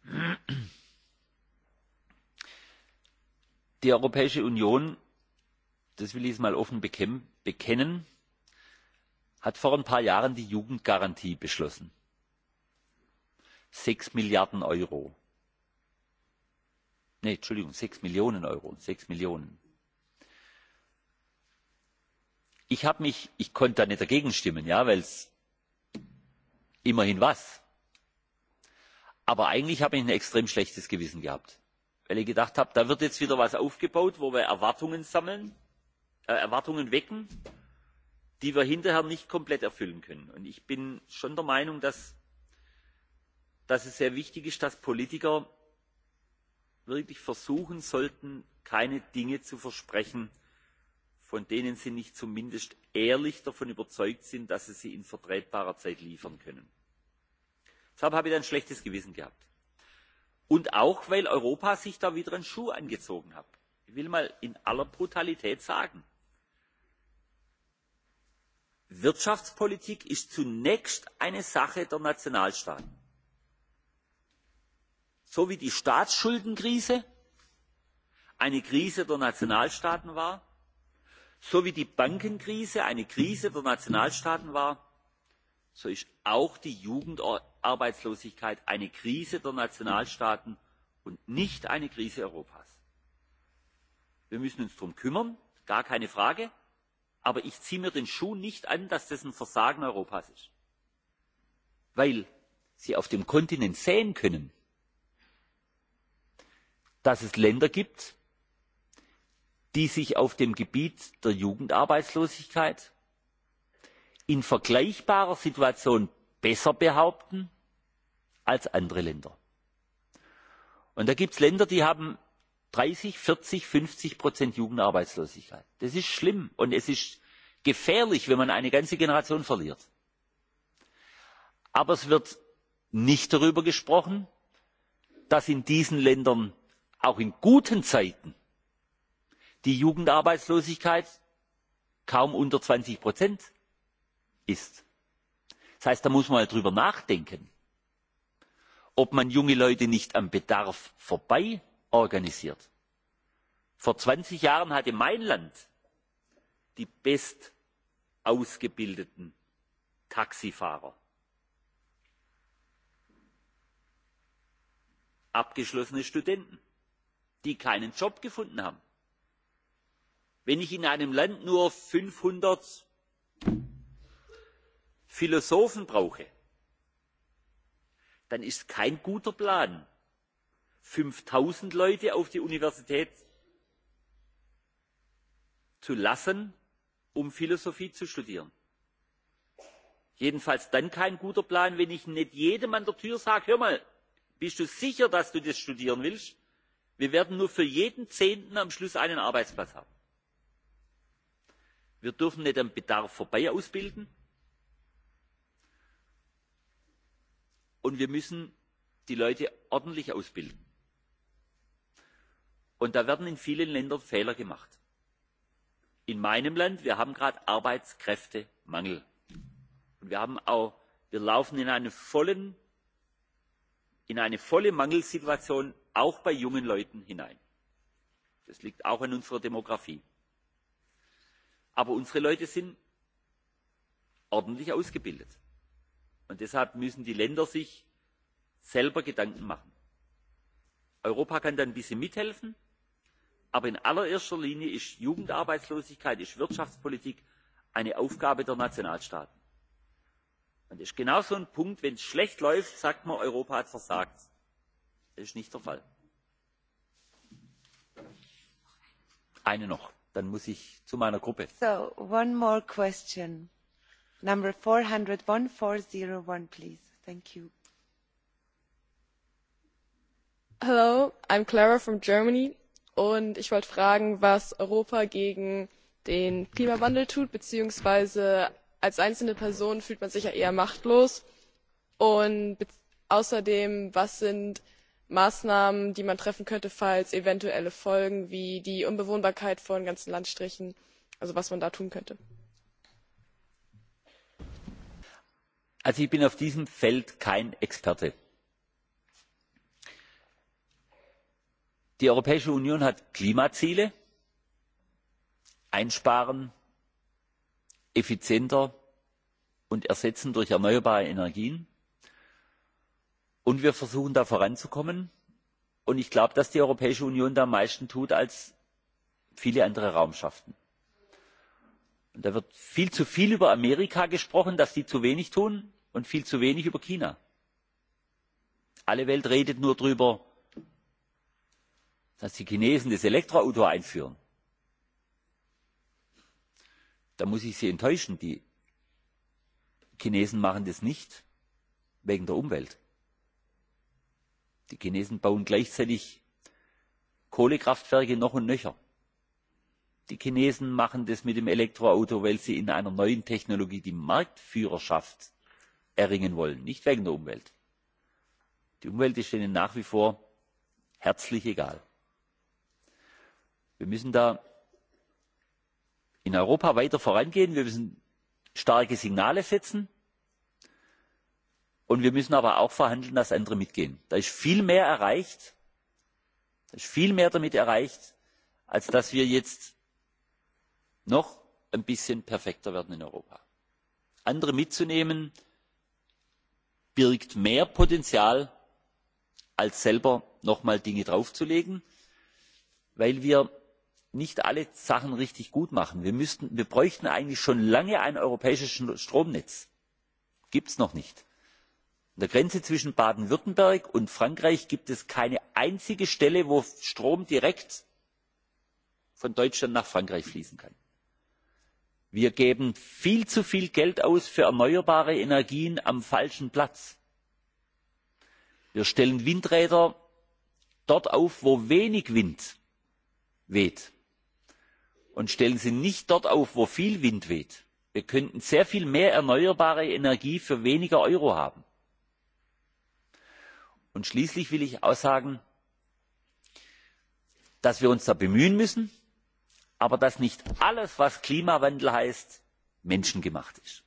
you die europäische union das will ich es mal offen bekennen hat vor ein paar jahren die jugendgarantie beschlossen sechs milliarden euro nee entschuldigung sechs millionen euro sechs millionen. ich habe mich ich konnte da nicht dagegen stimmen ja weil es immerhin was aber eigentlich habe ich ein extrem schlechtes gewissen gehabt weil ich gedacht habe, da wird jetzt wieder etwas aufgebaut, wo wir Erwartungen sammeln, Erwartungen wecken, die wir hinterher nicht komplett erfüllen können. Und ich bin schon der Meinung, dass es sehr wichtig ist, dass Politiker wirklich versuchen sollten, keine Dinge zu versprechen, von denen sie nicht zumindest ehrlich davon überzeugt sind, dass sie sie in vertretbarer Zeit liefern können. Deshalb habe ich ein schlechtes Gewissen gehabt und auch weil europa sich da wieder einen schuh angezogen hat. ich will mal in aller brutalität sagen wirtschaftspolitik ist zunächst eine sache der nationalstaaten so wie die staatsschuldenkrise eine krise der nationalstaaten war so wie die bankenkrise eine krise der nationalstaaten war so ist auch die Arbeitslosigkeit eine Krise der Nationalstaaten und nicht eine Krise Europas. Wir müssen uns darum kümmern, gar keine Frage, aber ich ziehe mir den Schuh nicht an, dass das ein Versagen Europas ist. Weil Sie auf dem Kontinent sehen können, dass es Länder gibt, die sich auf dem Gebiet der Jugendarbeitslosigkeit in vergleichbarer Situation besser behaupten als andere Länder. Und da gibt es Länder, die haben 30, 40, 50 Prozent Jugendarbeitslosigkeit. Das ist schlimm und es ist gefährlich, wenn man eine ganze Generation verliert. Aber es wird nicht darüber gesprochen, dass in diesen Ländern auch in guten Zeiten die Jugendarbeitslosigkeit kaum unter 20 ist. Das heißt, da muss man mal drüber nachdenken ob man junge Leute nicht am Bedarf vorbei organisiert. Vor 20 Jahren hatte mein Land die best ausgebildeten Taxifahrer. Abgeschlossene Studenten, die keinen Job gefunden haben. Wenn ich in einem Land nur 500 Philosophen brauche, dann ist kein guter Plan, 5000 Leute auf die Universität zu lassen, um Philosophie zu studieren. Jedenfalls dann kein guter Plan, wenn ich nicht jedem an der Tür sage, hör mal, bist du sicher, dass du das studieren willst? Wir werden nur für jeden Zehnten am Schluss einen Arbeitsplatz haben. Wir dürfen nicht am Bedarf vorbei ausbilden. und wir müssen die leute ordentlich ausbilden. und da werden in vielen ländern fehler gemacht. in meinem land wir haben gerade arbeitskräftemangel. und wir laufen in eine in eine volle mangelsituation auch bei jungen leuten hinein. das liegt auch an unserer demografie. aber unsere leute sind ordentlich ausgebildet und deshalb müssen die länder sich selber gedanken machen. europa kann dann ein bisschen mithelfen aber in allererster linie ist jugendarbeitslosigkeit ist wirtschaftspolitik eine aufgabe der nationalstaaten. und das ist genau so ein punkt wenn es schlecht läuft sagt man europa hat versagt. das ist nicht der fall. eine noch dann muss ich zu meiner gruppe. Number 401, 401, please. Thank you. Hello, I'm Clara from Germany und ich wollte fragen, was Europa gegen den Klimawandel tut, beziehungsweise als einzelne Person fühlt man sich ja eher machtlos. Und außerdem, was sind Maßnahmen, die man treffen könnte, falls eventuelle Folgen wie die Unbewohnbarkeit von ganzen Landstrichen, also was man da tun könnte? Also ich bin auf diesem Feld kein Experte. Die Europäische Union hat Klimaziele, einsparen, effizienter und ersetzen durch erneuerbare Energien. Und wir versuchen da voranzukommen. Und ich glaube, dass die Europäische Union da am meisten tut als viele andere Raumschaften da wird viel zu viel über amerika gesprochen dass sie zu wenig tun und viel zu wenig über china. alle welt redet nur darüber dass die chinesen das elektroauto einführen. da muss ich sie enttäuschen die chinesen machen das nicht wegen der umwelt. die chinesen bauen gleichzeitig kohlekraftwerke noch und nöcher. Die Chinesen machen das mit dem Elektroauto, weil sie in einer neuen Technologie die Marktführerschaft erringen wollen, nicht wegen der Umwelt. Die Umwelt ist ihnen nach wie vor herzlich egal. Wir müssen da in Europa weiter vorangehen, wir müssen starke Signale setzen und wir müssen aber auch verhandeln, dass andere mitgehen. Da ist viel mehr erreicht, da ist viel mehr damit erreicht, als dass wir jetzt noch ein bisschen perfekter werden in Europa. Andere mitzunehmen, birgt mehr Potenzial, als selber noch mal Dinge draufzulegen, weil wir nicht alle Sachen richtig gut machen. Wir bräuchten eigentlich schon lange ein europäisches Stromnetz. Gibt es noch nicht. An der Grenze zwischen Baden Württemberg und Frankreich gibt es keine einzige Stelle, wo Strom direkt von Deutschland nach Frankreich fließen kann wir geben viel zu viel geld aus für erneuerbare energien am falschen platz. wir stellen windräder dort auf wo wenig wind weht und stellen sie nicht dort auf wo viel wind weht. wir könnten sehr viel mehr erneuerbare energie für weniger euro haben. und schließlich will ich auch sagen dass wir uns da bemühen müssen aber dass nicht alles, was Klimawandel heißt, menschengemacht ist.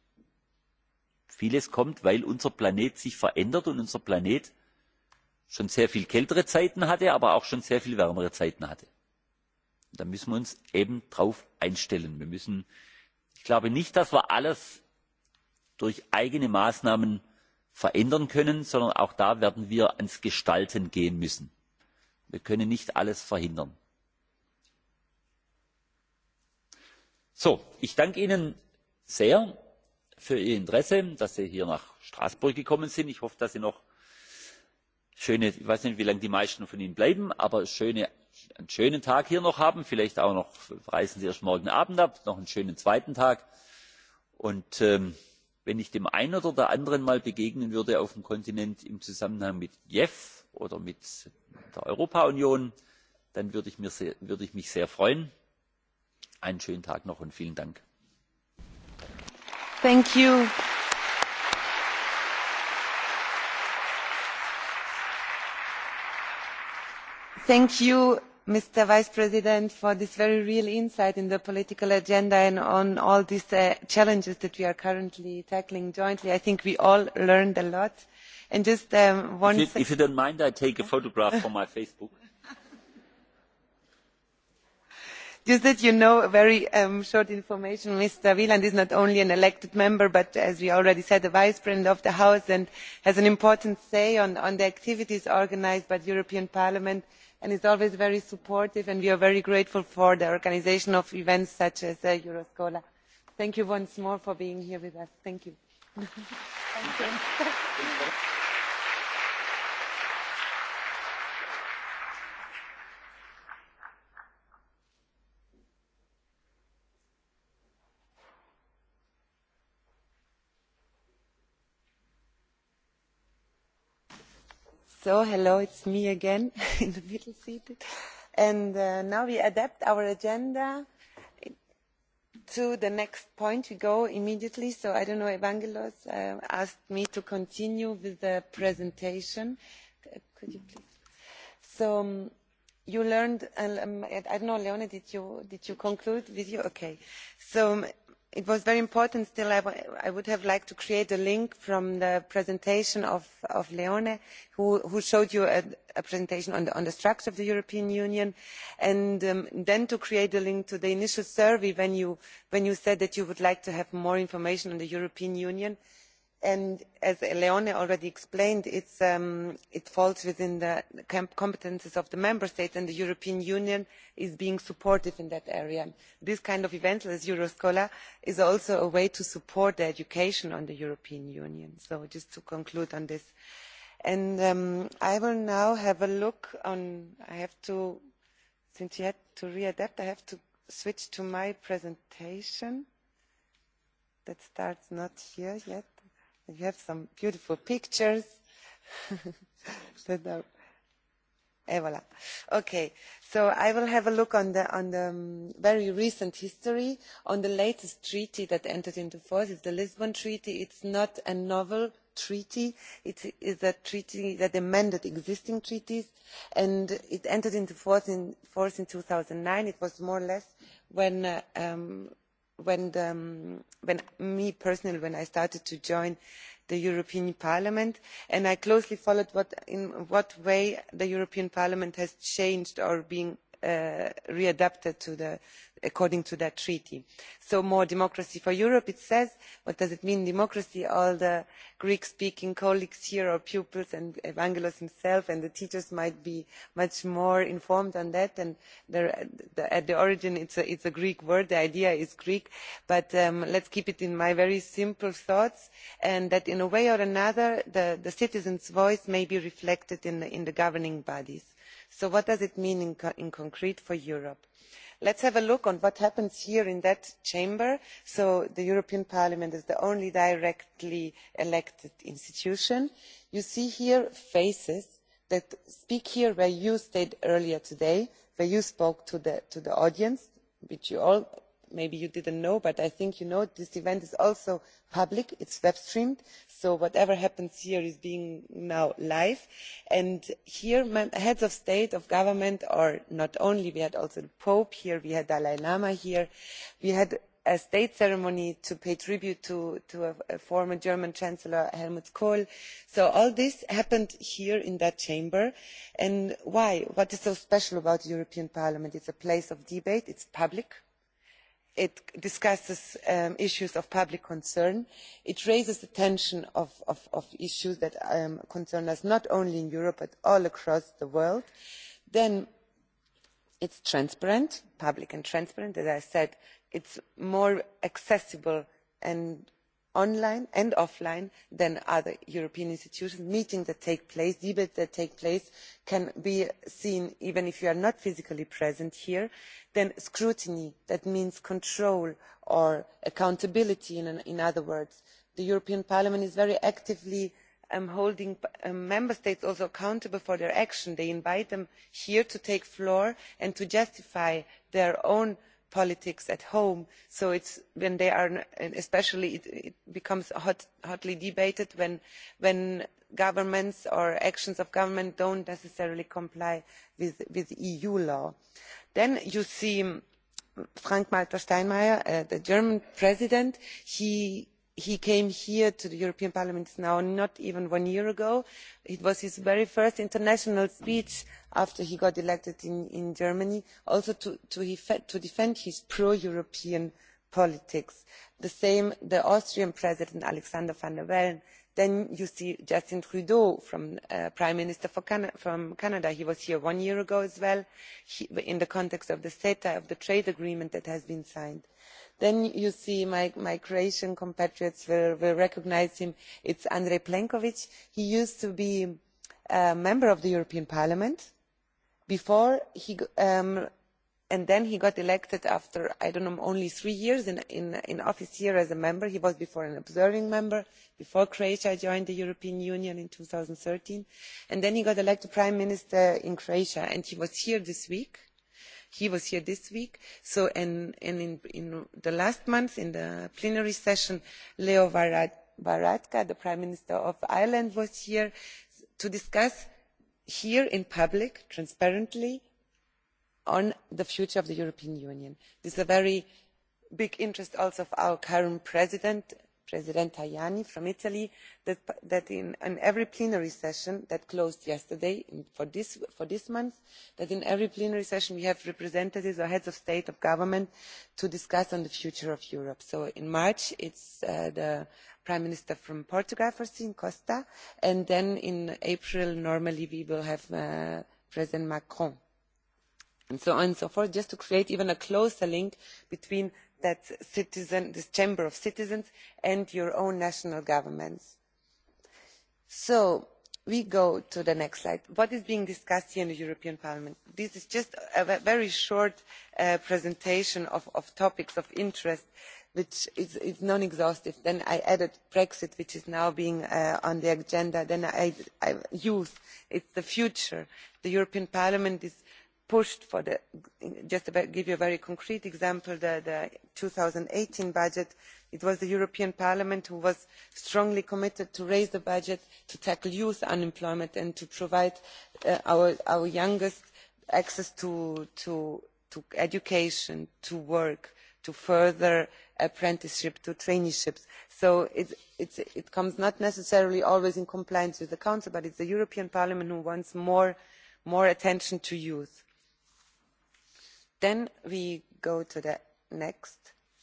Vieles kommt, weil unser Planet sich verändert und unser Planet schon sehr viel kältere Zeiten hatte, aber auch schon sehr viel wärmere Zeiten hatte. Da müssen wir uns eben darauf einstellen. Wir müssen, ich glaube nicht, dass wir alles durch eigene Maßnahmen verändern können, sondern auch da werden wir ans Gestalten gehen müssen. Wir können nicht alles verhindern. So, ich danke Ihnen sehr für Ihr Interesse, dass Sie hier nach Straßburg gekommen sind. Ich hoffe, dass Sie noch schöne, ich weiß nicht, wie lange die meisten von Ihnen bleiben, aber einen schönen Tag hier noch haben. Vielleicht auch noch, reisen Sie erst morgen Abend ab, noch einen schönen zweiten Tag. Und wenn ich dem einen oder der anderen mal begegnen würde auf dem Kontinent im Zusammenhang mit JEF oder mit der Europa-Union, dann würde ich mich sehr freuen Einen schönen Tag noch und vielen Dank. Thank you. Thank you, Mr. Vice President, for this very real insight in the political agenda and on all these challenges that we are currently tackling jointly. I think we all learned a lot. And just one. If you don't mind, I take a photograph for my Facebook. Just that you know, very short information, Mr. Wieland is not only an elected member, but as we already said, the Vice President of the House and has an important say on the activities organised by the European Parliament and is always very supportive and we are very grateful for the organisation of events such as Euroscola. Thank you once more for being here with us. Thank you. So, hello, it's me again in the middle seat. And now we adapt our agenda to the next point. We go immediately. So I don't know, Evangelos asked me to continue with the presentation. Could you please? So you learned, I don't know, Leone, did you, did you conclude with you? Okay. So it was very important still i would have liked to create a link from the presentation of leone who showed you a presentation on the structure of the european union and then to create a link to the initial survey when you said that you would like to have more information on the european union and as leone already explained it falls within the competences of the member states and the european union is being supportive in that area. this kind of event as Euroscola, is also a way to support the education on the european union so just to conclude on this. i will now have a look on i have to since you had to readapt i have to switch to my presentation that starts not here yet you have some beautiful pictures. voilà. Okay, so I will have a look on the on the very recent history, on the latest treaty that entered into force. It's the Lisbon Treaty. It's not a novel treaty. It is a treaty that amended existing treaties, and it entered into force in force in 2009. It was more or less when when me personally when i started to join the european parliament and i closely followed in what way the european parliament has changed or been readapted to the according to that treaty. So more democracy for Europe, it says. What does it mean, democracy? All the Greek-speaking colleagues here, or pupils, and Evangelos himself, and the teachers might be much more informed on that. And at the origin, it's a Greek word. The idea is Greek. But let's keep it in my very simple thoughts, and that in a way or another, the citizens' voice may be reflected in the governing bodies. So what does it mean in concrete for Europe? let's have a look at what happens here in that chamber so the european parliament is the only directly elected institution. you see here faces that speak here where you stayed earlier today where you spoke to the audience which you all maybe you didn't know but i think you know this event is also public it's web streamed so whatever happens here is being now live and here heads of state of government or not only we had also the pope here we had dalai lama here we had a state ceremony to pay tribute to a former german chancellor helmut kohl so all this happened here in that chamber and why what is so special about the european parliament it's a place of debate it's public it discusses issues of public concern it raises the tension of issues that concern us not only in europe but all across the world then it's transparent public and transparent as i said it's more accessible and online and offline than other European institutions. Meetings that take place, debates that take place can be seen even if you are not physically present here. Then scrutiny, that means control or accountability in other words. The European Parliament is very actively holding member states also accountable for their action. They invite them here to take floor and to justify their own politics at home so when they are especially it becomes hotly debated when governments or actions of government do not necessarily comply with eu law. then you see frank walter steinmeier the german president he he came here to the european parliament now not even one year ago. it was his very first international speech after he got elected in germany also to defend his pro european politics. the same the austrian president alexander van der bellen. then you see justin trudeau prime minister from canada he was here one year ago as well in the context of the ceta of the trade agreement that has been signed. Then you see my Croatian compatriots will recognise him. It's Andrej Plenković. He used to be a member of the European Parliament before he and then he got elected after I don't know only three years in office here as a member. He was before an observing member before Croatia joined the European Union in 2013, and then he got elected prime minister in Croatia. And he was here this week He was here this week. So, and in the last month, in the plenary session, Leo Varadkar, the Prime Minister of Ireland, was here to discuss here in public, transparently, on the future of the European Union. This is a very big interest also of our current President president tajani from italy that in every plenary session that closed yesterday for this month that in every plenary session we have representatives or heads of state or government to discuss on the future of europe. so in march it is the prime minister from portugal francine costa and then in april normally we will have president macron and so on and so forth just to create even a closer link between that this chamber of citizens and your own national governments. so we go to the next slide what is being discussed here in the european parliament? this is just a very short presentation of topics of interest which is non exhaustive then i added brexit which is now being on the agenda then i youth it's the future. the european parliament is pushed for the just to give you a very concrete example the 2018 budget it was the european parliament who was strongly committed to raise the budget to tackle youth unemployment and to provide our youngest access to education to work to further apprenticeship to traineeships so it comes not necessarily always in compliance with the council but it's the european parliament who wants more attention to youth Then we go to the next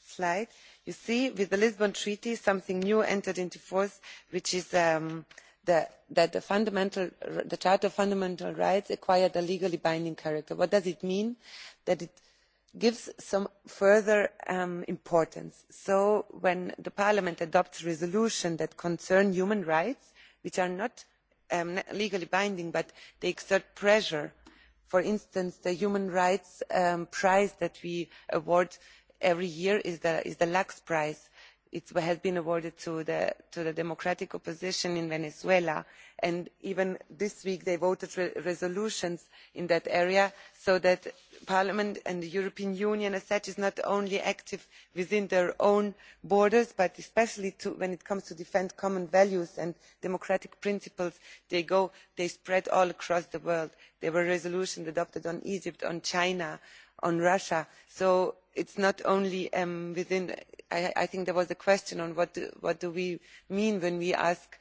slide. You see, with the Lisbon Treaty, something new entered into force, which is that the fundamental the Charter of Fundamental Rights acquired a legally binding character. What does it mean? That it gives some further importance. So when the Parliament adopts resolutions that concern human rights, which are not legally binding, but they exert pressure for instance the human rights prize that we award every year is the lux prize it has been awarded to the democratic opposition in venezuela and even this week they voted resolutions in that area so that parliament and the european union as such is not only active within their own borders but especially when it comes to defending common values and democratic principles they go they spread all across the world. there were resolutions adopted on egypt on china on russia so it's not only within i think there was a question on what do we mean when we ask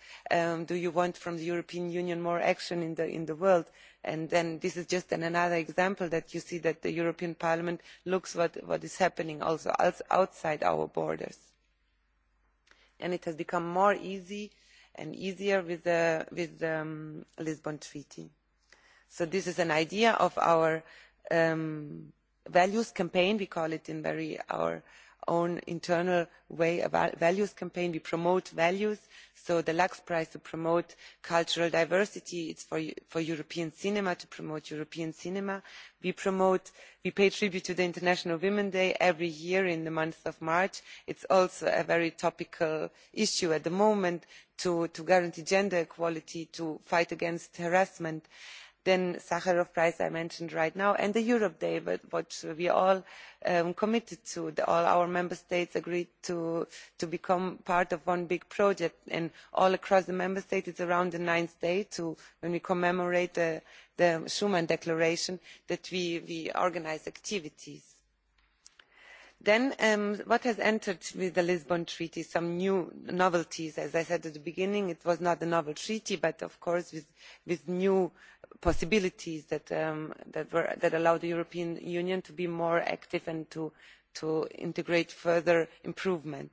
do you want from the european union more action in the world and then this is just another example that you see that the european parliament looks at what is happening also outside our borders. And it has become more easy and easier with the lisbon treaty. so this is an idea of our values campaign we call it in our own internal way of values campaign. We promote values, so the Lux Prize to promote cultural diversity. It's for European cinema to promote European cinema. We promote, we pay tribute to the International Women's Day every year in the month of March. It's also a very topical issue at the moment to guarantee gender equality, to fight against harassment then the sakharov prize i mentioned right now and the europe day which we all committed to all our member states agreed to become part of one big project and all across the member states it's around the ninth day when we commemorate the schuman declaration that we organise activities then what has entered with the lisbon treaty some new novelties as i said at the beginning it was not a novel treaty but of course with new possibilities that allow the european union to be more active and to integrate further improvement.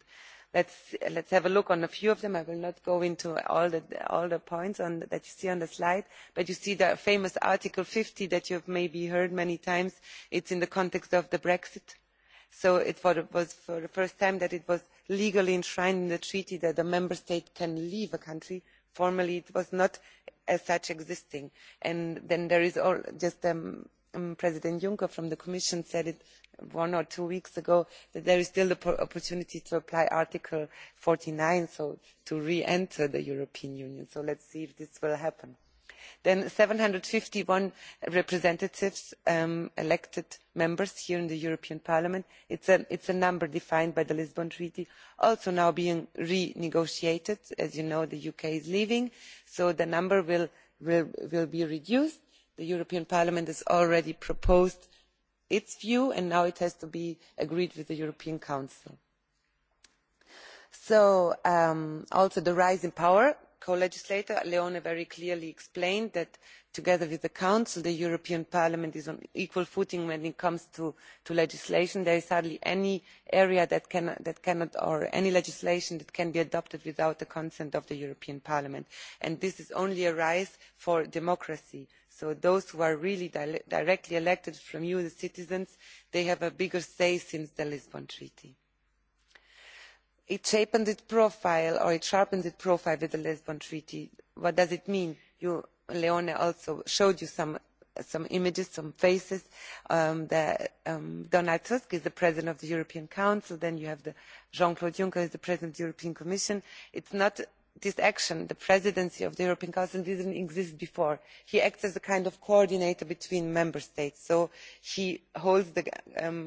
Let's have a look on a few of them. i will not go into all the points that you see on the slide but you see the famous article 50 that you have maybe heard many times. It's in the context of the brexit so it was for the first time that it was legally enshrined in the treaty that a member state can leave a country formally it was not as such existing and then there is just president juncker from the commission said it one or two weeks ago that there is still the opportunity to apply article forty nine so to re enter the european union so let's see if this will happen then seven hundred and fifty one representatives elected members here in the european parliament it is a number defined by the lisbon treaty also now being renegotiated as you know the uk is leaving so the number will be reduced. the european parliament has already proposed its view and now it has to be agreed with the european council. so also the rise in power co legislator leone very clearly explained that together with the council the european parliament is on equal footing when it comes to legislation. there is hardly any area that cannot or any legislation that can be adopted without the consent of the european parliament and this is only a rise for democracy so those who are really directly elected from you the citizens they have a bigger say since the lisbon treaty it sharpened its profile or it sharpened its profile with the lisbon treaty what does it mean? leone also showed you some some images some faces donald tusk is the president of the european council then you have jean claude juncker is the president of the european commission. it's not this action the presidency of the european council didn't exist before. he acts as a kind of coordinator between member states so he holds the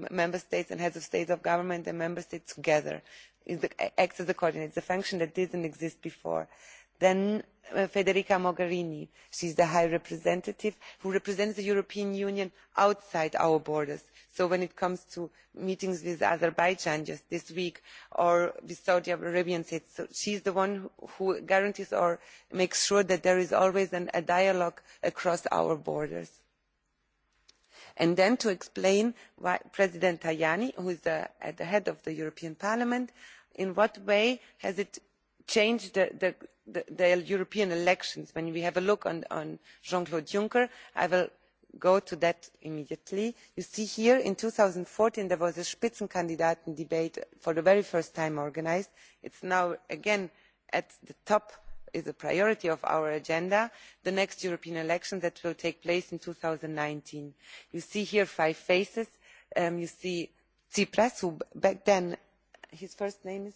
member states and heads of state of government and member states together acts as a coordinator. It's a function that didn't exist before. Then Federica Mogherini, she is the High Representative who represents the European Union outside our borders. So when it comes to meetings with Azerbaijan just this week or with Saudi Arabian states, she is the one who guarantees or makes sure that there is always a dialogue across our borders. And then to explain why President Tajani, who is at the head of the European Parliament, in what way has it changed the European elections? When we have a look on Jean-Claude Juncker, I will go to that immediately. You see here in 2014 there was a Spitzenkandidaten debate for the very first time organised. It's now again at the top is a priority of our agenda the next european election that will take place in 2019 you see here five faces you see tsipras who back then his first name is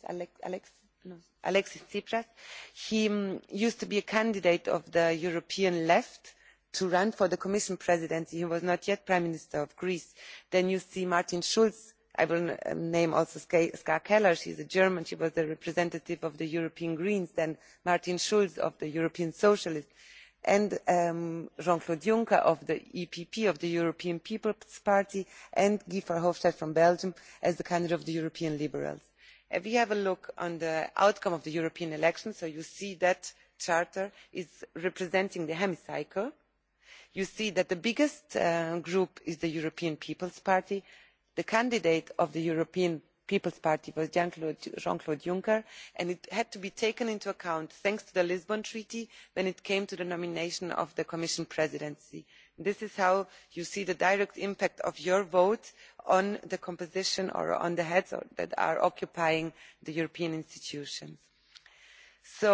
alexis tsipras he used to be a candidate of the european left to run for the commission presidency he was not yet prime minister of greece. then you see martin schulz i will name also ska keller she is a german she was the representative of the european greens then martin schulz of the european socialists and jean claude juncker of the epp of the european people's party and guy verhofstadt from belgium as the candidate of the european liberals. if you have a look at the outcome of the european elections so you see that charter is representing the hemicycle you see that the biggest group is the european people's party the candidate of the european people's party was jean claude juncker and it had to be taken into account thanks to the lisbon treaty when it came to the nomination of the commission presidency. this is how you see the direct impact of your vote on the composition or on the heads that are occupying the european institutions. so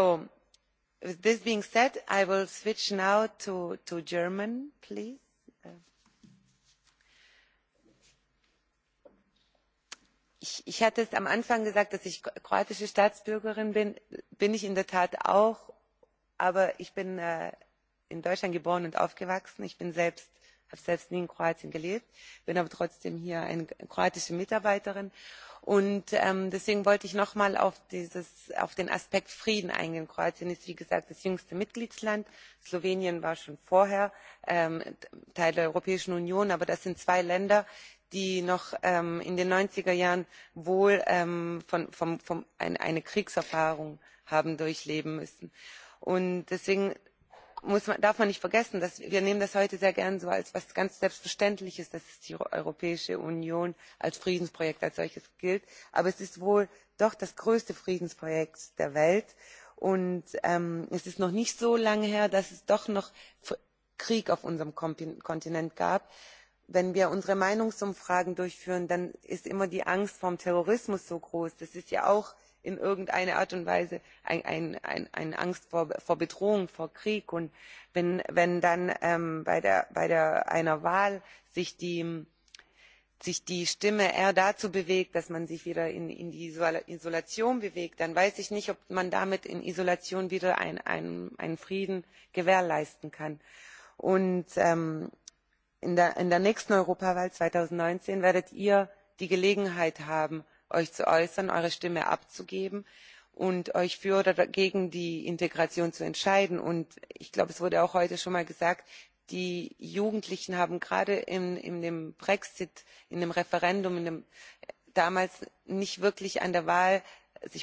with this being said i will switch now to german please. ich hatte es am anfang gesagt dass ich kroatische staatsbürgerin bin bin ich in der tat auch aber ich bin in deutschland geboren und aufgewachsen ich selbst habe selbst nie in kroatien gelebt bin aber trotzdem hier eine kroatische mitarbeiterin und deswegen wollte ich noch mal auf den aspekt frieden eingehen. kroatien ist wie gesagt das jüngste mitgliedsland slowenien war schon vorher teil der europäischen union aber das sind zwei länder die noch in den 90er Jahren wohl eine Kriegserfahrung haben durchleben müssen. Und deswegen darf man nicht vergessen, dass wir nehmen das heute sehr gern so als was ganz Selbstverständliches, dass die Europäische Union als Friedensprojekt als solches gilt. Aber es ist wohl doch das größte Friedensprojekt der Welt. Und es ist noch nicht so lange her, dass es doch noch Krieg auf unserem Kontinent gab wenn wir unsere meinungsumfragen durchführen dann ist immer die angst vor terrorismus so groß das ist ja auch in irgendeiner art und weise eine angst vor bedrohung vor krieg und wenn dann bei einer wahl sich die stimme eher dazu bewegt dass man sich wieder in die isolation bewegt dann weiß ich nicht ob man damit in isolation wieder einen frieden gewährleisten kann. und in der nächsten europawahl zweitausendneunzehn werdet ihr die gelegenheit haben euch zu äußern eure stimme abzugeben und euch für oder gegen die integration zu entscheiden. und ich glaube es wurde auch heute schon mal gesagt die jugendlichen haben gerade in dem brexit in dem referendum damals nicht wirklich an der wahl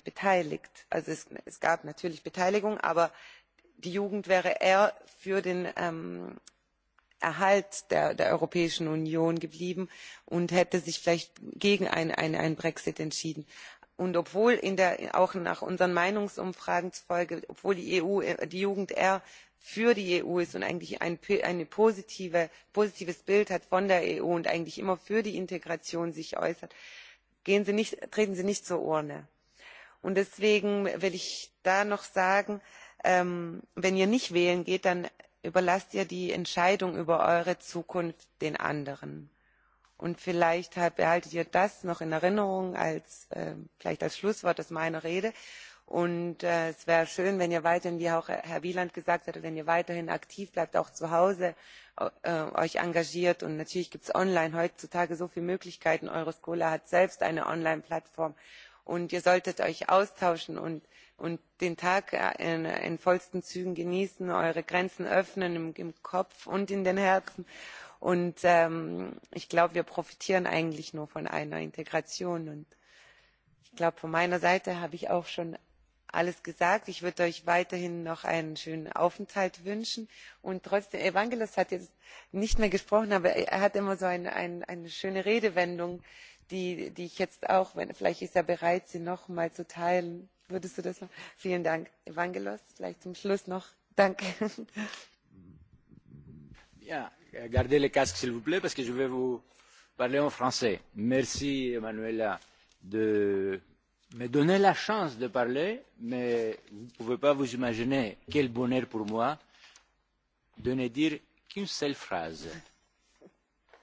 beteiligt. also es gab natürlich beteiligung aber die jugend wäre eher für den Erhalt der Europäischen Union geblieben und hätte sich vielleicht gegen einen Brexit entschieden. Und obwohl auch nach unseren Meinungsumfragen zufolge, obwohl die EU die Jugend eher für die EU ist und eigentlich ein positives Bild hat von der EU und eigentlich immer für die Integration sich äußert, treten sie nicht zur Urne. Und deswegen will ich da noch sagen Wenn ihr nicht wählen geht, dann überlasst ihr die Entscheidung über eure Zukunft den anderen. Und vielleicht behaltet ihr das noch in Erinnerung als vielleicht als Schlusswort aus meiner Rede. Und es wäre schön, wenn ihr weiterhin, wie auch Herr Wieland gesagt hat, wenn ihr weiterhin aktiv bleibt, auch zu Hause euch engagiert. Und natürlich gibt es online heutzutage so viele Möglichkeiten. Eure hat selbst eine Online-Plattform. Und ihr solltet euch austauschen und und den Tag in vollsten Zügen genießen, eure Grenzen öffnen im Kopf und in den Herzen. Und ich glaube, wir profitieren eigentlich nur von einer Integration. Und ich glaube, von meiner Seite habe ich auch schon alles gesagt. Ich würde euch weiterhin noch einen schönen Aufenthalt wünschen. Und trotzdem, Evangelos hat jetzt nicht mehr gesprochen, aber er hat immer so eine schöne Redewendung, die ich jetzt auch, wenn vielleicht ist er bereit, sie noch mal zu teilen Würdest du das Vielen Dank. Evangelos, vielleicht zum Schluss noch. Danke. Bien, gardez les casques s'il vous plaît parce que je vais vous parler en français. Merci Emanuela de me donner la chance de parler, mais vous ne pouvez pas vous imaginer quel bonheur pour moi de ne dire qu'une seule phrase